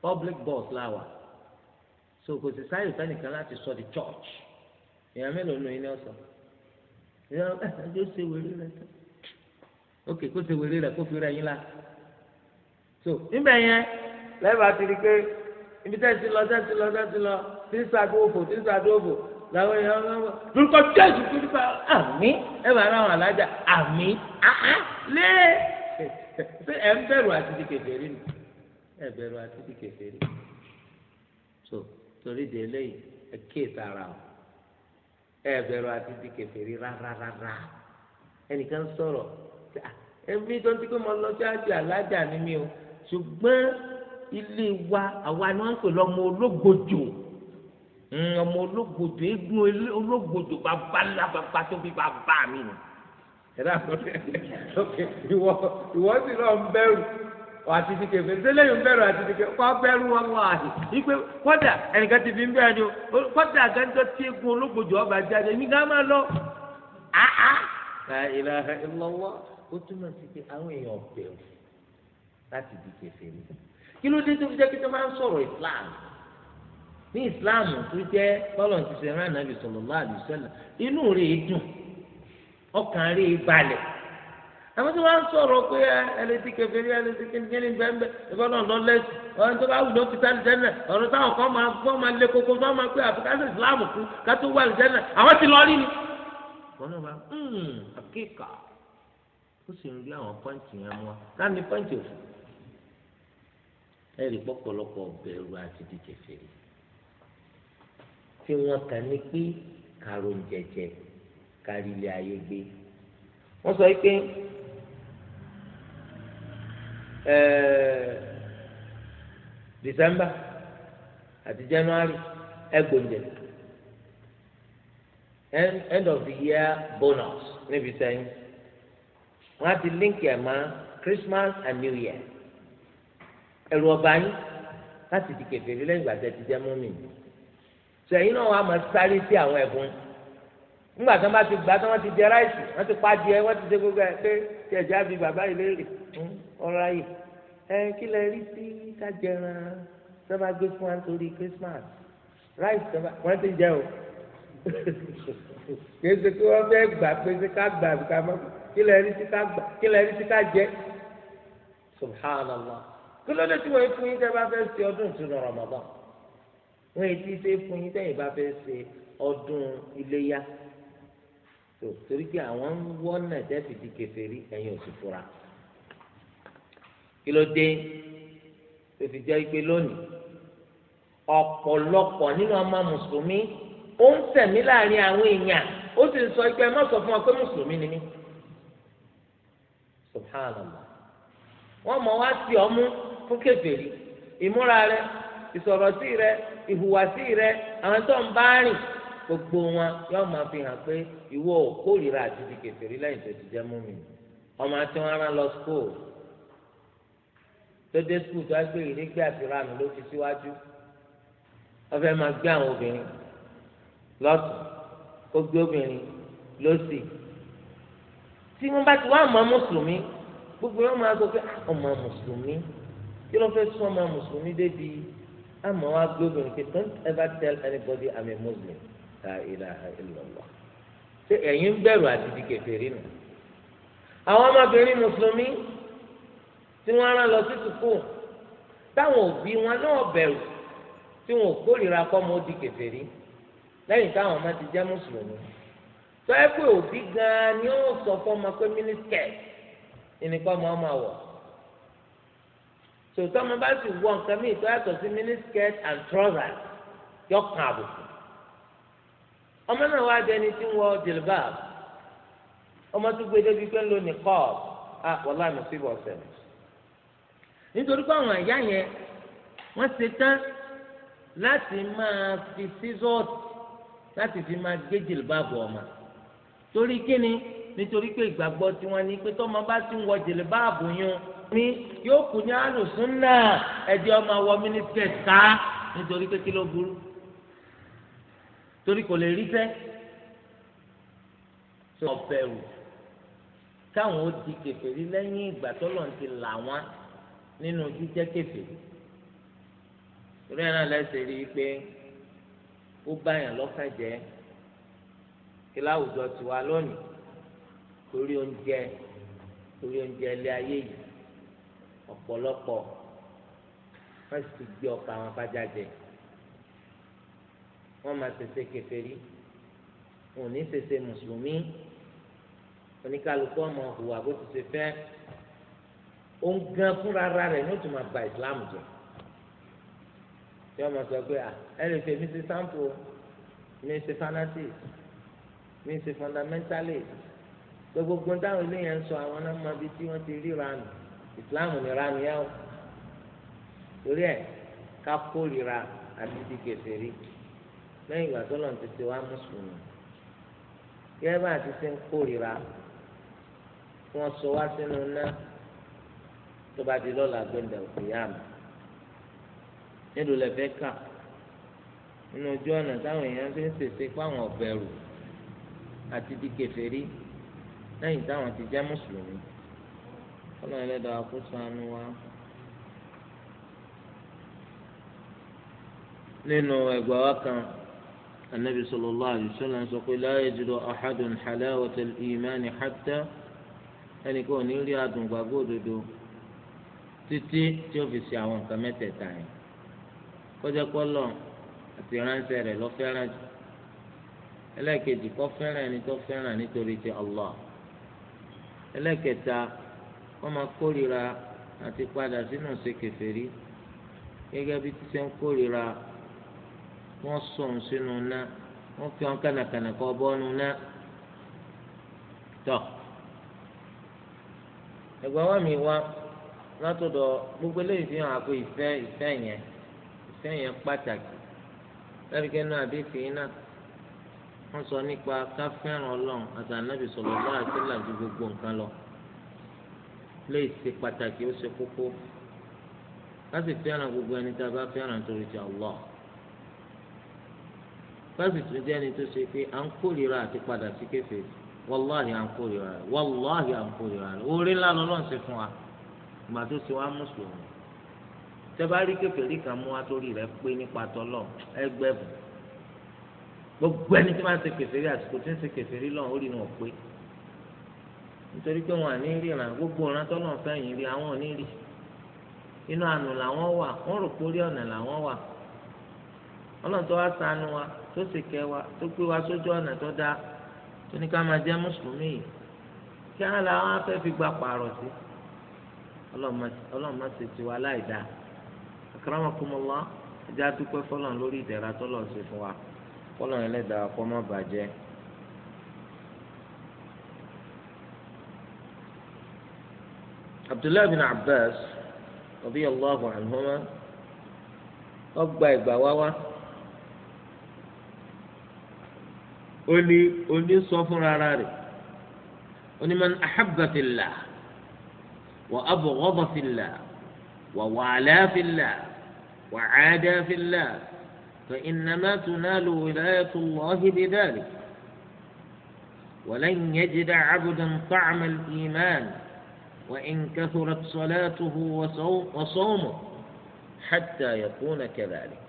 public bus làwà so kò sì sáyò sẹ́nìkan láti sọ di church èèyàn mélòó lóyún ní ọ̀sán ìyá ẹjọ́ ṣe wèrè rẹ ok kó ṣe wèrè rẹ kó fi rẹ yín la so níbẹ̀ yẹn lẹ́bàá ti di pé ibi tẹ́sí lọ tẹ́sí lọ tẹ́sí lọ tí ń sàdóòfò tí ń sàdóòfò làwọn èèyàn ń lọ lórúkọ jésù tó nípa àmì ẹ bá ráwọn alájà àmì àá lé ṣé ẹ ń bẹ̀rù àti di kèfèrí ni ẹ bẹ̀rù àti di kèfèrí so torí de eléyìí ẹ kéèta ara o ẹ bẹ̀rù àti di kèfèrí rárárárá ẹnìkan sọ̀rọ̀ ah, ẹbí tó ń tí pé mo lọ sí àjò alájà ni mi o ṣùgbọ́n ilé wa àwa ni wọ́n ń pè lọ́mọ ológbòjò hmm, ọmọ ológbòjò eégún ológbòjò babalá bàbá tó fi bàbá mi nù. ìwọ sì lọ ń bẹ̀rù. àti ti kẹfẹ ṣẹlẹ̀ yóò bẹ̀rù àti wọn wọn ipe ẹnìkan ti fi ń ni o gánjọ tí egun ọba jáde lọ àá ká ìlà ìlọwọ ó túmọ̀ sí pé àwọn èèyàn bẹ̀rù láti kí ló dé tó fi jẹ́ kí tó máa ń sọ̀rọ̀ Islam ní Islam tó jẹ́ bọ́lọ̀ ti ṣe àwọn tí wọ́n sọ̀rọ̀ pé ẹlẹ́tì kẹfẹ́rí ẹlẹ́tì kẹ́ni bẹ́ẹ̀ ẹgbẹ́ náà lọ lẹ́sìn ọ̀rọ̀ tó bá wù ló fi sá lìjẹ́nà táwọn kan máa fọ́ máa lé koko fọ́ máa pé àfikásẹ̀ ìsìláàmù kú kátó wà lìjẹ́nà àwọn ti lọ rí ni. wọn náà bá àkíkà ó sì ń rí àwọn pọ́ǹtì yẹn mọ́ láti pọ́ǹtì òfò ẹ̀rí pọ̀pọ̀lọpọ̀ bẹ̀rù àti di kẹfẹ́rí tí wọ́n kà ní pé kàrò ń jẹjẹ Eh, december àti january ẹgbọ̀njẹ end, end of the year bonus níbi sẹ́yìn wọ́n á ti líǹkì ẹ̀ mọ́ christmas and new year ẹ̀rù ọba yín láti di kẹfẹ́ lẹ́yìn ìgbà tẹ́ ti jẹ́ mọ́mì sẹ́yìn náà wàá máa sáré sí àwọn ẹ̀bùn nígbà tí wọ́n bá ti gbà tí wọ́n ti jẹ ráìsì wọ́n ti pa díẹ̀ wọ́n ti ṣe gbogbo ẹ̀ pé kí ẹ̀jẹ̀ á fi bàbá yìí léèrè ọ̀rọ̀ ayè ẹ kí lẹ rí sí kájẹran tí wọ́n bá gbé fún wa nítorí Christmas ráìsì tí wọ́n ti jẹ o kì í ṣe pé wọ́n fẹ́ gbà pé ṣe ká gbà àbí ká kí lẹ rí sí ká gbà kí lẹ rí sí ká jẹ subhanallah kí ló dé tí wọ́n fún yín tẹ́ bá fẹ́ ṣe ọdún ìtúnu Ramadan wọ́n ti ṣe fún yín tẹ́yìn bá fẹ́ ṣe ọdún iléyà so torí pé àwọn ń wọ́nà tẹ́sí di kèfèrí ẹ̀yin òsì fura kí ló dé tó fi jẹ́ pé lónìí ọ̀pọ̀lọpọ̀ nínú ọmọ mùsùlùmí ó ń tẹ̀mí láàrin àwọn èèyàn ó sì ń sọ pé ẹ má sọ fún ọ pé mùsùlùmí ni mí subhanallah wọ́n mọ̀ wá sí ọmú fún kèfèrí ìmúra rẹ ìsọ̀rọ̀sí rẹ ìhùwàsí rẹ àwọn tó ń bá rìn gbogbo wọn yóò máa fi hàn pé ìwọ ò kórìíra àti di kèfèrí lẹ́yìn tó ti jẹ́ mùmínì ọmọ àti wọn rán lọ skul tó dé skul tó gbé ìrégbé àti ránù ló fi síwájú wọn fẹ́ máa gbé àwọn obìnrin lọ́tù kó gbé obìnrin lọ́sì tí wọ́n bá ti wá ọmọ mùsùlùmí gbogbo yẹn máa gbọ́ pé ah, ọmọ mùsùlùmí kí ló fẹ́ sún ọmọ mùsùlùmí débi àmọ́ wá gbé obìnrin pé don't ever tell anybody a Muslim la ilaha illallah ṣé ẹ̀yin bẹ̀rù àti di kèfèrí nù àwọn ọmọbìnrin mùsùlùmí tí wọ́n rán lọ sí sùkúù táwọn òbí wọn náà bẹ̀rù tí wọn ò kórìíra kọ́ mọ́ di kèfèrí lẹ́yìn táwọn ọmọ ti jẹ́ mùsùlùmí tọ́ ẹ pé òbí gan-an ni ó sọ fún ọmọ pé mínísítẹ̀t ìnìkan ọmọ ọmọ wọ̀ tòótọ́ ọmọ bá sì wọ nǹkan míì tó yàtọ̀ sí mínísítẹ̀t and trousers yọ àbùkù ọmọ náà wá dẹni tí ń wọ jilbab ọmọ tó gbé débi pé ń lo niqab à wọlé àmì sí bọ̀ sẹ́nu nítorí pé àwọn ìyá yẹn wọ́n ṣe tán láti máa fi sísọ́ọ̀tì láti fi máa gé jilbab ọmọ torí kíni nítorí pé ìgbàgbọ́ tí wọ́n ní pé tọ́mọ bá ti ń wọ jilbab yún ní yóò kù ní alùsùn náà ẹ̀jẹ̀ ọmọ wọ mínísítẹ̀ ká nítorí pé kí ló burú torí kò lè rí sẹ́ tó ọ̀bẹ̀rù káwọn ó di kèfèrí lẹ́yìn ìgbà tọ́lọ̀ ti là wọ́n nínú jíjẹ́ kèfèrí torí ẹ̀ náà lẹ́sẹ̀ rí i pé ó báyàn lọ́kàn jẹ́ kí láwùjọ tiwa lónìí torí oúnjẹ torí oúnjẹ ilé ayé yìí ọ̀pọ̀lọpọ̀ wọ́n sì ti gbé ọkà wọn bá wọ́n máa ṣẹṣẹ kèfèrí wọn ò ní ṣẹṣẹ mùsùlùmí oníkálukú ọmọ hùwà bó ti ṣe fẹ́ ó ń gan fúnra rẹ̀ ní ó tún máa ba ìsìláàmù jẹ́ tí wọ́n máa sọ pé ẹnì fẹ́ mi ṣe sampo mi ṣe fanatic mi ṣe fundamentalist gbogbo táwọn eléyàn ń sọ àwọn náà máa bi tí wọ́n ti rí ranù ìsìláàmù ni ranù yá o torí ẹ̀ ká kórìíra àti ti kèfèrí lẹ́yìn ìgbà tó lọ́n ti ṣe wá mùsùlùmí gẹ́gẹ́ bá àti ṣe ń kórìíra kí wọ́n sọ wá sínú ná tó bá di lọ́la gbẹ̀ndẹ̀ òkè yá mi nílùú lẹ́fẹ́ kà nínú ojú ọ̀nà táwọn èèyàn fi ń ṣèṣe fáwọn ọ̀bẹ̀rù àti di kèfèrí lẹ́yìn táwọn ti jẹ́ mùsùlùmí ọlọ́run ẹlẹ́dàá àkóso àánú wa. nínú ẹgbẹ́ wa kan. النبي صلى الله عليه وسلم يقول لا يجد أحد حلاوة الإيمان حتى أن يكون يريد أن يقول títí tí ó fi ṣe àwọn nǹkan mẹ́tẹ̀ẹ̀ta yẹn kọjá kọlọ àti ránṣẹ́ rẹ̀ lọ fẹ́ràn jù ẹlẹ́ẹ̀kejì kó fẹ́ràn ẹni tó fẹ́ràn nítorí ti Allah ẹlẹ́ẹ̀kẹta kó máa kórìíra àti padà sínú ṣe kèfèrí gẹ́gẹ́ bí ti ṣe ń kórìíra wọ́n sọ̀n sínú na wọ́n fi wọn kànàkànà kọ́ bọ́ọ̀nù náà tọ. ẹgbẹ́ mi wá látọ̀dọ̀ gbogbo eléyìí fi hàn àpò ìfẹ́ ìfẹ́ yẹn ìfẹ́ yẹn pàtàkì lẹ́rìkẹ́ náà àdéhùn iná wọ́n sọ nípa káfẹ́ràn ọlọ́run sọ̀rọ̀ gbogbo nǹkan lọ lè ṣe pàtàkì ó ṣe kókó láti fẹ́ràn gbogbo ẹni tá a bá fẹ́ràn káàsì tún jẹ́ ẹni tó ṣe pé à ń kórìíra àti padà sí kèfèrí wàláhì à ń kórìíra rẹ̀ wàláhì à ń kórìíra rẹ̀ orí ńlá lọ́lọ́run ṣe fún wa ìgbà tó ṣe wá mùsùlùmí tẹ́bárí kèfèrí kan mú wa torí rẹ̀ pé nípa tọ́lọ̀ ẹgbẹ́bù gbogbo ẹni tí wọ́n ṣe kèfèrí àsìkò tí ń ṣe kèfèrí lọ́n orí wọn pé nítorí pé wọn à ní ríran gbogbo ọ̀ràn tọ́lọ̀ fẹ́yìn rí àwọn ò ní rí inú àánú làwọn wà wọ́n rò ọlọ́run tó wá ṣàánú wa tó sì kẹ́ wa tó gbé wa sójú ọ̀nà tó tó ní ká máa jẹ́ mùsùlùmí yìí kí á la wọn fẹ́ fi gba pààrọ̀ sí ọlọ́run má ṣe tiwa láì ẹjẹ́ àdúpẹ́ lórí ìdẹ̀ra tó lọ́ọ́ fún wa ẹlẹ́dàá kọ́ má bàjẹ́. abdullahi bin abbas ọgbà ìgbà wá oni ní oní sọ ara rẹ̀ oni ní man ahabba fillah wa abghada fillah wa wala fillah wa ada fillah fa innama tunalu wilayatu allahi bidhalik ولن يجد عبدا wa الإيمان وإن كثرت صلاته وصومه حتى يكون كذلك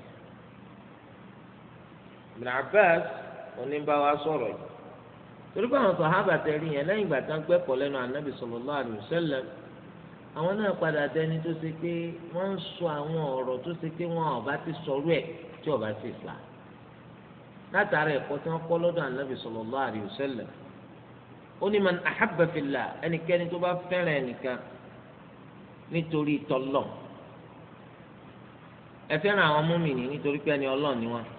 ابن عباس oníbàwá sọ̀rọ̀ yìí torí pé àwọn sọ̀hábà tẹ̀lé yẹn lẹ́yìn ìgbà tán gbẹ́kọ̀ọ́ lẹ́nu ànábì sọ̀rọ̀ alaihi wasallam àwọn náà padà dẹni tó ṣe pé wọ́n ń sọ àwọn ọ̀rọ̀ tó ṣe pé wọn ọba ti sọ̀rọ̀ ẹ̀ tí ọba ti fà látara ẹ̀kọ́ tí wọ́n kọ́ lọ́dọ̀ ànábì sallallahu alaihi wasallam ó ní man ẹnikẹ́ni tó bá fẹ́ràn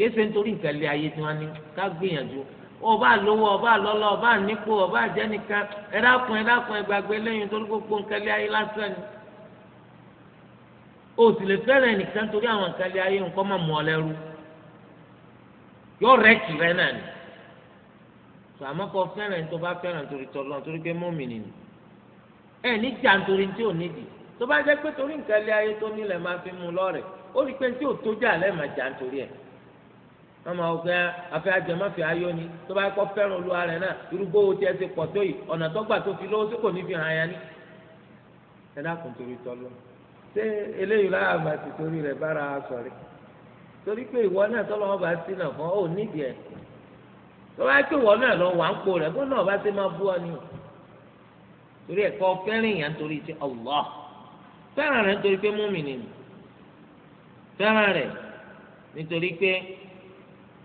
kìí ṣe nítorí nǹkan lé ayé tí wọ́n ní ká gbìyànjú ọba lówó ọba lọ́lá ọba nípò ọba jẹ́nìkan ẹ dákun ẹ dákun ẹ gbàgbé lẹ́yìn torí gbogbo nǹkan ayé lásán ni o sì lè fẹ́ràn ẹnìkan torí àwọn nǹkan lé ayé nǹkan mọ̀ mọ́ lẹ́rú yọ rẹ̀ kì rẹ̀ náà ni tó àmọ́ kọ fẹ́ràn ẹni tó bá fẹ́ràn torí tọ́lọ́ torí pé mọ́mìnì ni ẹ ní jà nítorí tí ò nídìí tó bá jẹ́ pé torí nǹkan ayé tó nílẹ̀ máa fi mú lọ́rẹ̀ ó rí pé tí ò tó jà lẹ́ẹ̀ wọ́n máa wọ́n fẹ́ afẹ́ ajẹmọ́fẹ́ ayọ́ ni tó bá kọ́ fẹ́ràn olúwa rẹ̀ náà irúgbó wo tiẹ̀ ti pọ̀ tó yìí ọ̀nà tó gbà tó fi lówó tí kò ní fi hàn yá ni. ẹ dákun torí tọ́lọ́ ṣé eléyìí láyà bá ti torí rẹ̀ bára a sọ̀rí torí pé ìwọ náà tọ́lọ́ wọn bá sí náà fún ọ nídìí ẹ̀ tó bá pé ìwọ náà lọ wà ń po rẹ̀ bó náà bá ti máa bú ọ ni torí ẹ̀kọ́ fẹ́ràn yẹn torí ti Allah fẹ́ràn rẹ̀ nítorí pé múmi nìyí fẹ́ràn rẹ̀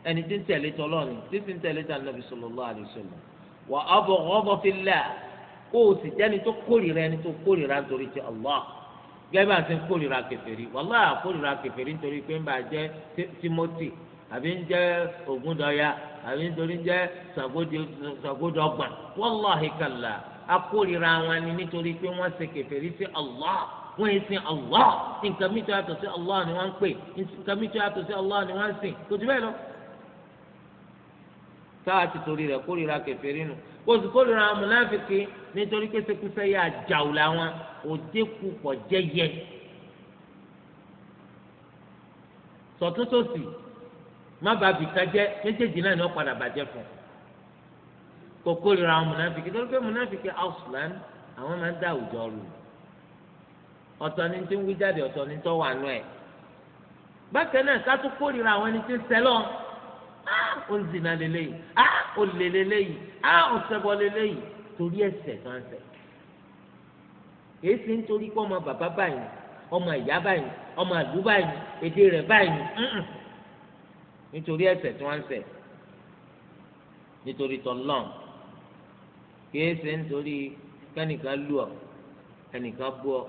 ẹni tí ń tẹ̀lé tọlọ́run tí ń tẹ̀lé tànàbí sallallahu alaihi wasallam wa abghadu fillah kó o sì jẹ́ni tó kórìíra ẹni tó kórìíra nítorí ti Allah gẹ́gẹ́ bá a ti ń kórìíra kèfèrí wàláhà kórìíra kèfèrí nítorí pé ń bá a jẹ́ Timothy àbí ń jẹ́ Ògúndọ̀yà àbí nítorí ń jẹ́ Sàgódọ̀gbà wàláhì kàlà akórìíra wọn ni nítorí pé wọ́n ṣe kèfèrí sí Allah wọ́n yìí sin Allah nǹkan mìíràn yàtọ̀ sí Allah ni wọ́n ń pè nǹkan mìíràn yàtọ̀ sí Allah ni wọ́n ń sìn kò jù bẹ́ẹ̀ lọ táwa ti torí rẹ̀ kórìíra kèfèrí nù kó o sì kórìíra àwọn mùnáfíkì nítorí pé sekúsẹ́ yà jàù làwọn òdekù pọ̀ jẹ́yẹ. sọ̀túntòsì má bàa bìkan jẹ́ méjèèjì náà ni wọ́n padà bàjẹ́ fún kó o kórìíra àwọn mùnáfíkì torí pé mùnáfíkì ausland àwọn máa ń dá àwùjọ rù ọ̀tọ̀ ni tí ń wí jáde ọ̀tọ̀ ni tó wà nù ẹ̀ bákan náà ká tún kórìíra àwọn ẹni tí ń sẹ́lọ̀ ó ń zina lélẹ́yìí á ó lè lélẹ́yìí á ó ṣẹbọ lélẹ́yìí torí ẹ̀ṣẹ̀ tó ń ṣẹ̀ èsì nítorí pé ọmọ bàbá báyìí ọmọ ìyá báyìí ọmọ àdú báyìí èdè rẹ̀ báyìí nítorí ẹ̀ṣẹ̀ tó ń ṣẹ̀ nítorí tọlọ́n kìí ṣe nítorí kẹ́nìkan lù ọ́ ẹnìkan bú ọ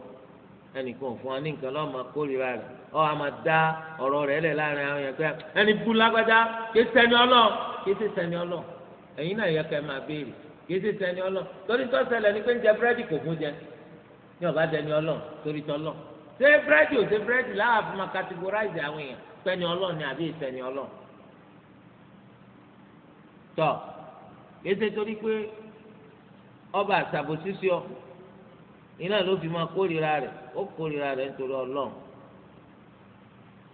ẹnìkan fún ọ ní nǹkan lọ́mọ kórìíra rẹ̀ ọ ama da ọ̀rọ̀ rẹ̀ láàrin àwọn yẹn pé ẹni bú lágbájá kì ọlọ ọlọ ẹ̀yin náà yẹ kẹ́ máa béèrè ọlọ torí tó ni pé ń jẹ búrẹ́dì kò fún jẹ ní ọba dẹni ọlọ torí tó lọ ṣé ò ṣe ma àwọn èèyàn ọlọ ni àbí ọlọ tọ torí pé ọba iná ló fi máa kórìíra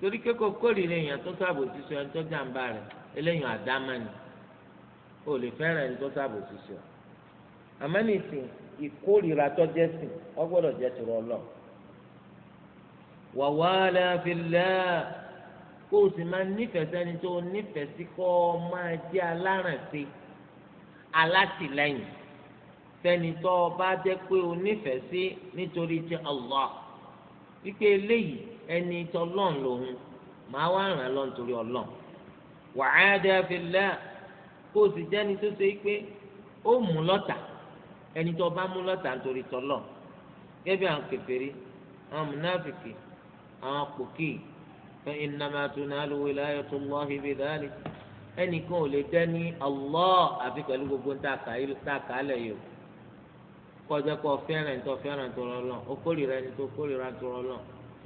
torí kéko kórìíra èèyàn tó sábò ti sọ ẹni tó jàǹbá rẹ eléyàn àdámánì ò lè fẹ́ràn ẹni tó sábò ti sọ àmọ́ nìsín ìkórìíra tó jẹ́ sìn ọ gbọ́dọ̀ jẹ́ tòrọ lọ. wàwá aláfilá kó o sì máa nífẹ̀ẹ́ sẹ́ni tó nífẹ̀ẹ́ sí kọ́ ọ máa jẹ́ alárànṣe alátìlẹ́yìn sẹ́ni tó bá jẹ́ pé o nífẹ̀ẹ́ sí nítorí ti Allah. wípé eléyìí ẹni tọlọ́n lòun màá wá ràn án lọ nítorí ọlọ́n wa'ada fillah kó o sì jẹ́ni tó ṣe pé ó mú lọ́tà ẹni tó bá mú lọ́tà nítorí tọlọ́n gẹ́gẹ́ àwọn kèfèrí àwọn mùnáfìkì àwọn pòkì ò lè Allah àfi pẹ̀lú gbogbo ń tà kálẹ̀ yìí o. kọjá kọ fẹ́ràn tó fẹ́ràn tó rọlọ́ ó kórìíra ẹni tó kórìíra tó rọlọ́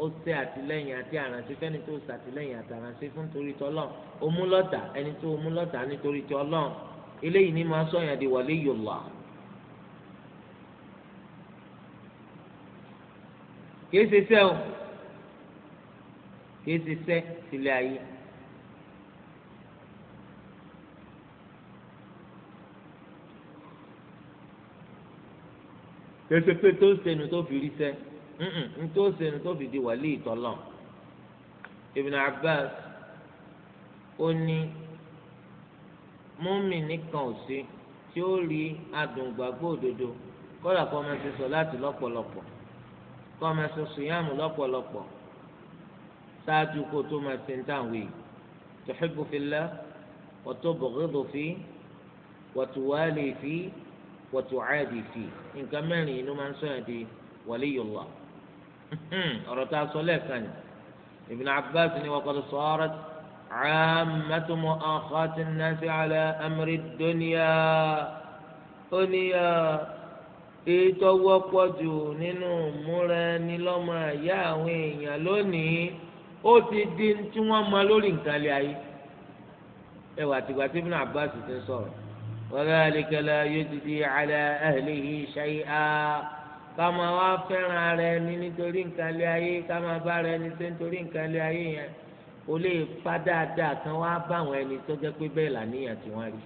ó ṣe àtìlẹ́yìn àti àrànṣe fẹ́ni tó ṣàtìlẹ́yìn àti àrànṣe fún torí tọ́lọ́ ó mú lọ́tà ẹni tó mú lọ́tà nítorí tọ́lọ́ eléyìí ni máa sọ yàn di waliyullah. kìí ṣe sẹ́ o kìí ṣe sẹ́ sílẹ̀ ayé. kẹsẹ pé tó sẹnu tó fi rí sẹ ń tó sẹnu tó fi di wàlí ìtọlọ Ibn Abbas ó ní mọ́mì nìkan ò sí tí ó rí adùn gbàgbọ́ òdodo kọ́dà kọ́ máa ṣe sọ láti lọ́pọ̀lọpọ̀ kọ́ máa ṣe sùyàmù lọ́pọ̀lọpọ̀ ṣáájú kó tó máa ṣe ń dáwé tuhibbu fillah wa tubghidu fi wa tuwali fi wa tu'adi fi nǹkan mẹ́rin inú máa ń sọ̀rọ̀ di waliyullah ọ̀rọ̀ tá a sọ lẹ́ẹ̀kan ni Ibn Abbas ni wa qad sarat عامة مؤاخاة الناس على أمر الدنيا ó ní ètò wọ́pọ̀ jù nínú múra ẹni lọ́mọ ẹ̀yà àwọn èèyàn lónìí ó ti di tí wọ́n mọ lórí nǹkan lé ayé tìgbà tí Ibn Abbas ti sọ̀rọ̀ وذلك لا يجدي على أهله شيئا kama wá fẹ́ràn ara ẹni nítorí nǹkan lé ayé kama bá ara ẹni tó nítorí nǹkan lé ayé yẹn kò lè fa dáadáa kan wá bá àwọn ẹni tó jẹ́ pé bẹ́ẹ̀ làníyàn tí wọ́n rí.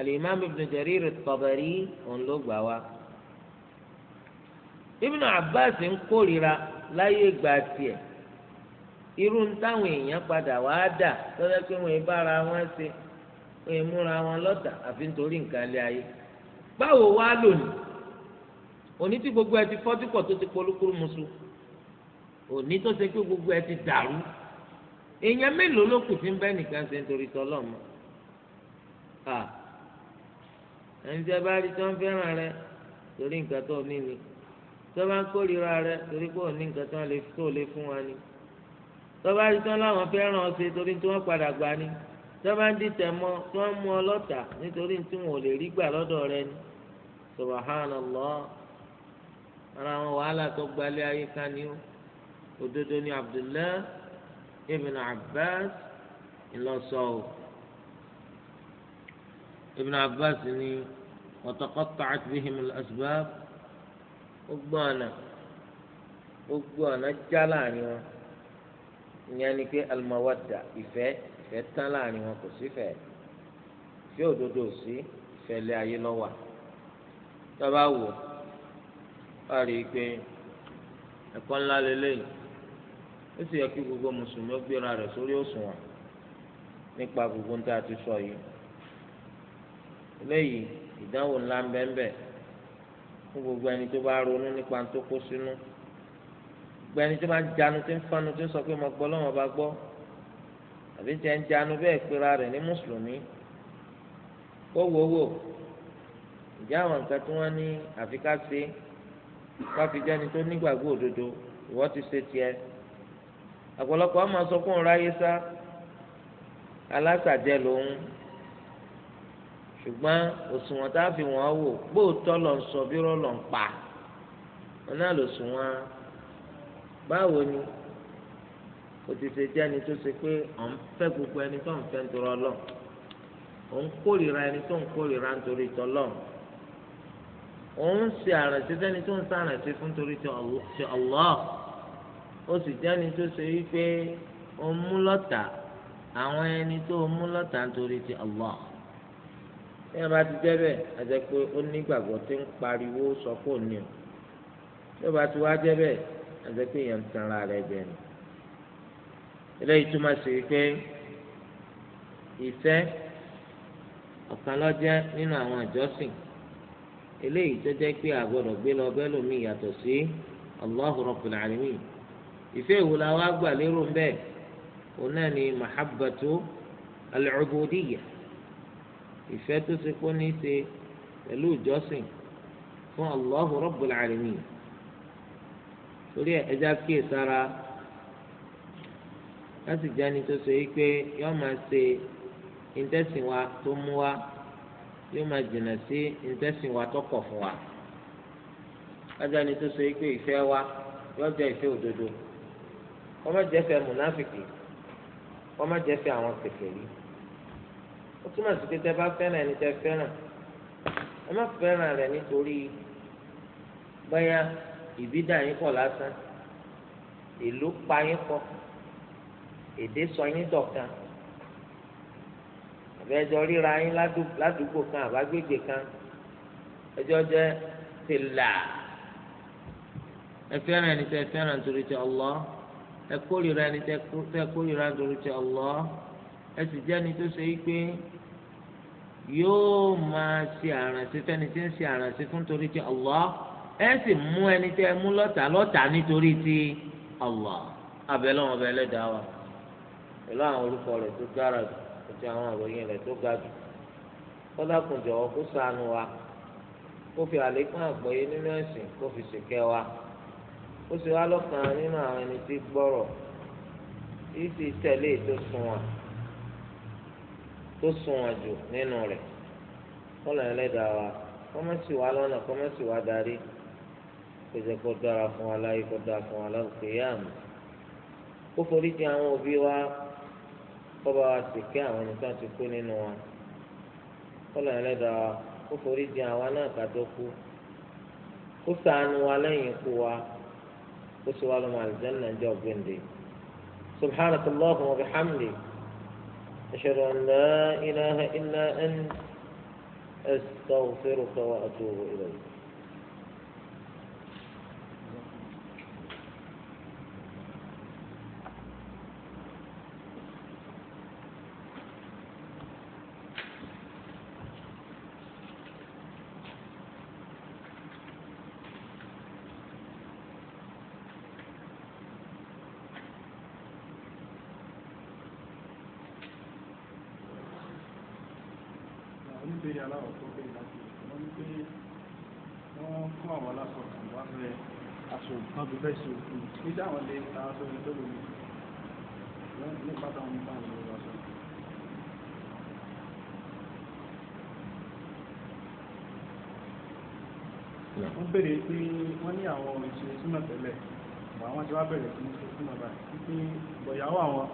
Al-Imam Ibn Jarir at-Tabari òun ló gbà wá. Ibn Abbas ń kórira láyé ìgbà tiẹ̀ irú táwọn èèyàn padà wá dà tó jẹ́ pé wọ́n bára wọn ṣe òye múra wọn lọ́tà àfi nítorí nǹkan ilé ayé báwo wá lónìí òní tí gbogbo ẹ ti fọ́jú pọ̀ tó ti polúkúrú musu òní tó ṣe pé gbogbo ẹ ti dàrú èèyàn mélòó ló kù tí ń bẹ́ nìkan ṣe nítorí tọ́lọ́mọ ẹni tí a bá rí tí wọ́n fẹ́ràn rẹ torí nǹkan tó ní ni tí wọ́n bá ń kórìíra rẹ torí pé òní nǹkan tó lè fún wa ni tí wọ́n bá rí tí wọ́n láwọn fẹ́ràn ọ ṣe torí tí wọ́n padà gbà ni sábà ń dìtẹ̀ mọ́ tí wọ́n mú ọ lọ́tà nítorí tí wọn ò lè rí gbà lọ́dọ̀ rẹ ni subhanallah ara àwọn wàhálà tó gbalẹ̀ ayé ká ni ó òdodo ni abdullah ibn abbas ńlọsọ ibn abbas ni wa taqatta'at bihim asbab ó gbọ́ ọ̀nà ó gbọ́ ọ̀nà já láàrin wọn ìyẹn ni pé al ìfẹ́ ìfẹ́ tán láàrin wọn kò sífẹ̀ẹ́ tí òdodo sí ìfẹ́lẹ́ ayé lọ́wà tó bá wò ó rí i pé ẹ̀kọ́ ńlá lélẹ́yìn ó sì yẹ kí gbogbo mùsùlùmí ó gbéra rẹ̀ sórí òṣùwọ̀n nípa gbogbo ń tá a ti sọ yìí lẹ́yìn ìdánwò ńlá ń bẹ́ẹ̀ bẹ́ẹ̀ fún gbogbo ẹni tó bá ronú nípa tó kó sínú gbogbo ẹni tó bá jánu tó ń fanu tó ń sọ pé mo gbọ́ lọ́wọ́ bá gbọ́ àbí jẹ́ ń janu bẹ́ẹ̀ pera rẹ̀ ní mùsùlùmí kó wò wò ìjà àwọn nǹkan tí wọ́n ní àfi ká ṣe ká fi jẹ́ni tó nígbàgbọ́ òdodo ìwọ́ ti ṣe tiẹ̀ ọ̀pọ̀lọpọ̀ ọmọ sọ fún ọ̀rọ̀ ayé sá alásàjẹ lòun ṣùgbọ́n òṣùwọ̀n tá a fi wọ́n wò gbóòótọ́ lọ sọ bí rọ́ọ̀lọ́ ń pa ọ̀nà lòṣùwọ̀n báwo ni o ti ṣe jẹ́ ẹni tó ṣe pé ọ̀ ń fẹ́ gbogbo ẹni tó ń fẹ́ nítorí ọlọ́run ò ń kórìíra ẹni tó ń kórìíra nítorí tọlọ́run ò ń ṣe àrànṣe sẹ́ni tó ń ṣàrànṣe fún torí ti Allah ó sì jẹ́ ẹni tó ṣe wípé ó mú lọ́tà àwọn ẹni tó mú lọ́tà nítorí ti Allah bí wọ́n ti jẹ́ bẹ́ẹ̀ àti pé ó nígbàgbọ́ tí ń pariwo sọ fóònù o bí ti wá jẹ́ bẹ́ẹ̀ àti pé èèyàn ń tanra rẹ̀ jẹ nù. eléyìí túmọ̀ sí pé ìfẹ́ ọ̀kan ló nínú àwọn ìjọsìn eléyìí tó jẹ́ pé a gbé lọ bẹ́ẹ̀ lómi yàtọ̀ sí Allahu Rabbul ìfẹ́ ìwò la wá gbà lérò ń bẹ́ẹ̀ òun náà ni mahabbatu al ìfẹ́ tó ti kó ní ṣe pẹ̀lú ìjọsìn fún Allahu Rabbul torí ẹ̀ ẹja láti jẹ́ni tó so yìí pé yọ́ọ́ máa ṣe ìtẹ́sìn wa tó mú wa yóò máa jìnnà sí ìtẹ́sìn wa tó kọ̀ fún wa lájẹ́ni tó so yìí pé ìfẹ́ wa yọ́ọ́ jẹ́ ìfẹ́ òdodo wọ́n má jẹ́ fẹ́ mùnáfìkì wọ́n má jẹ́ fẹ́ àwọn kèfèrí ó túmọ̀ sí pé tẹ́ bá fẹ́ràn ẹni tẹ́ fẹ́ràn ẹ má fẹ́ràn rẹ̀ nítorí bẹ́yà ìbídà yín pọ̀ lásán ìlú pa yín pọ̀ èdè sọ yín dọ̀kan àbẹ́jọ ríra yín ládùúgbò kan àbágbègbè kan ẹjọ́ jẹ́ tìlà ẹ fẹ́ràn ẹni tẹ́ fẹ́ràn nítorí ti Allah ẹ kórìíra ẹni tẹ́ kórìíra nítorí ti Allah ẹ sì jẹ́ ẹni tó ṣe é pé yóò máa ṣe àrànṣe fẹ́ni tí ń ṣe àrànṣe fún torí ti Allah ẹ sì mú ẹni tẹ́ mú lọ́tà lọ́tà nítorí ti Allah abẹ́lẹ́ wọn bẹ́ẹ̀ lẹ́dàá wa. pẹ̀lú àwọn orúkọ rẹ̀ tó dára jù àti àwọn àròyìn rẹ̀ tó ga jù kọ́dákùn jọ̀wọ́ kó wa kó fi àlékún àgbọ́yé nínú ẹ̀sìn kó fi ṣìkẹ́ wa ó sì wá lọ́kàn nínú àwọn ẹni tí gbọ́rọ̀ tí sì tẹ̀lé tó sunwọ̀n tó sunwọ̀n jù nínú wa kọ́mẹ́sì wa lọ́nà kọ́mẹ́sì wa darí kó kó fún wa láyé kó dára fún wa lọ́kùnrin yá mi kó forí àwọn kọba sèké àwọn ẹni tó ti kú nínú wa kọlọ wa kó forí di àwa náà kàtó kú kó sànù wa lẹ́yìn kú wa kó sọ wa lọ máa aljanna jẹ ọgbẹnde subhanaka allahumma wa bihamdi ashhadu an la ilaha illa anta astaghfiruka wa atubu ilayk. wọ́n bèrè pé wọ́n ní àwọn ìṣe súnà tẹ́lẹ̀ àwọn tí wọ́n bẹ̀rẹ̀ sí ní súnà báyìí wípé ìgbọ̀yàwó àwọn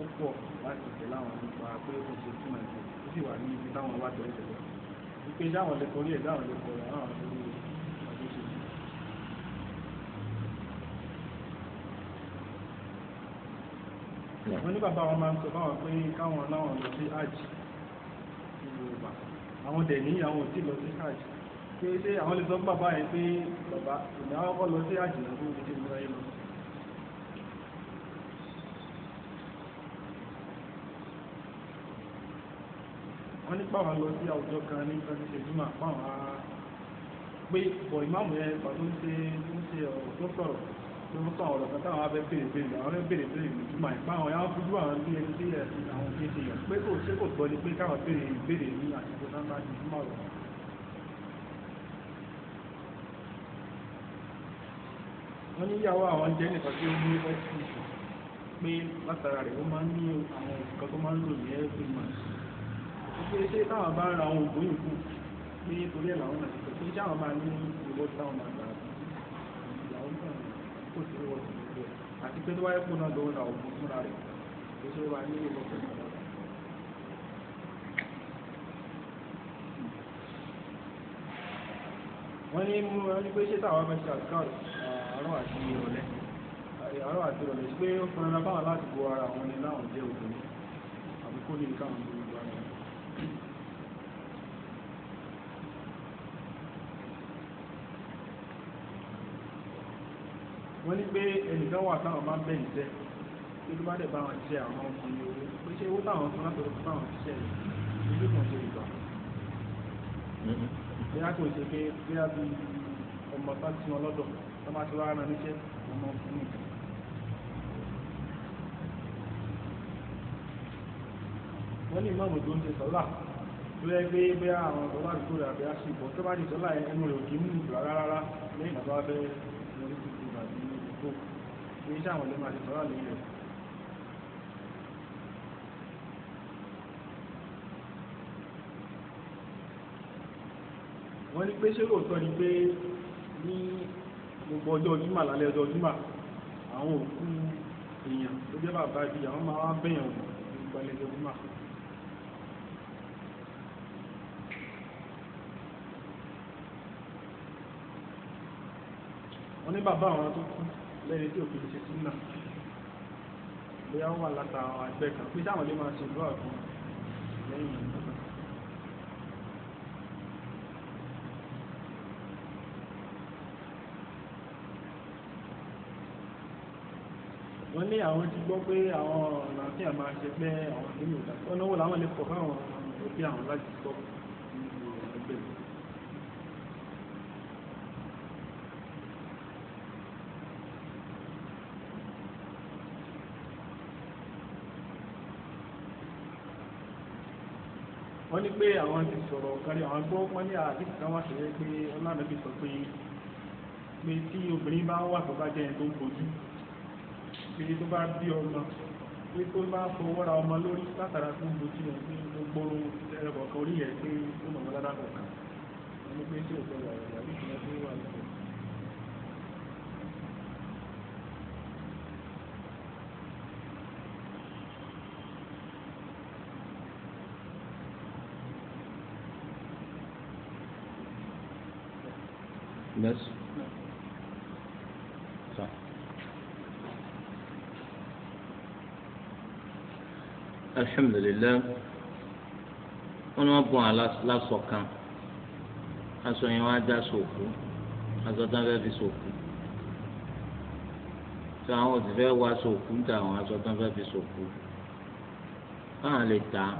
ó pọ̀ láti tẹ̀lé àwọn nípa pé kò ṣe súnà ìṣe ó sì wà ní ibi táwọn wá tẹ̀lé tẹ̀lé wọ́n ní bàbá wọn máa ń sọ báwọn pé káwọn náà lọ sí hajj yorùbá àwọn dẹ̀ ní àwọn ò tí lọ sí hajj pé ṣé àwọn lè sọ fún bàbá yẹn pé bàbá ìgbà wọn kọ́ lọ sí hajj náà tó ti múra yín lọ. wọ́n ní pàwọn lọ sí àwùjọ kan ní kọ́ni ṣèjúmọ̀ pàwọn á pé bọ̀ ìmáàmù yẹn pàtó ń ṣe ọ̀rọ̀ tó sọ̀rọ̀ tó ń sọ àwọn ọ̀dọ̀ abẹ́ bèrè bèrè àwọn abẹ́ bèrè bèrè ìtumọ̀ ẹ̀ báwọn yà á fojú àwọn bí ẹni tí ẹ̀sìn àwọn fi ṣe yàn pé kò ṣe kò gbọ́ ni pé káwọn bèrè ìbéèrè ní àsìkò náà máa ti túmọ̀ rọ̀. wọ́n ní ìyàwó àwọn jẹ́ nìkan tí ó ní ẹ́sì pé látara rẹ̀ ó máa ń ní àwọn nǹkan tó máa ń lò ní ẹ́sì mọ̀ ṣe ṣe táwọn bá ń ra kò sí wọ́n ti ìlú ẹ̀ àti pé tó wáyé kó náà lọ́wọ́ náà òun fúnra rẹ̀ kò sí wọ́n ní ìlú ọ̀sẹ̀ náà. wọ́n ní mú wọn ní pé ṣé táwọn mẹ́ta àtúkàrọ̀ àárọ̀ àti ìrọ̀lẹ́ àárọ̀ àti ìrọ̀lẹ́ pé ó fọnra báwọn láti bo ara wọn ní láwọn jẹ́ òkú àbíkó ní ìkáwọn wọ́n ní pé ẹnìkan wà táwọn bá ń bẹ̀ níṣẹ́ pé tó bá dẹ̀ bá wọn ṣe àwọn ọmọ yìí owó pé ṣé owó táwọn san látọ̀ tó báwọn ṣiṣẹ́ yìí ojú kan ṣe ìgbà. bí a kò ṣe pé bí a fi ọmọ bá ti wọn lọ́dọ̀ tó máa ti wá ara níṣẹ́ ọmọ fún mi. wọ́n ní ìmọ̀ọ́mù tó ń ṣe sọ́lá tó yẹ pé bí àwọn ọ̀dọ́ wà lóko rẹ̀ àbí àṣìbọ̀ tó bá di sọ́lá ẹnu rẹ̀ òkè mú kó kì í ṣàwọn ló máa lórí rẹ̀. wọ́n ní pé ṣé lóòótọ́ ni pé ní gbogbo ọjọ́ Jímọ̀ lálẹ́ ọjọ́ Jímọ̀ àwọn òkú èèyàn tó jẹ́ bàbá ibi àwọn máa wá bẹ̀yàn wò nípa ẹlẹ́jọ́ Jímọ̀. wọ́n ní bàbá àwọn tó kú lẹ́ni tí òfin ṣe súnà bóyá wọ́n wà láta àwọn àgbẹ̀ kan pé sáwọn lè máa ṣe ìlú àgbọn lẹ́yìn ìlú wọ́n ní àwọn ti gbọ́ pé àwọn ọ̀nà tí a máa ṣe pé àwọn ìlú ìdàgbọ́n náwó làwọn lè pọ̀ fáwọn òbí àwọn láti gbọ́ pé wọ́n ní pé àwọn ti sọ̀rọ̀ kárí àwọn gbọ́ wọ́n ní àdìsí kan wá sí pé ọlọ́run ti sọ pé pé tí obìnrin bá wà tó bá jẹ́ ẹni tó ń bojú pé tó bá bí ọmọ pé tó bá fọwọ́ ra ọmọ lórí látara tó ń bojú yẹn pé ó gbóró ẹ̀rọ kọ̀ọ̀kan orí yẹn pé ó mọ̀ wọ́n lára kọ̀ọ̀kan wọ́n ní pé tí òṣèlú àyẹ̀wò àdìsí yẹn tó wà lọ́wọ́ alhamdulilayi wọn wọn bọ àwọn lásọ kan aṣọ yẹn wọn á já sòkú aṣọ tán fẹẹ fi sòkú tí àwọn òsì fẹẹ wá sòkú ń ta àwọn aṣọ tán fẹẹ fi sòkú báwọn lè tà á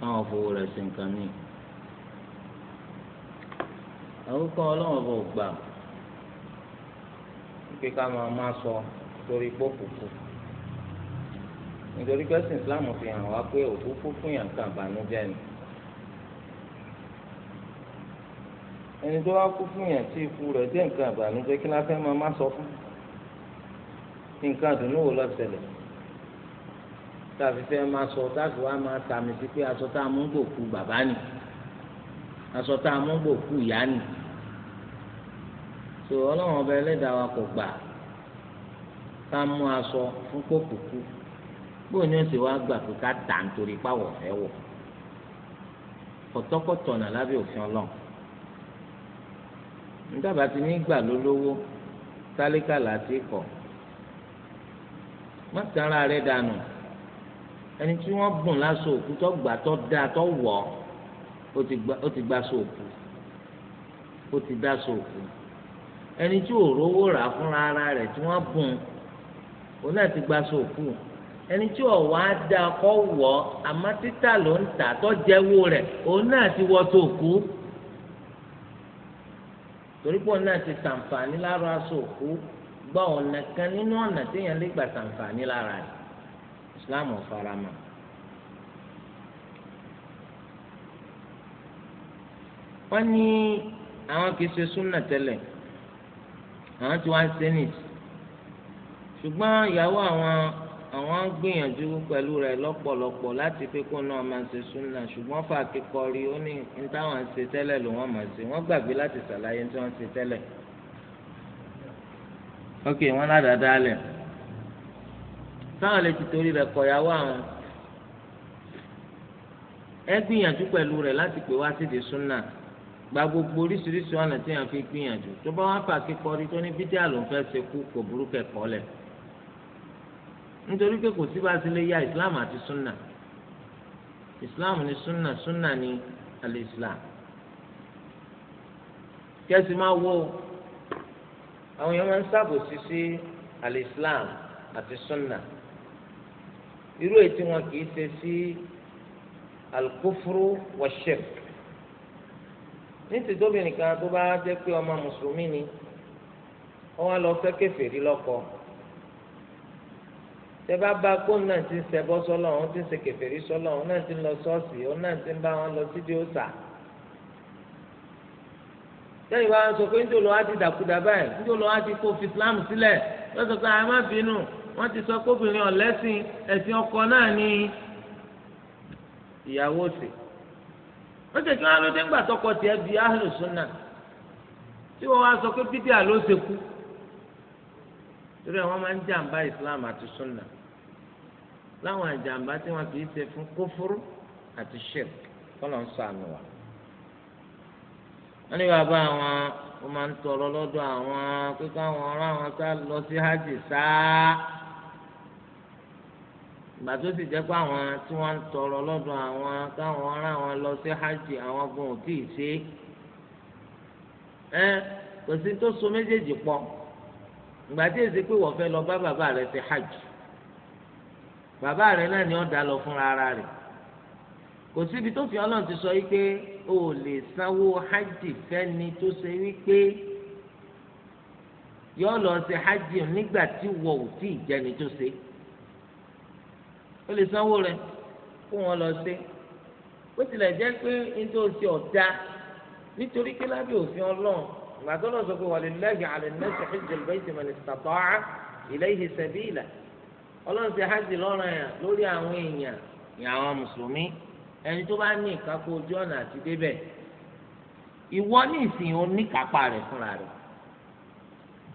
báwọn fowó rẹ̀ sí nǹkan míì àwòkọ ọlọ́wọ́n bò gbà pé máa má sọ. So torí pé òkùnkùn nítorí pé ẹ̀sìn Islam fi hàn wá pé òkú fún yàn kan àbànújẹ́ ni ẹni tó wá kú fún yàn tí ikú rẹ̀ jẹ́ nǹkan àbànújẹ́ kí láfẹ́ máa má sọ fún nǹkan àdùnnú wò lọ ṣẹlẹ̀ tàbí fẹ́ máa sọ táàbí wá máa tàmì sí pé aṣọ tá a mú gbòkú bàbá ni aṣọ tá a mú gbòkú ìyá ni tò ọlọ́run ọba ẹlẹ́dàá wa kò gbà á ká mú aṣọ fún kókùkù bóun ni ó sì wá gbà pé ká tà nítorí páwọ̀ fẹ́ wọ̀ kọ̀tọ́kọ̀tọ̀ nà lábẹ́ òfin ọlọ́run nígbàbà tí ní gbà lólówó tálíkà láti kọ̀ má tara rẹ̀ dànù ẹni tí wọ́n bùn láṣọ òkú tó gbà tó dáa tó wọ̀ ó ti gba aṣọ òkú ó ti dá aṣọ òkú ẹni tí ò rówó rà fúnra ara rẹ̀ tí wọ́n bùn òun náà ti gba sòkù ẹni tí ọ̀wá da kọ́ wọ̀ àmọ́ títà ló ń tà tó jẹ́wó rẹ̀ òun náà ti wọ sòkù torí pé òun náà ti sàǹfààní lára sòkù gba ọ̀nà kan nínú ọ̀nà téèyàn lè gbà sàǹfààní lára rẹ̀ Islam ò wọ́n ní àwọn kìí ṣe súnà tẹ́lẹ̀ àwọn tí wọ́n á ṣe nìyí ṣùgbọ́n ìyàwó àwọn àwọn ń gbìyànjú pẹ̀lú rẹ̀ lọ́pọ̀lọpọ̀ láti pé kó náà máa ṣe súnà ṣùgbọ́n fàákì kọrí ó ní ní táwọn ń ṣe tẹ́lẹ̀ ló wọ́n máa ṣe wọ́n gbàgbé láti ṣàlàyé tí wọ́n ń ṣe tẹ́lẹ̀. ok wọn ládàáda alẹ táwọn lè ti torí rẹ̀ kọyàwó àwọn ẹ gbìyànjú pẹ̀lú rẹ̀ láti pè wá sídi súnà gba gbogbo oríṣiríṣi ọ̀nà tí wọ́n fi gbìyànjú tó bá wá fàákì kọrí tó ní bídíà ló ń nítorí pé kò sí bá a ti lè ya islam àti sunna islam ni sunna sunna ni al-islam kẹsì máa wo àwọn èèyàn máa ń ṣàbòsí sí al-islam àti sunna irú ètí wọn kì í ṣe sí al-kufru wa shirk nítorí tóbi nìkan tó bá jẹ́ pé ọmọ mùsùlùmí ni wọ́n wá lọ fẹ́ kèfèrí lọ́kọ tẹ́bá bá kóun náà ti ń ṣẹbọ sọ́lọ̀ òun ti ń ṣe kèfèrí sọ́lọ̀ òun náà ti ń lọ ṣọ́ọ̀ṣì òun náà ti ń bá wọn lọ sídìí òòṣà. sẹ́yìn bá wọn sọ pé níjọ́ lọ́wọ́ á ti dàkúdà báyìí níjọ́ lọ́wọ́ á ti kó fi Islam sílẹ̀ wọ́n sọ pé àyè má bínú wọ́n ti sọ pé ọ̀lẹ́sìn ẹ̀sìn ọkọ náà ni ìyàwó òsè. wọ́n ṣe kí wọ́n á lóde ńgbà tọkọ tiẹ̀ torí àwọn máa ń jàǹbá islam àti sunna láwọn àjàǹbá tí wọn kì í ṣe fún kófóró àti shirk kọlọ ń sọ àmì wa. wọn ní bàbá àwọn wọn máa ń tọrọ lọ́dọ̀ àwọn kíkọ àwọn ọ̀rọ̀ àwọn sá lọ sí hajj sáá ìgbà tó sì jẹ́ pé àwọn tí wọ́n ń tọrọ lọ́dọ̀ àwọn káwọn ọ̀rọ̀ àwọn lọ sí hajj àwọn gan ò tíì ṣe é kò sí tó so méjèèjì pọ̀. ìgbà tí èsì pé wọ́n fẹ́ lọ bá bàbá rẹ̀ ṣe hajj bàbá rẹ̀ náà ni ó dá lọ fúnra ara rẹ̀ kò síbi tó fi ọlọ́run ti sọ yìí pé o lè sanwó hajj fẹ́ni tó ṣe wípé yọ lọ ṣe hajj nígbà tí wọ́n ò tí ì jẹni tó ṣe o lè sanwó rẹ̀ kó wọn lọ ṣe ó tilẹ̀ jẹ́ pé nítorí ọ̀dà nítorí pé lábẹ́ òfin ọlọ́run ìgbà tó lọ́sọ̀ pé walillahi 'ala an-nasi hijjal bayti man istata'a ilayhi sabila ọlọ́run ti hajj lọ́rọ̀ yẹn lórí àwọn èèyàn ní àwọn mùsùlùmí ẹni tó bá ní ìkápá ojú ọ̀nà àti débẹ̀ ìwọ ní ìsìn oníkápá rẹ̀ fúnra rẹ̀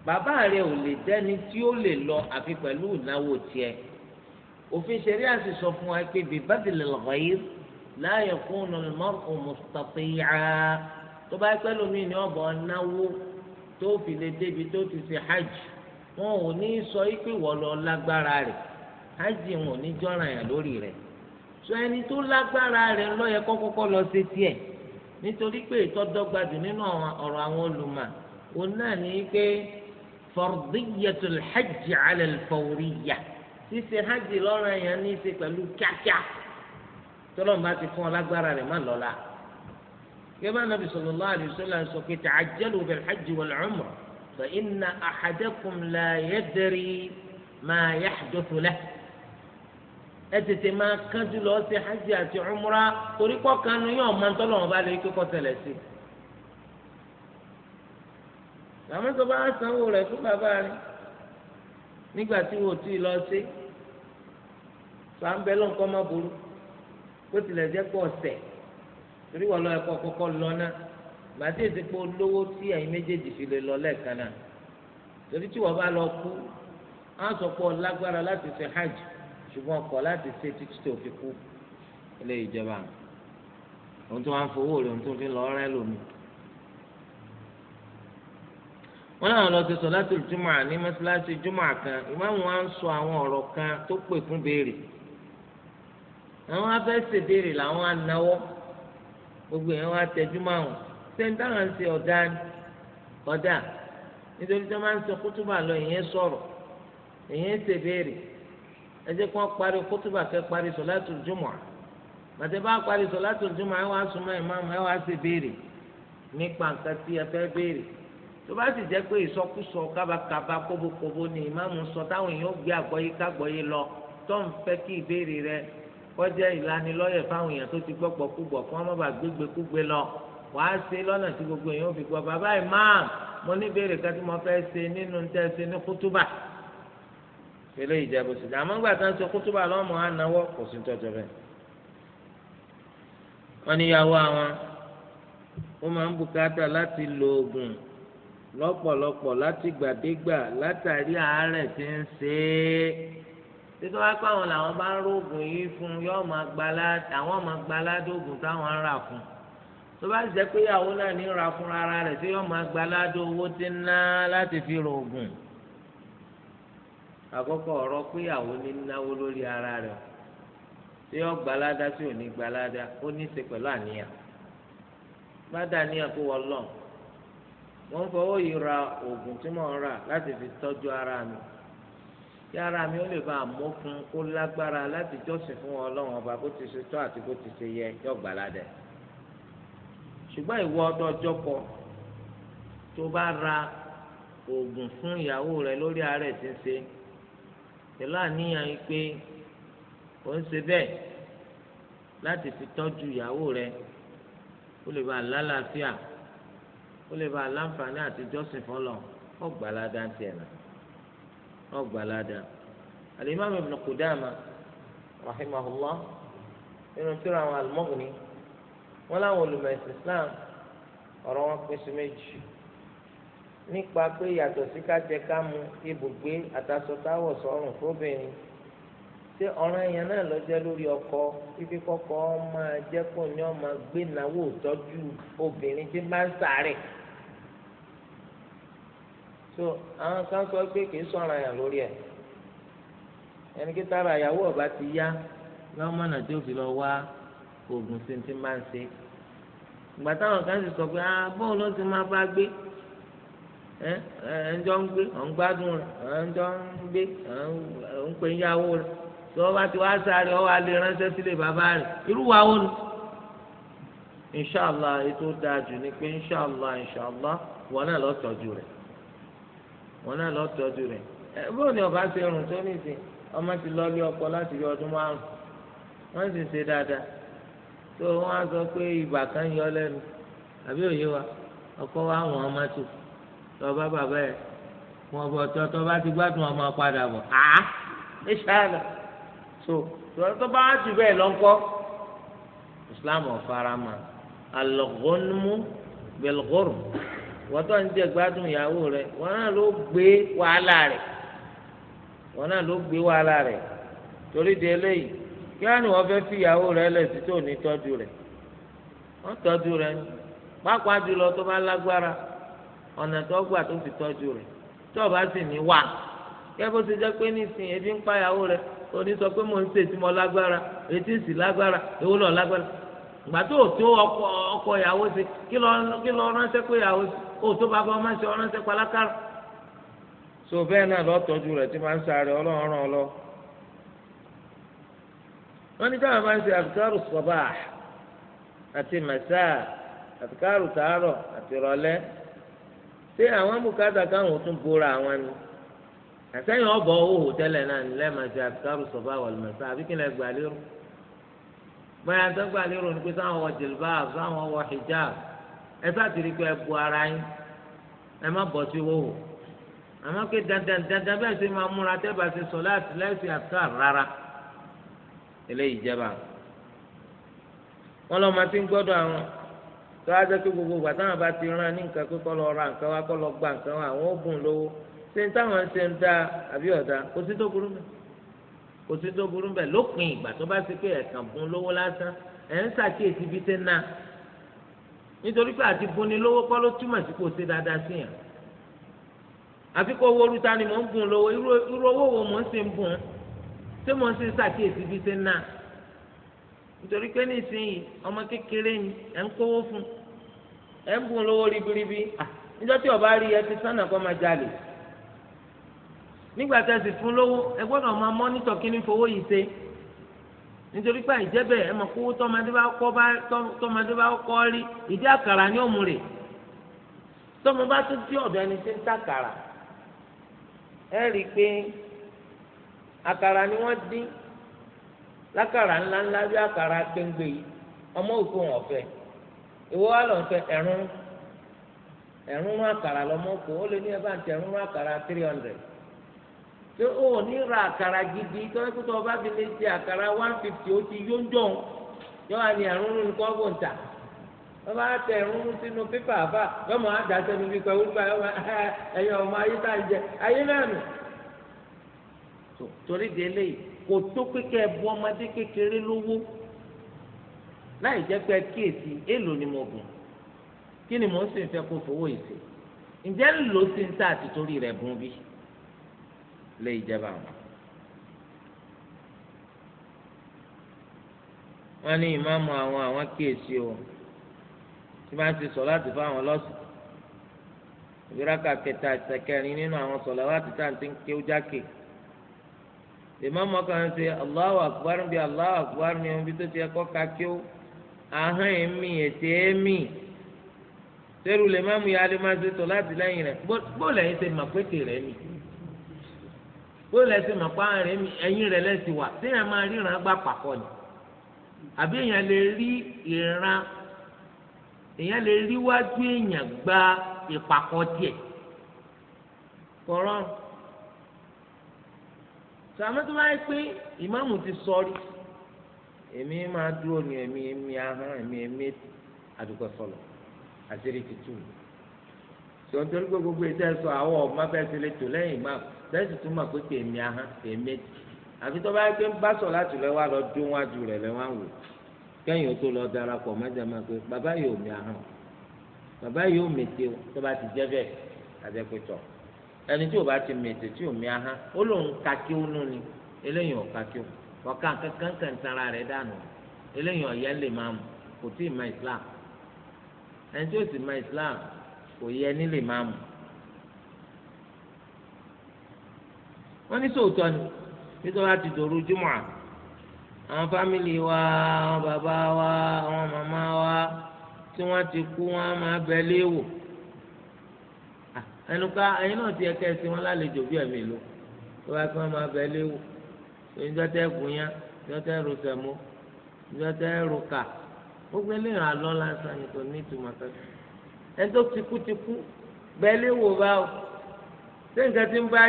bàbá rẹ̀ ò lè dẹ́ni tí ó lè lọ àfi pẹ̀lú ìnáwó tiẹ̀ òfin ṣẹ̀ríà sì sọ fún wa pé bíbá ti lè lọ́ọ́ yìí la yakunu al-mar'u mustati'a tó bá pẹ́ lómi ní ọ̀bọ̀ náwó tó fi lè débi tó ti ṣe hajj wọn ò ní sọ pé wọ́n lọ lágbára rẹ̀ hajj wọn ò ní jọ́ràn yàn lórí rẹ̀ sọ ẹni tó lágbára rẹ̀ ló yẹ kọ́kọ́kọ́ lọ ṣe tiẹ̀ nítorí pé ìtọ́dọ́gba jù nínú ọ̀rọ̀ àwọn olùmọ̀ òun náà ní pé fardiyatul hajj ala al-fawriyya ṣíṣe hajj lọ́ràn yẹn ní í ṣe pẹ̀lú kíákíá tọ́lọ́mù bá ti fún ọ lágbára rẹ̀ má lọ́la. كما النبي صلى الله عليه وسلم سكت تعجلوا بالحج والعمرة فإن أحدكم لا يدري ما يحدث له ẹtẹtẹ máa kájú lọ sí hajj àti umra nígbà torí wọn lọ ẹkọ kọkọ lọ náà màtí èsì pé olówó tí ẹ̀yin méjèèjì fi lè lọ lẹ́ẹ̀kan náà torí tí wọn bá lọ kú á sọ pé ọ lágbára láti ṣe hajj ṣùgbọ́n ọkọ láti ṣe títí tó fi kú ilé ìjọba òun tó wá ń fowó rẹ̀ òun tó fi lọ rẹ lómi. wọn náà lọ ti sọ láti jùmọ̀ ní mọ́ṣáláṣí jùmọ̀ kan ìmáàmù wa ń sọ àwọn ọ̀rọ̀ kan tó pè fún béèrè àwọn afẹ́ ṣèbéèrè làwọn anáwọ́ gbogbo yẹn wá tẹjú mọ́ àwọn sẹńtà náà ń ṣe ọ̀dà ọ̀dà nítorí tí wọ́n máa ń sọ kútùbà lọ ìyẹn sọ̀rọ̀ ìyẹn ṣe béèrè ẹ jẹ́ kí wọ́n parí kútùbà kẹ́ parí sọ̀látù jùmọ̀ màtẹ́ bá parí sọ̀látù jùmọ̀ ẹ wá súnmọ́ ìmáàmù ẹ wá ṣe béèrè nípa nǹkan tí ẹ fẹ́ béèrè tó bá sì jẹ́ pé ìsọkúsọ kábàkábà kóbókóbó ni ìmáàmù sọ táwọn èèyàn gbé àgbọ́yé kágbọ́yé lọ tó ń fẹ́ kí ìbéèrè rẹ̀ kọjá ìlanilọ́yẹ̀ fáwọn èèyàn tó ti gbọ́pọ̀ kúgbọ̀ kí wọ́n má bàa gbégbé kúgbé lọ wàá ṣe lọ́nà tí gbogbo èèyàn fi gbọ́ bàbá imam mo ní ìbéèrè kan tí mo fẹ́ ṣe nínú tẹ́ ṣe ní kútúbà pẹ̀lú ìjẹ́bù sí àmọ́ ńgbà tó ń ṣe kútúbà lọ́mọ ànáwọ́ kò sí tọ́jọ́ bẹ́ẹ̀. wọ́n ní ìyàwó àwọn ó máa ń bùkátà láti lo oògùn lọ́pọ̀lọpọ̀ láti látàrí àárẹ̀ tí ń ṣe é títí wáá pé àwọn làwọn bá ń rógùn yìí fún yóò máa gbalá àwọn máa gbalá dógùn táwọn ń rà fún tó bá jẹ́ pé ìyàwó náà ní ra fún ara rẹ̀ tí yóò máa gbalá dó owó tí ń ná láti fi rògùn àkọ́kọ́ ọ̀rọ̀ pé ìyàwó ní náwó lórí ara rẹ̀ tí yóò gbalada tí ò ní gbalada ó ní í ṣe pẹ̀lú àníyàn bá dàníyàn kó wọ́n lọ wọ́n fọwọ́ yìí ra oògùn tí mò ń rà láti fi tọ́jú ara mi kí ara mi ó lè bá a mú fún kó lágbára láti jọ́sìn fún ọlọ́run ọba bó ti ṣe tọ́ àti bó ti ṣe yẹ yọ gbàládẹ. ṣùgbọ́n ìwọ ọdọ jọkọ tó bá ra oògùn fún ìyàwó rẹ lórí àárẹ̀ tí ń ṣe pẹ̀lú àníyàn yìí pé ó ń ṣe bẹ́ẹ̀ láti fi tọ́jú ìyàwó rẹ ó lè bá lálàáfíà ó lè bá láǹfààní àti jọ́sìn fọlọ́ ọgbàládá ń tiẹ̀ náà náà gbalada alimami ibn Qudama rahimahullah nínú tíra àwọn al-Mughni wọn làwọn olùmọ̀ ẹ̀sìn islam ọ̀rọ̀ wọn pín sí méjì nípa pé yàtọ̀ sí kájẹ ká mu ibùgbé àtàṣọ táwọ̀ sọ́rùn fóbìnrin ṣé ọ̀ràn yẹn náà lọ jẹ́ lórí ọkọ fífi kọ́kọ́ máa jẹ́ kó ní ọmọ gbé náwó tọ́jú obìnrin tí máa ń sàárẹ̀ so àwọn kan sọ pé kì í sọ̀rọ̀ àyàn lórí ẹ̀ ẹni kí tára ìyàwó ọba ti yá yọọ mọ̀nà tí ó fi lọ wá oògùn sí ti máa ń ṣe ìgbà táwọn kan sì sọ pé ah bóun ló ti máa bá gbé ẹ ẹ ń jọ ń gbé ọ̀ ń gbádùn rẹ̀ ẹ ń jọ ń gbé ẹ ń pè ń yáwó rẹ̀ tí wọ́n bá ti wá sáré ọ wá lè ránṣẹ́ sílé bàbá rẹ̀ irú wa ó nu inṣàlá ètò dáa jù ni pé inṣàlá inṣàlá wọn náà lọ tọ́jú rẹ̀ wọn náà lọ tọ́jú rẹ̀ ẹ bóun ni ọba ṣe rùn tó nìsín ọmọ ti lọ lé ọkọ láti rí ọdún márùn wọn sì ṣe dáadáa tó wọn á sọ pé ibà kan yọ lẹ́nu àbí òye wa ọkọ wa wọn ọmọ tó lọba bàbá yẹ wọn bọ tọtọ bá ti gbádùn ọmọ padà bọ àá ní sàlẹ tó tọtọ bá wà jù bẹ́ẹ̀ lọkọ Islam ọfarama alọgọnumu bẹlgọrùn. wọ́n tó ń jẹ gbádùn ìyàwó rẹ̀ wọ́n náà ló gbé wàhálà rẹ̀ wọ́n náà ló gbé wàhálà rẹ̀ torí di eléyìí kí wọ́n ní wọ́n fẹ́ fi ìyàwó rẹ̀ lẹ̀ sí tó ní tọ́jú rẹ̀ wọ́n tọ́jú rẹ̀ ní pápá jùlọ tó bá lágbára ọ̀nà tó gbà tó fi tọ́jú rẹ̀ o sì ní wà bó ti jẹ́ pé nísìnyí ebi ń pa ìyàwó rẹ̀ oní sọ pé mo ń ṣe tí mo lágbára etí sì lágbára ewu lọ lágbára tó ọkọ ìyàwó ṣe kí lọ pé ìyàwó ṣe kó o tó bá bá ọmọ ṣe ọ̀rọ̀ ṣe so bẹ́ẹ̀ náà lọ́tọ́jú rẹ̀ tí máa ń sáré ọrụ. ọlọ lọ. wọ́n ní táwọn máa ń ṣe àfikárù sọ́bà àti màsà àfikárù tààrọ̀ àti rọ̀lẹ́ ṣé àwọn bùkátà káwọn ò tún bóra àwọn ni òhò náà ní bóyá pé sáwọn hijab ẹ sá ti rí pé ẹ bu ara yín ẹ má bọ̀ sí wòwò àmọ́ pé dandan dandan bẹ́ẹ̀ ṣe máa múra tẹ́bà ṣe sọ láti láìsí àká rárá eléyìí jẹba wọn lọ́ọ́ máa ti ń gbọ́dọ̀ àwọn tó wá jẹ́ pé gbogbo ìgbà táwọn bá ti rán ní nǹkan pé kọ́ lọ ra nǹkan wá kọ́ lọ gba nǹkan wá àwọn ó bùn lówó ṣé ní táwọn ṣe ń da àbí ọ̀dà kò sí tó burú bẹ́ẹ̀ kò sí tó burú bẹ́ẹ̀ lópin ìgbà tó bá ṣe pé ẹ̀kan bùn lówó lásán ẹ̀ ń ṣàkíyèsí bí ṣe ń ná nítorí pé àti bunni lówó kọ́ ló túmọ̀ sí kò ṣe dáadáa sí yàn àfi kò wo orúta ni mò ń bùn lówó irú owó wo mò ń se ń bùn ṣé mò ń ṣe ṣàkíyèsí bí ṣe ń ná nítorí pé nísìnyí ọmọ kékeré ni ẹ̀ ń kówó fún ẹ̀ ń bùn lówó ribiribi níjọ́ tí ọba rí ẹ ti sánà kọ́ máa jalè nígbà tí ẹ sì fún lówó ẹ gbọ́dọ̀ máa mọ́nítọ̀ kí ni fowó yìí ṣe nítorí pé àìjẹ́ bẹ́ẹ̀ ẹ mọ̀ kówó tọ́mọdé bá kọ́ bá tọ́mọdé bá kọ́ rí ìdí àkàrà ní òmù rè tọ́mọ bá tún tí ọ̀dọ̀ ẹni tí ń tàkàrà ẹ rí i pé àkàrà ni wọ́n dín lákàrà ńláńlá bí àkàrà péńgbé yìí ọmọ òkú wọn ọ̀fẹ́ ìwọ wà lọ́n fẹ́ ẹ̀rún ẹ̀rún àkàrà lọ́mọ òkú ó lé ní ẹ bá ń tẹ ẹ̀rún àkàrà three hundred pé ó ní ra àkàrà gidi tọ́lá pé tó o bá fi lè ó ti yóńjọ ń yóò wá ní ẹ̀rún lónìí kọ́ bò tà wọ́n bá tẹ ẹ̀rún sínú pépà àbá yóò sẹ́nu bí pẹ̀lú ọmọ ayé tá à jẹ ayé náà nù. torí di eléyìí kò tó kékeré bu ọmọdé kékeré lówó láì jẹ́ pé kíyèsí ni mo gùn kí ni ń sìn fẹ́ kó fowó ǹjẹ́ ń lò sí lé ìjẹba wọn. wọ́n ní ìmáàmù àwọn àwọn kíyèsí o tí wọ́n ti sọ láti fún àwọn lọ́sùn ìgbéraka kẹta ìsẹkẹrin nínú àwọn sọlá láti tá à ń ti ń ké ó jákè ìmáàmù ọkàn ṣe Allahu Akbar bíi Allahu Akbar ní ohun bí tó ti ẹkọ ká kí ó ahọ́n èémì ètè èémì sẹ́rù lè má mú lè má ṣe sọ láti lẹ́yìn rẹ̀ bó lẹ́yìn ṣe mà rẹ̀ nìyí. bó lẹ́sìn mọ̀ pé àwọn ẹ̀yìn rẹ̀ lẹ́sìn téèyàn máa ríran gbà pàkọ́ ni àbí èèyàn lè rí ìran èèyàn lè rí wájú èèyàn gba ìpàkọ́ tiẹ̀ kọ́rọ́ sàmú tó báyìí pé ìmáàmù ti sọrí èmi máa dúró ní ahọ́n àdúgbò sọlọ gbogbo ọ̀ma bẹ́ẹ̀ ti lè tò lẹ́yìn ìmáàmù. sẹ́yìn tuntun mọ̀ pé kèmí ahán kèmí etí àfi tó bá yẹ pé ń bá sọ̀ láti lẹ́ wá lọ dún wájú rẹ̀ lẹ́ wá kẹ́yìn ó tó lọ darapọ̀ mẹ́jọ máa pé bàbá o tó ti jẹ́ bẹ́ẹ̀ ti tí ahán ó ka ni eléyìí ò ka kí ó ọ̀ka kankan tara rẹ̀ dànù eléyìí ọ̀yẹ́ lè máa mú ma Islam ẹni tí ma Islam kò yẹ ní lè máa wọ́n ní sóòótọ́ ni nítorí wọ́n ti dòru jùmọ̀ àwọn fámìlì wa àwọn bàbá wa àwọn màmá wa tí wọ́n ti kú wọ́n máa bẹ léwò ẹnuka ẹyin náà ti ẹkẹ ẹsìn wọn lálejò bí ẹmí lò tó bá kí wọn máa bẹ léwò ìjọ tẹ gúnyá ìjọ tẹ ro sẹmó ìjọ tẹ ro kà gbogbo eléyìí alọ lásán ni kò ní ìtumọ̀ kankan ẹni tó ti kú ti kú bẹ léwò báwo ṣé nǹkan ń bá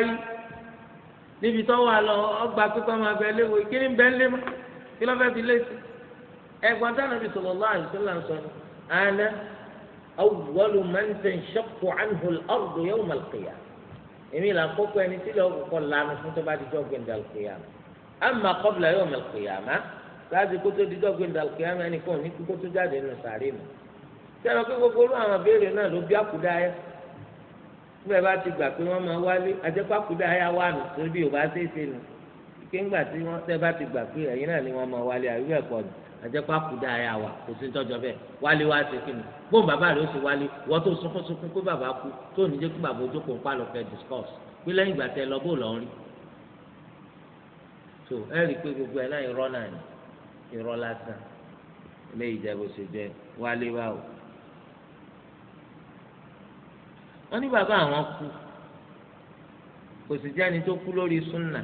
níbi tó wà lọ ọgbà pípa máa bẹ léwu kí ni bẹ́ẹ̀ lé mọ́ kí ló fẹ́ fi lé sí. ẹ̀gbọ́n táwọn Ànábì sallallahu alaihi wasallam sọ ni ana awwalu man tanshaqqu anhu al-ardu yawm al-qiyamah èmi là ń kókó ẹni tí lọ́wọ́ kọ́ lanu fún tó bá di jọ́gbìn dàlùkìyàmá amma qabla yawm al-qiyamah láti kó tó di jọ́gbìn dàlùkìyàmá ẹnì kan ní kó tó jáde nù sàréè mọ́ bẹ́ẹ̀ bá ti gbà pé wọ́n máa wálé àjẹpákúdà ayá wà nù torí bí yorùbá ṣe é ṣe nù ike ńgbà tí wọ́n tẹ́ bá ti gbà pé ẹ̀yin náà ni wọ́n máa wálé àríwá ẹ̀kọ́ nù àjẹpákúdà ayá wà kò sí tọ́jọ́ bẹ́ẹ̀ wálé wá ṣe kí ni bóun bàbá rẹ̀ ó ṣe wálé wọ́n tó sunkún sunkún pé bàbá kú tó ní jẹ́ kí bàbá ojókòó ń pàlọ́ fẹ́ discourse pé lẹ́yìn ìgbà tẹ lọ bó lọ rí so ẹ rí i pé gbogbo ẹ náà irọ́ náà ni lásán ilé ìjẹ́bù wọ́n ní bàbá àwọn kú kò sì jẹ́ ẹni tó kú lórí súnà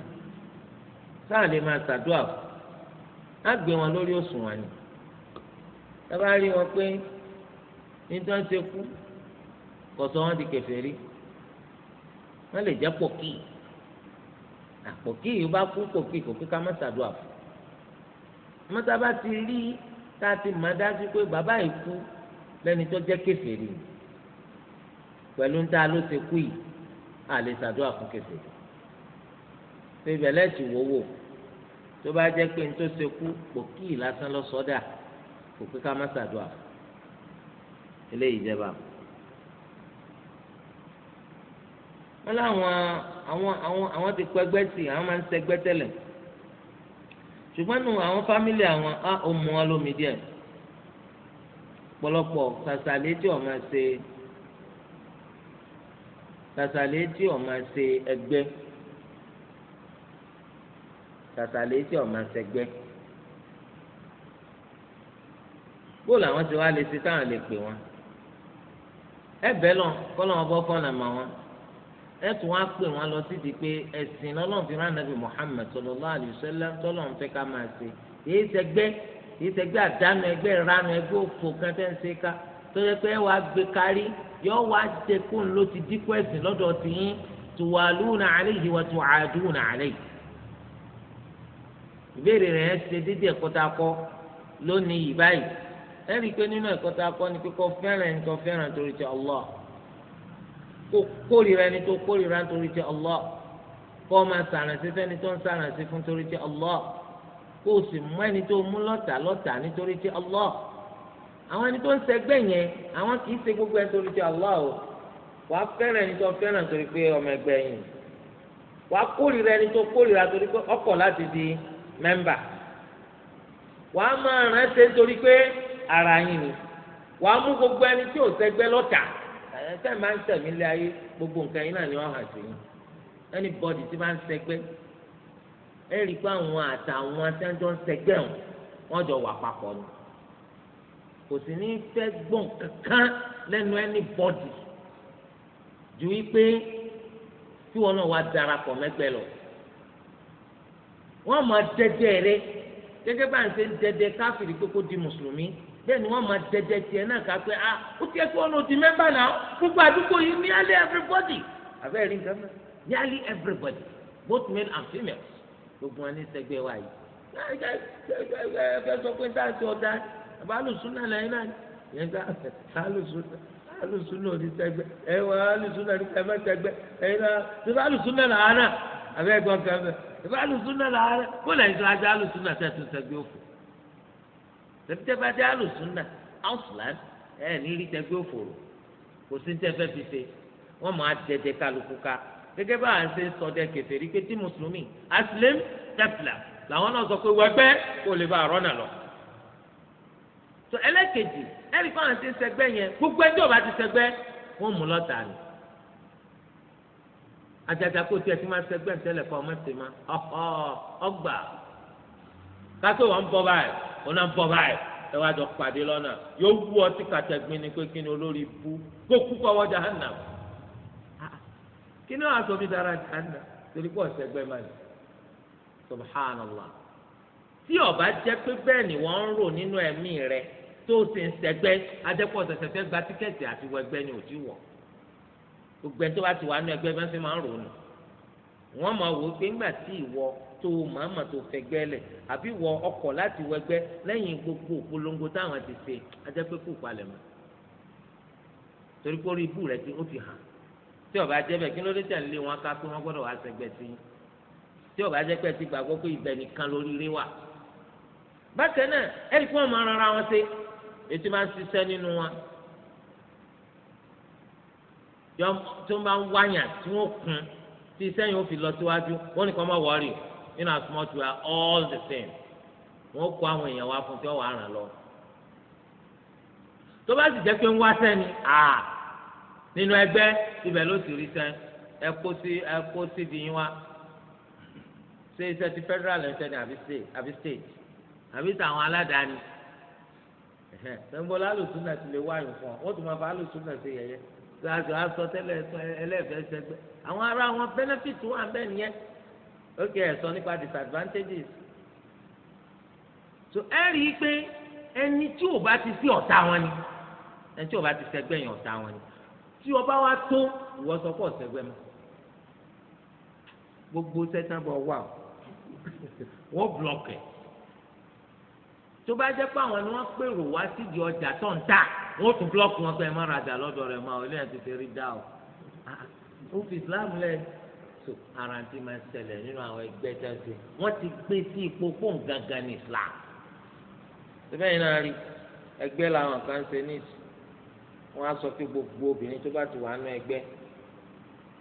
sáà lè máa ṣàdúrà fún á gbé wọn lórí òṣùwọ̀n ni tábà rí wọn pé nítorí ṣe kú kò sọ wọn di kèfèrí wọn lè jẹ́ pòkì àpòkì yìí bá kú pòkì kò kí ká má ṣàdúrà fún mọ́tàbá ti rí tá a ti mọ̀ dájú pé bàbá yìí kú lẹ́ni tó jẹ́ kèfèrí ni pẹ̀lú ń tá a ló ṣe kú yìí a lè ṣàdúrà fún kẹsẹ̀ ṣe ìbẹ̀lẹ̀ ti wò wò tó bá jẹ́ pé nítorí ṣe kú pòkì lásán lọ sọ́dà kò pé ká má ṣàdúrà eléyìí jẹba. wọ́n láwọn àwọn àwọn àwọn ti kọ́ ẹgbẹ́ àwọn máa ń ṣẹgbẹ́ tẹ́lẹ̀ ṣùgbọ́n nù àwọn fámìlì àwọn á ò mú wọn lómi díẹ̀ pọ̀lọpọ̀ sàṣàlẹ́ tí ọ̀ máa ṣe tàtàlẹ́ tí ọ̀ máa ṣe ẹgbẹ́ tàtàlẹ́ tí ọ̀ máa ṣẹgbẹ́ bóòlù àwọn ti wá lè ṣe táwọn lè pè wọn ẹ bẹ́ẹ̀ lọ kọ́ lọ́wọ́ bọ́ fọ́nà mà wọn ẹ tún wá pè wọn lọ sí di pé ẹ̀sìn lọ́lọ́run fi rán nàbì Muhammad sallallahu alaihi wasallam tọ́lọ́run fẹ́ ká máa ṣe èyí ṣẹgbẹ́ èyí ṣẹgbẹ́ àdánù ẹgbẹ́ ìranu ẹgbẹ́ òfò kan tẹ́ ń se ká tó yẹ pé ẹ wàá gbé kárí yọ wá jẹ kó ń lo ti dínkù ẹ̀sìn lọ́dọ̀ tìyín tuwaluna alayhi wa tuaduna alayhi ìbéèrè rẹ̀ ṣe déédéé ẹ̀kọ́ tá a kọ́ lónìí yìí báyìí ẹ̀rí pé nínú tá a ni kọ fẹràn ẹni tó fẹ́ràn torí ti Allah kó kórìíra ẹni tó kórìíra torí ti Allah kó máa sàrànsí fẹ́ni tó ń sàrànsí fún torí ti ọlọ. kó o sì mú ẹni tó mú lọ́tà lọ́tà nítorí ti àwọn ẹni tó ń ṣẹgbẹ́ yẹn àwọn kì í gbogbo ẹni torí ti Allah o wàá fẹ́ràn ẹni tó fẹ́ràn torí pé ọmọ ẹgbẹ́ yìí wàá kórìíra ẹni tó kórìíra torí pé ọkọ̀ láti di mẹ́mbà wàá máa ràn ṣe pé ara yìí ni gbogbo ẹni tí ò lọ́tà máa ń tẹ̀mí lé gbogbo nǹkan yìí náà ni wọ́n ẹni bọ́dì tí máa ń pé àwọn jọ wà papọ̀ ni. kò sì ní fẹ́ gbọ́n kankan lẹ́nu ẹni bọ́dì ju wípé tí wọn náà wá darapọ̀ mẹ́gbẹ́ lọ. wọ́n máa dẹ́dẹ́ rẹ gẹ́gẹ́ bá ń ṣe ń dẹ́dẹ́ káfíìrì pé kó di mùsùlùmí bẹ́ẹ̀ ni wọ́n máa dẹ́dẹ́ tiẹ̀ náà ká pé a ó tiẹ̀ kí wọ́n náà di mẹ́mbà náà gbogbo àdúgbò yìí nearly everybody àbẹ́rẹ́ rí nǹkan mẹ́ nearly everybody both men and females gbogbo wọn ní sẹ́gbẹ́ wa yìí. ẹ ẹ ẹ ẹ fẹ́ sọ pé sáà ti ọ̀dà àbálùsúnà lẹ́yìn náà yẹn ká àlùsúnà àlùsúnà ò ní tẹgbẹ ẹ wọ àlùsúnà ní tẹgbẹ tẹgbẹ ẹ̀yin náà ṣe bá àlùsúnà làánà àbẹ ẹ̀gbọ́n kan bẹ ṣe bá àlùsúnà làánà kó lẹ́yìn tó ajá àlùsúnà tẹtùn tẹgbẹ òfò tẹtẹ bá dé àlùsúnà ausland ẹ ní rí tẹgbẹ òfò rò kò sí tẹfẹ fi ṣe wọn máa dẹdẹ kálukú ká gẹ́gẹ́ bá à ń ṣe sọdẹ kèfèrí pé tí mùsùlùmí asilim tẹpìlà làwọn náà sọ pé wẹgbẹ kò lè bá àrọ́nà lọ. so ẹlẹ́kejì ẹ̀rí fún tí sẹgbẹ́ yẹn gbogbo ndị bá ti sẹgbẹ́ wọ́n mú lọ́tà ni àjàjà kò tiẹ̀ ti máa sẹgbẹ́ tẹ́lẹ̀ kọ́ ọmọ ti ma ọgbà kátó wọn bọ́ báyìí wọn náà bọ́ báyìí ẹ wá jọ pàdé lọ́nà yóò wú ọtí kàtẹ́gbin ni pé kí ni olórí bú kó kú kọ́ ọba ah, ah. pé ni wọ́n ń nínú ẹ̀mí rẹ̀ tó sì ń sẹgbẹ́ adẹ́pọ̀ sẹ̀sẹ̀ fẹ́ gba tíkẹ́ẹ̀tì àti wọ ẹgbẹ́ ni ò ti wọ̀ gbogbo ẹni tó bá ti wà nú ẹgbẹ́ bẹ́ẹ̀ sì máa ń rònú wọ́n máa wò ó pé ńgbà tí ìwọ tó màmá tó fẹgbẹ́ lẹ̀ àbí wọ ọkọ̀ láti wọ ẹgbẹ́ lẹ́yìn gbogbo òpolongo táwọn ti ṣe adẹ́pẹ́ kù palẹ̀ mọ́ torí pé orí ibú rẹ ti ó ti hàn tí ó bá jẹ́ bẹ́ẹ̀ kí ló dé tẹ̀ ń lé wọn ká pé wọ́n gbọ́dọ̀ wá sẹgbẹ́ sí i tí ó bá jẹ́ pé ti gbàgbọ́ pé ibẹ̀ nìkan lórí ilé wà bákan náà ẹ̀rí kí wọ́n máa rọra wọn ṣe etí máa ń ṣiṣẹ́ nínú wa yọ tó máa ń wáyà tí wọ́n kún tí iṣẹ́ yìí ó fi lọ síwájú wọ́n nìkan máa wọ́ọ̀rì in as much we are all the same wọ́n kó àwọn èèyàn wá fún tí wọ́n wà ràn lọ. tó bá sì jẹ́ pé ń wá sẹ́ni nínú ẹgbẹ́ ibẹ̀ ló sì rí sẹ́ni ẹ kó sí ẹ kó sí di yín wá ṣé iṣẹ́ ti federal ẹ̀ ń sẹ́ni àbí state àbí tàwọn aládàáni sẹ́ńbọ́ lálùsùn náà ti lè wáyò fún ọ wọ́n tún máa fa lálùsùn náà ṣe yẹ̀yẹ́ sọ asọ tẹ́lẹ̀ ẹlẹ́fẹ̀ẹ́ sẹ́gbẹ́ àwọn ará wọn benefit wà bẹ́ẹ̀ nìyẹn ok ẹ sọ nípa disadvantages so ẹ rí i pé ẹni tí o bá ti sí ọ̀tá wọn ni ẹni tí ò bá ti sẹ́gbẹ́ yẹn ọ̀tá wọn ni tí ọba wa tó ìwọ sọ pọ̀ sẹ́gbẹ́ mọ́ gbogbo sẹ́tàn bọ̀ wà wọ́n blọ̀kì tó bá jẹ́ pé àwọn ni wọ́n pèrò wá sídìí ọjà tó ń tà wọ́n tún búlọ́ọ̀kì wọn pé ẹ má rajà lọ́dọ̀ rẹ̀ máa ilé ẹ̀ tètè rí dá o ó fi Islam lẹ̀ so ara ti máa ṣẹlẹ̀ nínú àwọn ẹgbẹ́ jáde wọ́n ti gbé sí ipò fóun gangan ní Islam síbẹ̀ yìí náà rí ẹgbẹ́ làwọn kan ṣe ní ìsìn wọ́n á sọ pé gbogbo obìnrin tó bá ti wà nú ẹgbẹ́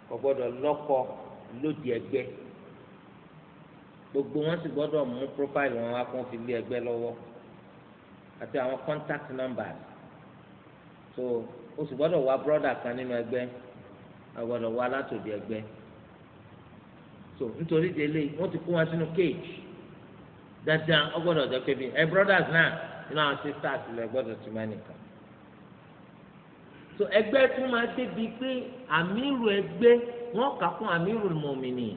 kò gbọ́dọ̀ lọ́kọ lódì ẹgbẹ́ gbogbo wọn sì gbọ́dọ̀ mú profile wọn wá kó fi lé ẹgbẹ́ lọ́wọ́ àti àwọn contact numbers so o sì gbọ́dọ̀ wá broda kan nínú ẹgbẹ́ a gbọ́dọ̀ wá látòdì ẹgbẹ́ so nítorí délé wọ́n ti kó wọn sínú cage dandan ó gbọ́dọ̀ jẹ́ pé bí ẹ brothers náà nínú àwọn sisters lẹ gbọ́dọ̀ ti máa nìkan so ẹgbẹ́ tún máa débi pé àmírù ẹgbẹ́ wọ́n kà fún àmírù mọ̀mìnì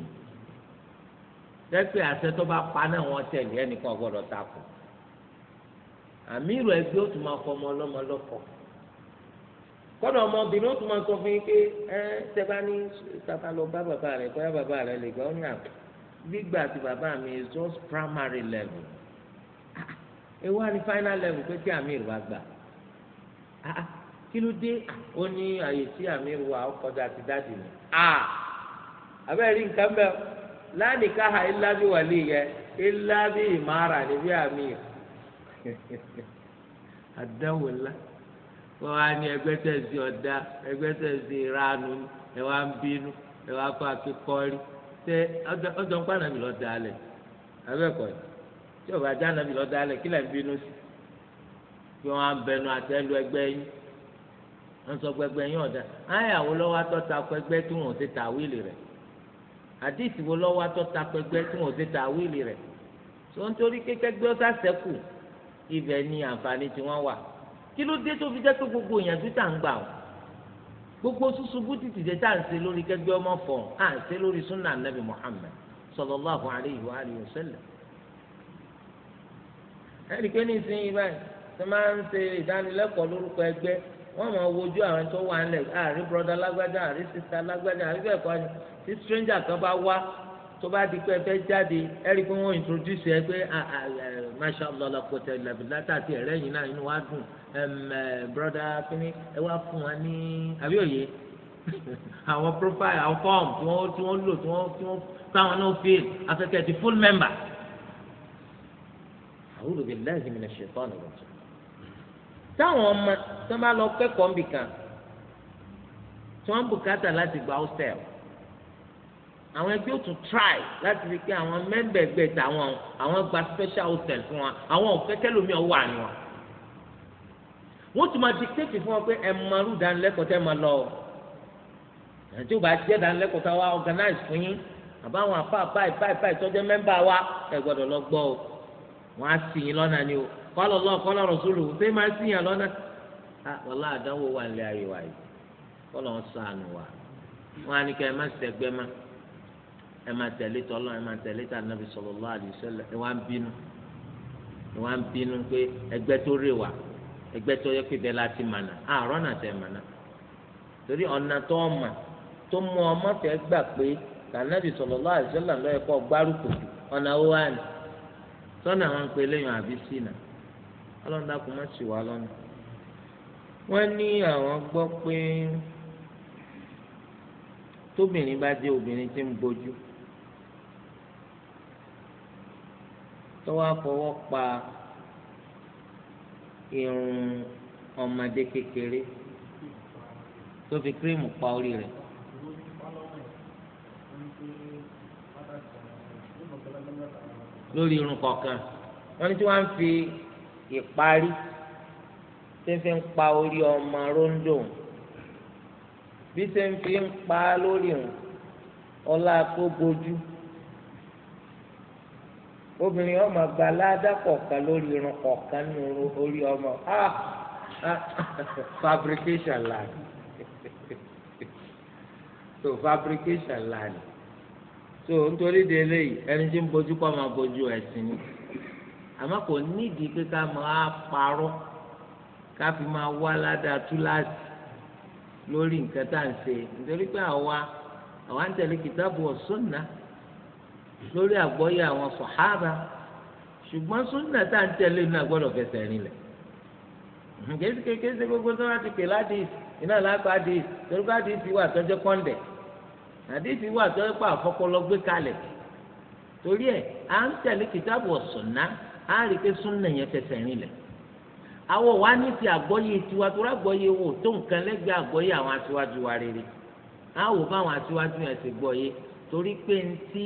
lẹ́pẹ́ àṣẹ tó bá pa náà wọ́n tẹ̀lé ẹnìkan gbọ́dọ̀ takò àmírù ẹgbẹ́ ó tún máa fọ ọmọ ọlọ́mọ lọ́kọ̀ kọ́dọ̀ ọmọbìnrin ó tún máa sọ fún yín pé ẹ tẹ́bá ní tàbá lọ bá bàbá rẹ̀ kọ́yá bàbá rẹ̀ lè gbà ọ́ nà gbígbà tí bàbá mi just primary level ewu á ní final level pé tí àmírù wá gbà ah, ah, kí ló dé ah, ó ní àyè tí àmírù wà ó kọjá ti dájú mi abẹ́rẹ́ nǹkan bẹ́ẹ̀ lánìí káha illa bi wàlíyẹ illa bi ìmára níbi àmírù. àdáwò ńlá wọ́n wá ní ẹgbẹ́ tẹ̀sí ọ̀dá ẹgbẹ́ tẹ̀sí ìranu ẹ wá ń bínú ẹ wá kọ́ akíkọ́rí ṣé ọjọ́ ń pa nàbì lọ́ọ́ da alẹ̀ abẹ́ẹ̀kọ́ tí ọba já nàbì lọ́ọ́ da alẹ̀ kí lẹ́ ń bínú sí kí wọ́n á bẹnu àtẹ́lu ẹgbẹ́ yín wọ́n sọ gbẹgbẹ́ yín ọ̀dà ayàwó lọ́wọ́ atọ́ta kọ ẹgbẹ́ tí wọ́n ti ta wíìlì rẹ̀ àdìsí wo lọ́wọ́ atọ́ta kọ ẹgbẹ́ tí wọ́n ti ta wíìlì rẹ̀ tó ń torí kékẹ́gbẹ́ ó sá sẹ́kù ibẹ̀ ni àǹfààní tí wọ́n wà kí ló dé tó fi jẹ́ pé gbogbo ìyànjú tá à ń gbà o gbogbo ṣùṣubú títí dé tá à ń ṣe lórí kẹgbẹ́ ọmọ fọ̀ à ń ṣe lórí sunna anabi Muhammad sallallahu alayhi wa alihi wa sallam ẹnì pé nísìnyí báyìí tó máa ń ṣe ìdánilẹ́kọ̀ọ́ lórúkọ ẹgbẹ́ wọ́n máa wojú àwọn tó wà nílẹ̀ àárín brọ́dá lágbájá àárín sísá lágbájá àárín bẹ́ẹ̀ kọ́ tí stranger kan bá wá tó bá di pé ẹ fẹ́ jáde ẹ rí i pé wọ́n introduce ẹ pé ah, ah, eh, masha allah la kò tẹ̀lé látàtì ẹ̀rẹ́ yìí náà inú wa dùn eh, broda kínní ẹ wá fún wa ní àbíòye àwọn profile àwọn form tí wọ́n tí wọ́n lò tí wọ́n tí wọ́n táwọn náà fill afẹ́kẹ́ ti full member. a'udhu billahi minash shaitani rajim. táwọn ọmọ tí wọ́n bá lọ kẹ́kọ̀ọ́ nbìkan tí wọ́n bùkátà láti gba hostel àwọn ẹgbẹ́ ò tún try láti rí i pé àwọn mẹ́mbẹ̀gbẹ̀ tàwọn àwọn gba special hotel fún wa àwọn ò fẹ́ kẹ́lòmí ọwọ́ àná wa. wọ́n tún máa dictate fún wa pé ẹ máa rú ìdánilẹ́kọ̀ọ́ tẹ́ máa lọ ọ́ àti ò bá jẹ́ ìdánilẹ́kọ̀ọ́ tá a wá organize fún yín àbáwọn àfa báyìí báyìí báyìí tọ́jú mẹ́mbà wa ẹ gbọ́dọ̀ lọ gbọ́ o wọ́n á sì yín lọ́nà ni o kọ́lọ̀ lọ́ kọ́lọ̀ rọ̀sùlù ṣé máa sì yàn lọ́nà. wàlá àdánwò wà nílé ayé wa yìí kọ́lọ̀ ń sànù wa wọ́n á ní kẹ́ ẹ má ṣẹgbẹ́ máa. ẹ máa tẹ̀lé tọ́lọ́ ẹ máa tẹ̀lé tà nàbì sallallahu alaihi wasallam ẹ wá ń bínú ẹ wá ń bínú pé ẹgbẹ́ tó rè wá ẹgbẹ́ tó yẹ pé bẹ́ẹ̀ láti mànà àárọ̀ náà tẹ̀ mànà torí ọ̀nà tó ọmọ tó mú ọmọ fẹ́ gbà pé tànàbì sallallahu alaihi wasallam lọ́yẹ kọ́ gbárùkù ọ̀nà ó wà ní sọ́nà pe àbí sínà ọlọ́run dé obìnrin tí ń tó wá fọwọ́ pa irun ọmọdé kékeré tó fi kírímù pa orí rẹ̀. lórí irun kọ̀ọ̀kan wọ́n ní tí wọ́n á fi ìparí tí ń fi ń pa orí ọmọ róńdò bí tí fi ń pa lórí òun ọlá tó gojú obìnrin ọmọ gba ládà kọ̀ọ̀kan lórí irun kọ̀ọ̀kan nínú orí ọmọ ah! Ah! fabrication land so fabrication land so nítorí de eléyìí ẹni tí ń bójú kọ́ máa bójú ẹ̀sìn ni àmọ́ kò nídìí pé ká máa parọ́ ká fi máa wá ládà túláàsì lórí nǹkan tá à ń ṣe nítorí pé àwa àwa ń tẹ̀lé kìtàbù ọ̀ṣun náà lórí àgbọ́yé àwọn sọ̀hábà ṣùgbọ́n súnà tá à ń tẹ̀lé náà gbọ́dọ̀ fẹsẹ̀ rinlẹ̀ kéésì kéésì gbogbo tó láti pè ládìs iná lápá àdìs torí pé àdìs wà tọ́jọ́ kọ́ńdẹ̀ àdìs wà tọ́jọ́ pé àfọkọ́lọ́ gbé kalẹ̀ torí ẹ̀ à ń tẹ̀lé kìtàbù ọ̀sùnà á rí i pé súnà yẹn fẹsẹ̀ rinlẹ̀ àwọn wa ní ti àgbọ́yé tiwa tó rágbọ́yé wò tó nǹkan lẹ́gbẹ̀ẹ́ àgbọ́yé àwọn aṣíwájú wa rere á wò fáwọn aṣíwájú yẹn ti gbọ́yé torí pé ntí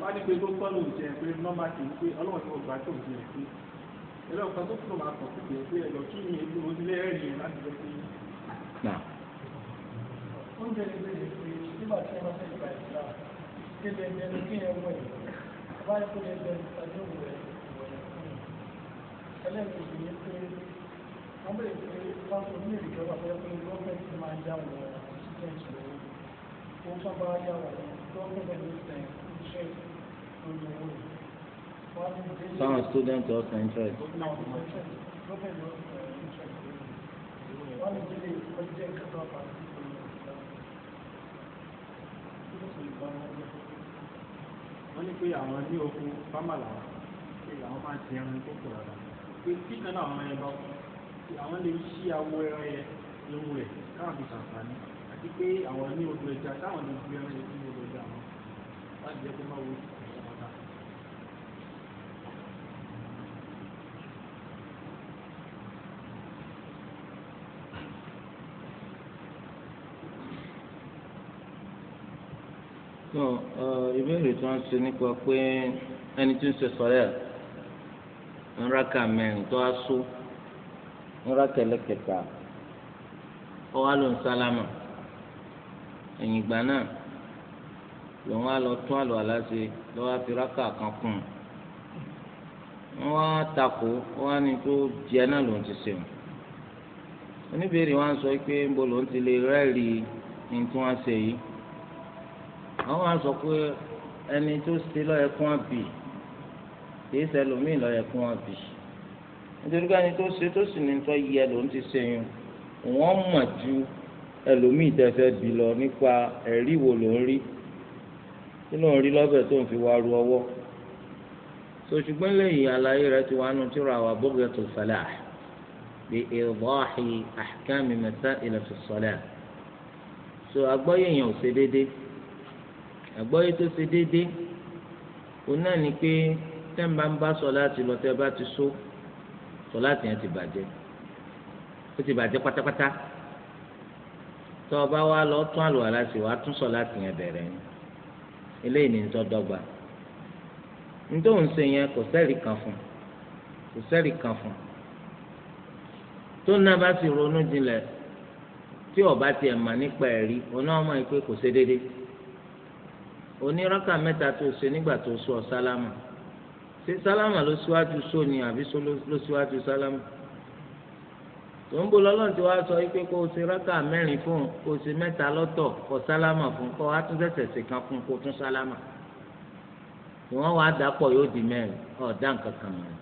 wọ́n á ní pé tó tọ́ ló ń jẹ pé nọ́mbà kì í pé ọlọ́run tí mo gbà tó ń jẹ pé ẹlẹ́ ọ̀kan tó kúrò máa kọ̀ sí pé pé ẹ̀lọ́ kí ni èlò onílé ẹ̀rìn láti jẹ́ pé. oúnjẹ ti bẹ̀rẹ̀ pé nígbà tí wọ́n fẹ́ gba ìgbà kébẹ̀ ẹni kí ẹ wọ̀ ẹ̀ báyìí kó lè bẹ̀rẹ̀ ìtajà òwò ẹ̀ ẹlẹ́ẹ̀kejì ni pé wọ́n bẹ̀rẹ̀ pé wọ́n ní ìjọba fẹ́ pé gọ́ọ̀mẹ̀ntì Some students also interest. wọ́n ní pé àwọn ní oko fámàlà pé àwọn máa ti ẹran tó pọ̀ rárá pé tí kan náà máa ń bá pé àwọn lè ṣí awọ ẹran yẹn irun rẹ̀ káwọn fi ṣàǹfààní àti pé àwọn ní odò ẹja táwọn lè fi ẹran yẹn sínú odò ẹja wọn láti jẹ́ kó má wo sí. tó uh, ìbéèrè tí wọ́n ṣe nípa pé ẹni tí ń ṣe sọ̀rẹ́ ń rákà mẹ́rin tó á só ń rákà ẹlẹ́kẹta ó wá ló ń sálámà ẹ̀yìn ìgbà náà lòun á lọ tún àlọ́ aláṣẹ lọ́wọ́ fi rákà kan kùn un wọn á takò wọn á ní tó jẹ náà ló ń ti sèwọn oníbèrè wọn sọ pé ń bọ ló ti lè rẹ́ẹ̀rì ní tí wọ́n ṣe yìí àwọn á sọ pé ẹni tó ṣe lọ́yẹ kún wọn bì kìí sẹlómi lọ́yẹ kún wọn bì nítorí pé ẹni tó ṣe tó sì ní tó yẹ lòún ti ṣe yun wọ́n mọ̀ ju ẹlòmíì tẹ́fẹ́ bì lọ nípa ẹ̀rí wo ló ń rí nínú orí lọ́bẹ̀ tó ń fi wá ru ọwọ́ so lẹ́yìn àlàyé rẹ̀ ti wá nu tí ra wà Bughatul Falah bi idahi ahkami masail fi salah so àgbọ́yé yẹn ò ṣe déédéé àgbọ́yé tó ṣe déédéé òun náà ni pé tẹ́ǹbà ń bá sọ láti lọ tẹ́ bá ti so sọ láti yẹn ti bàjẹ́ ó ti bàjẹ́ pátápátá tọ́ ọ bá wá lọ tún àlùwàlá sí wàá tún sọ láti yẹn bẹ̀rẹ̀ ni eléyìí ni ń tọ́ dọ́gba ntòun ṣe yẹn kò sẹ́rì kan fún kò sẹ́rì kan fún tó náà bá sì ronú jinlẹ̀ tí ọba tiẹ̀ mà nípa ẹ̀rí ọ̀nà ọmọ yìí pé kò ṣe déédéé oníraka mẹ́ta tó ṣe nígbà tó sọ sálámà ṣé sálámà ló síwájú sọ ni àbí sọ ló síwájú sálámà tó ń bo lọ́lọ́run ti wá sọ wípé kó o ṣe rákà mẹ́rin fún kó o ṣe mẹ́ta lọ́tọ̀ kó sálámà fún kó a tún ṣẹ̀ṣẹ̀ ṣe kan fún kó o tún sálámà tí wọ́n wá dàpọ̀ yóò di mẹ́rin ọ̀dà nǹkan kan mọ́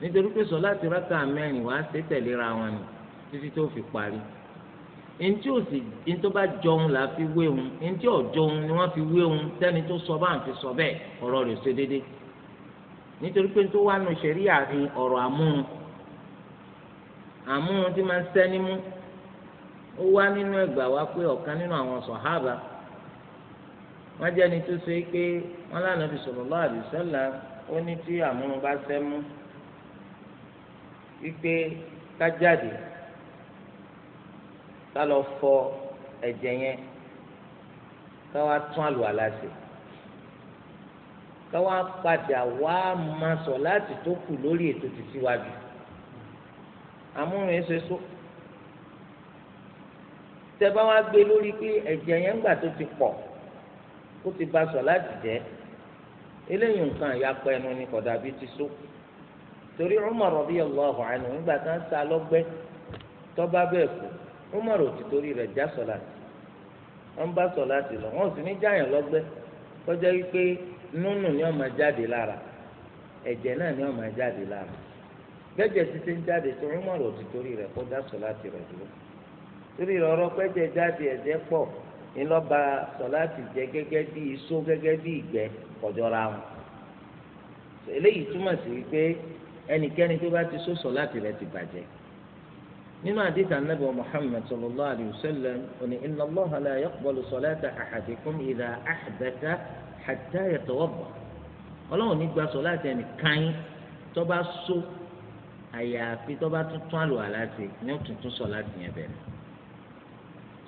nítorí pé sọ láti rákà mẹ́rin wàá ṣe tẹ̀léra wọn ni títí tó fi parí ntí ò sì ntí ó bá jọun là á fi wé òun ntí ò jọun ni wọ́n fi wé òun sẹ́ni tó sọ bá ń fi sọ bẹ́ẹ̀ ọ̀rọ̀ rẹ̀ ṣe déédé nítorí pé tó wà nù sẹ̀rí àárín ọ̀rọ̀ àmúhun àmúhun tí máa ń sẹ́ni mú ó wá nínú ẹgbà wá pé ọ̀kan nínú àwọn sọ̀hábà wọ́n jẹ́ ni tó ṣe pé wọ́n lánàá fi sallallahu alaihi wasallam ó ní tí àmúhun bá sẹ́ mú wípé ká jáde ká lọ fọ ẹ̀jẹ̀ yẹn ká wá tún àlùwàlá ṣe ká wá padà wá máa sọ láti tó kù lórí ètò ti síwájú àmúrin ẹsẹ so tẹ bá wá gbé lórí pé ẹ̀jẹ̀ yẹn gbà tó ti pọ̀ kó ti ba sọ láti jẹ eléyìí nǹkan àyàpọ ẹnu ni kódà bíi ti so torí Umar radiyallahu anhu nígbà tá ń sa lọ́gbẹ́ tọ́ba bẹ́ẹ̀ kú Umar ò ti torí rẹ̀ já sọ̀láàtì wọ́n bá sọ̀láàtì lọ wọ́n sì ní jáàyàn lọ́gbẹ́ kọjá wípé nùnù ni ó máa jáde lára ẹ̀jẹ̀ náà ni ó máa jáde lára gẹ́jẹ̀ títí ń jáde tó Umar ò ti torí rẹ̀ kọjá sọ̀láàtì rẹ̀ dúró torí ọ̀rọ̀ pẹ́jẹ jáde ẹ̀jẹ̀ pọ̀ ńlọba sọ̀láàtì jẹ́ gẹ́gẹ́ bí iṣó gẹ́gẹ́ bí ìgbẹ́ kọjọ́ra wọn eléyìí túmọ̀ sí wípé ẹnikẹ́ni tó bá ti só sọ̀láàtì rẹ̀ ti bàjẹ́ nínú àdìsá nàbẹ muhammed sallallahu alayhi wa sallam oní inna allaha la yaqbalu salata ahadikum idha ahdatha hatta yatawadda ọlọ́run ní gba sọláàtì ẹnìkan yín tó bá so àyàfi tó bá tuntun àlùwàlá ṣe ní òtútù sọláàtì yẹn bẹ̀rẹ̀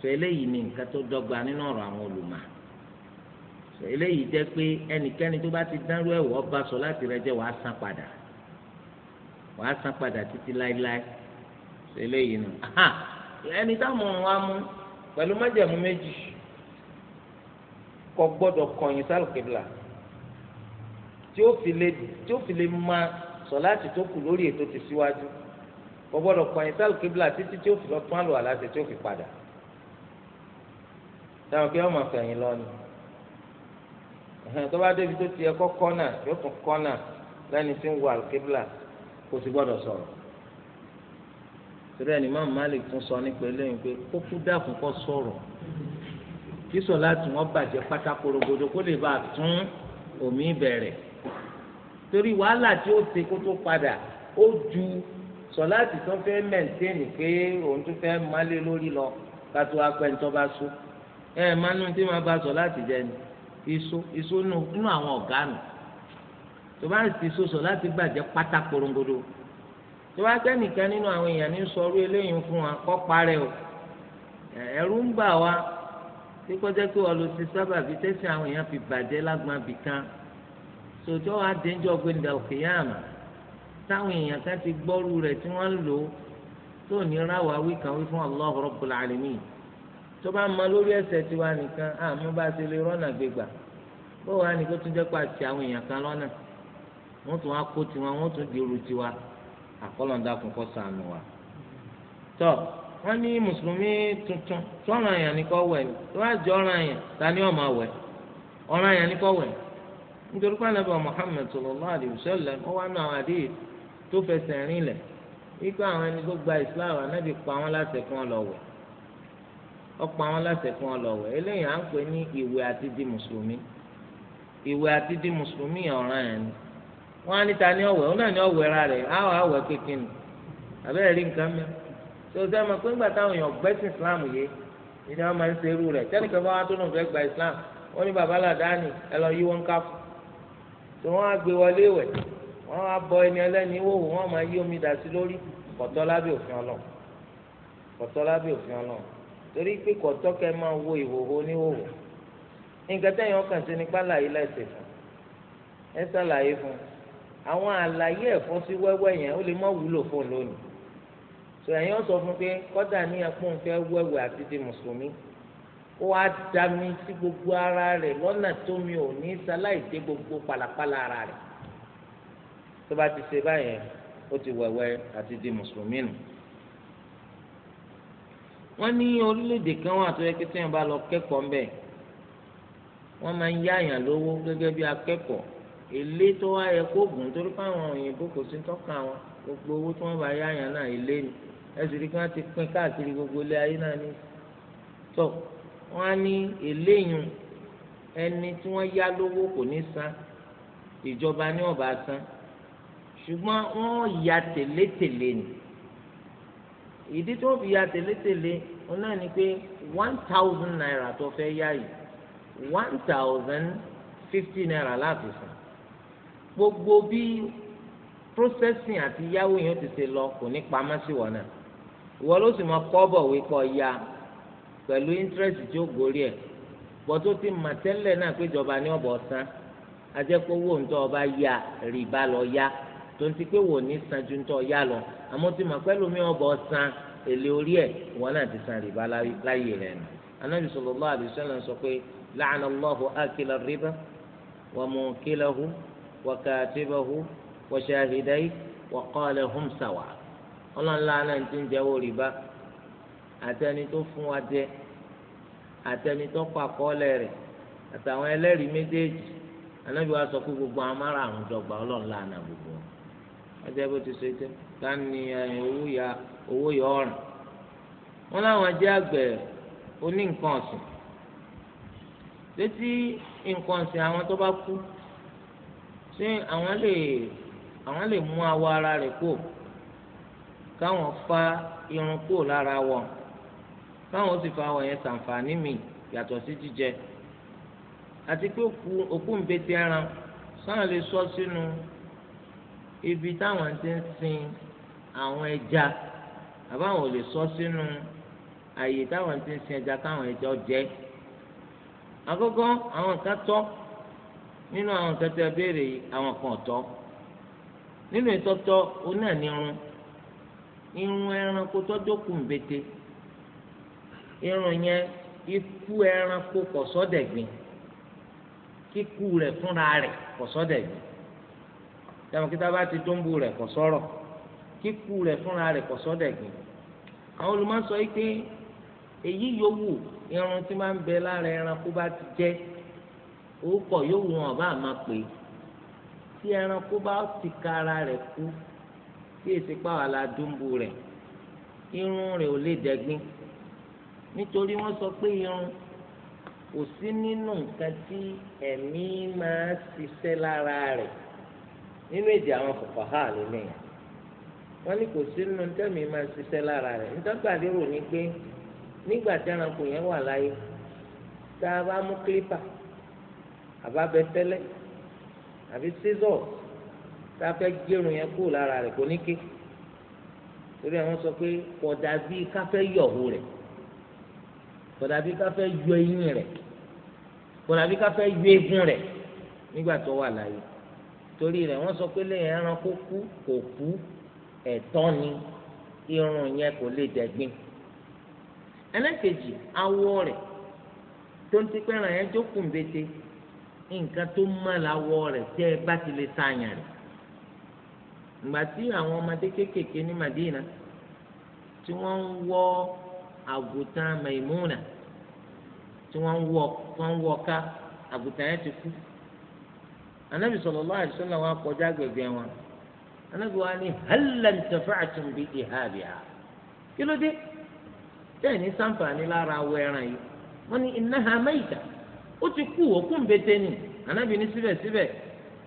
sọ eléyìí ni nǹkan tó dọ́gba nínú ọ̀rọ̀ àwọn olùmọ̀ sọ eléyìí jẹ́ pé ẹnikẹ́ni tó bá ti dánrú ẹ̀wọ̀ bá sọláàtì rẹ̀ jẹ́ wàá san padà wàá san padà títí láéláé eléyìí nù ẹni táwọn wa mú pẹ̀lú májẹ̀mú méjì kò gbọ́dọ̀ kọ̀yìn sálùkébìlà tí ó fi lè tí ó fi lè máa sọ láti tó kù lórí ètò ti síwájú kò gbọ́dọ̀ kọ̀yìn sálùkébìlà títí tí ó fi lọ tún àlọ́ àláṣẹ tí ó fi padà táwọn kí wọ́n máa fẹ̀yìn lọ ni tó bá débi tó ti ẹ̀kọ́ kọ́nà yóò tún kọ́nà lẹ́ni tí ń wo àlùkébìlà kò sì gbọ́dọ̀ sọ̀rọ̀ torí ẹni máa Malik tún sọ nípa eléyìí pé kókó dàkún kó sọ̀rọ̀ kí sọ láti wọn bàjẹ́ pátákó rogodo kó lè bá a tún omi bẹ̀rẹ̀ torí wàhálà tí ó ṣe kó tó padà ó ju sọláàtì tó fẹ́ mẹ̀ntẹ́nì pé òun tó fẹ́ malé lórí lọ kátó apẹ̀ntọ́ bá so ẹ manú tí máa bá sọláàtì jẹ ni iṣu iṣu nù àwọn ọ̀gá nù tó bá ń ti so sọláàtì bàjẹ́ pátákó rogodo. tí wá á nìkan nínú àwọn èèyàn ní sọ̀rọ̀ eléyìí fún wa kọ́ parẹ́ o ẹ̀rù ń bà wá tí kọjá pé wọ́n lọ sí sábà bíi tẹ́sí àwọn èèyàn fi bàjẹ́ lágbọ́n bì kan sòtọ́ àdéjọ́ gbẹ̀ndà òkè yá àmà táwọn èèyàn kan ti gbọ́rú rẹ̀ tí wọ́n ń lò tó ní wí kan wí fún tó bá mọ lórí ẹsẹ̀ tiwa nìkan bá àkọlọ̀ ah, ń dákun kọ́ sànù wa. tọ́ wọ́n ní mùsùlùmí tuntun tọ́ràn àyàn ní kọ́ wẹ̀ ní tó bá jẹ́ ọ̀ràn àyàn ta ni ọ̀ma wẹ̀ ọ̀ràn àyàn ní kọ́ wẹ̀ nítorí pé anábìá Muhammad sallallahu alayhi wa sallam ó wá nù àwọn àdéhìí tó fẹsẹ̀ rìn lẹ̀ wípé àwọn ẹni tó gba Islam anábì pa wọn láṣẹ fún ọ lọ wẹ̀ ọ̀pọ̀ àwọn aláṣẹ fún ọ lọ́wọ́ eléyìí à ń pè ní ìwé àti di mùsùlùmí ìwé àti di mùsùlùmí ọ̀ràn yẹn ni wọn á níta ní ọ̀wẹ́ wọn náà ní ọ̀wẹ́ ra rẹ̀ á wà áwẹ́ kékin nù àbẹ́rẹ́ rí nǹkan mẹ́ tó o sẹ́wọ́n pé ńgbà táwọn èèyàn gbẹ́sìn Islam yé ni wọ́n máa ń ṣe irú rẹ̀ tẹ́nìkan bá wá tó nù fẹ́ gba Islam wọ́n ní baba làdáni ẹ lọ yí wọn ká fún tó wọ́n á gbé wọlé wẹ̀ wọ́n á bọ ẹni ẹlẹ́ni wò wọ́n máa yí omi dà sí lórí kọ̀tọ́ lábẹ́ òfin ọlọ́ torí pé kọ̀tọ́ kẹ́ máa wo ìhòhò oníhòhò nǹkan tẹ́yìn ọkàn ṣe nípa láyé lẹ́sẹ̀ fún ẹ sàlàyé fún un àwọn àlàyé ẹ̀fọ́ sí wẹ́wẹ́ yẹn ó lè má wúlò fún lónìí sọ ẹ̀yin ó sọ fún pé kọ́dà ní ẹ̀pọ́n fẹ́ wẹ́wẹ́ àti ti mùsùlùmí ó wá da mi sí gbogbo ara rẹ̀ lọ́nà tó mi ò ní sáláì dé gbogbo pàlàpàlà ara rẹ̀ tó bá ti ṣe báyẹn ó ti wẹ̀wẹ́ àti di mùsùlùmí nù. wọ́n ní orílẹ̀-èdè kan wà tó yẹ kí téèyàn bá lọ kẹ́kọ̀ọ́ ń bẹ̀ wọ́n máa ń yá àyàn lówó gẹ́gẹ́ bí akẹ́kọ̀ọ́ èlé tó wá yẹ kó gùn torí pé àwọn òyìnbó kò sí tọ́ka wọn gbogbo owó tí wọ́n bá yá yàn náà èlé ni ẹ̀sùn rí kí wọ́n ti pín káàkiri gbogbo ilé ayé náà ní. tó wọ́n á ní èlé ẹni tí wọ́n yá lówó kò ní san ìjọba ní ọ̀bà san ṣùgbọ́n wọ́n ya tẹ̀lé-tẹ̀lé ni ìdí tó fi ya tẹ̀lé-tẹ̀lé wọn náà ni pé one thousand naira tó fẹ́ yá yìí one thousand fifty naira láti san gbogbo bí processing àti yáwó yẹn ti ṣe lọ kò ní pamọ́ sí wọn náà ìwọ ló sì mọ kọ́bọ̀ wí kọ́ ya pẹ̀lú interest tí ó gorí ẹ̀ bọ́tó ti mà tẹ́lẹ̀ náà pé ìjọba ní ọ̀bọ̀ san ajẹ́pọ̀wó ńtọ́ ọba ya rìbá lọ ya tó ń ti pé wò ní san ju ńtọ́ ya lọ àmọ́ ti mà pẹ́lú mi ọ̀bọ̀ san èlé orí ẹ̀ ìwọ náà ti san rìbá láyè rẹ̀ nù anábì sallallahu alaihi sọ pé la'ana Allahu akila riba wa mukilahu وكاتبه وشاهديه وقال هم سواء ọlọ́run lánàá ti ń jẹ́wọ́ rìbá àtẹni tó fún wa jẹ àtẹni tó kọ ati rẹ̀ àtàwọn ẹlẹ́rìí méjèèjì anábì wa sọ pé gbogbo àwọn gbogbo wọn. wọ́n jẹ́ bó ti ṣé àwọn lè àwọn lè mú awọ ara rẹ̀ kó káwọn fa irun kó lára wọn káwọn sì fa awọ yẹn ṣàǹfààní mi yàtọ̀ sí jíjẹ àti pé òkú ń bẹ ti ẹran sáwọn lè sọ sínú ibi táwọn ti ń sin àwọn ẹja àbáwọn ò lè sọ sínú àyè táwọn ti ń sin ẹja káwọn ẹja jẹ àkọ́kọ́ àwọn kan tọ́ nínú àwọn nǹkan tí a béèrè àwọn kan ọ̀tọ̀ nínú ìtọ́tọ́ òun náà ní irun irun ẹranko tọ́jọ́ kù ń bete irun yẹn ikú ẹranko kọ̀sọ́dẹ̀gbìn kíkú rẹ̀ fúnra rẹ̀ kọ̀sọ́dẹ̀gbìn tẹmọkítà bá ti dúnbù rẹ̀ kọ̀sọ́rọ̀ kíkú rẹ̀ fúnra rẹ̀ kọ̀sọ́dẹ̀gbìn àwọn olùmọ̀sọ yìí pé èyí yòówù irun tí máa ń bẹ lára ẹranko bá ti jẹ́ orúkọ yóò wù wọn bá máa pè é tí ẹranko bá ti ka ara rẹ̀ kú tí èsì pàwọn aládùnbù rẹ̀ irun rẹ̀ ò lè dẹ̀gbin nítorí wọ́n sọ pé irun kò sí nínú nǹkan tí ẹ̀mí máa ṣiṣẹ́ lára rẹ̀ nínú èdè àwọn fòfòhà lélẹ́yìn wọ́n ní kò sí nínú tẹ́mi máa ṣiṣẹ́ lára rẹ̀ nítorí àdérò ni pé nígbà tí ẹranko yẹn wà láyé tá a bá mú kílípà àbábẹ tẹ́lẹ̀ àbí scissors tá a fẹ́ gérun yẹn kúrò lára rẹ̀ kò ní ké torí àwọn sọ pé kódà bí káfẹ́ yọ̀wò rẹ̀ kódà bí káfẹ́ yọ eyín rẹ̀ kódà bí káfẹ́ yọ egun rẹ̀ nígbà tó wà láàyè torí rẹ̀ wọ́n sọ pé lẹ́yìn ẹranko kú kò kú ẹ̀tọ́ ni irun yẹn kò lè dẹ̀gbin ẹlẹ́kejì awọ rẹ̀ tó ń ti pẹ́ràn yẹn jókòó ń nǹkan tó mọ́ làwọ̀ rẹ̀ tẹ́ ẹ bá ti lè sàyàn rẹ̀ ìgbà tí Madina tí wọ́n ń wọ́ Maimuna tí wọ́n ń wọ́ ká àgùntàn yẹn ti kú anabi sallallahu alaihi wasallam wa kọjá gbẹgbẹ wọn anabi wa ni halan tafa'tum bi ihabiha kí ló dé tẹ́ẹ̀ ní ṣàǹfààní lára awọ ẹran yìí wọ́n ní ó ti kú òkú nbẹ́tẹ́ ni ànábì ní síbẹ̀síbẹ̀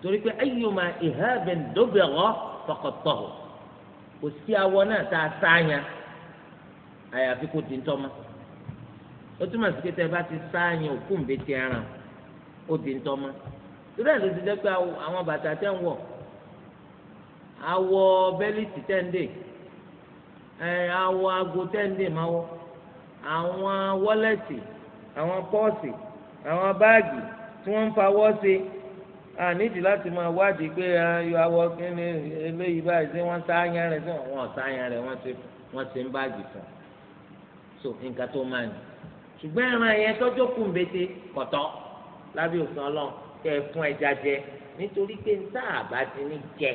torí pé ayyuma ihaben dobẹ̀rọ faqatahu kò sí awọ náà tá a sáàyàn àyàfi kò di ntọ́mọ ó túmọ̀ sí pé tẹ́ bá ti sáàyàn òkú nbẹ́tẹ́ ẹran ó di ntọ́mọ torí ẹ̀ ti jẹ́ àwọn bàtà tẹ́ ń wọ̀ awọ bẹ́líìtì tẹ́ ń awọ ago tẹ́ máa wọ àwọn wọ́lẹ́tì àwọn pọ́ọ̀sì àwọn báàgì tí wọ́n ń fawọ́ ṣe àníjì láti máa wádìí pé ayọ̀ ah, awọ kíni eléyìí báyìí ṣé wọ́n sáyàn rẹ̀ ṣé wọ́n sáyàn rẹ̀ wọ́n ti wọ́n ti ń báàgì fún un so nǹkan tó máa nì ṣùgbọ́n ẹran yẹn tọ́jú kùn bété kọ̀tọ́ lábẹ́ òfin ọlọ́run kẹ́ ẹ fún ẹja jẹ nítorí pé níta àbá ti ní jẹ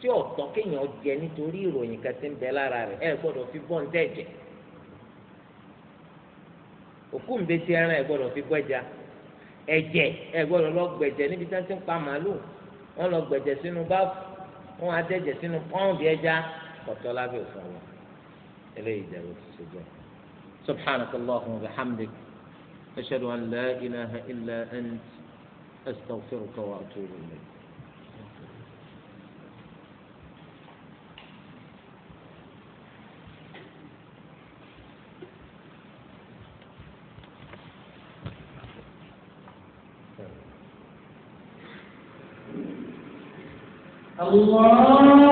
tí ọ̀tọ́ kéèyàn jẹ nítorí ìròyìn kan ti ń bẹ lára rẹ̀ ẹ gbọ́dọ̀ fi bọ́ǹtẹ̀ jẹ òkú ń bẹ́tí ẹran ẹ̀ gbọ́dọ̀ fi gbẹ́ja ẹ̀jẹ̀ ẹ̀ gbọ́dọ̀ lọ gbẹ̀jẹ̀ níbi tí wọ́n ti ń pa màálù wọ́n lọ gbẹ̀jẹ̀ sínú báfù wọ́n adẹ́jẹ̀ sínú pọ́ǹbì ẹja kọ̀tọ́ lábẹ́ òfin wọn eléyìí dẹ̀rọ ti ṣe jẹ́ subhanaka allahumma wa bihamdik ashhadu an la ilaha illa ant astaghfiruka wa Allah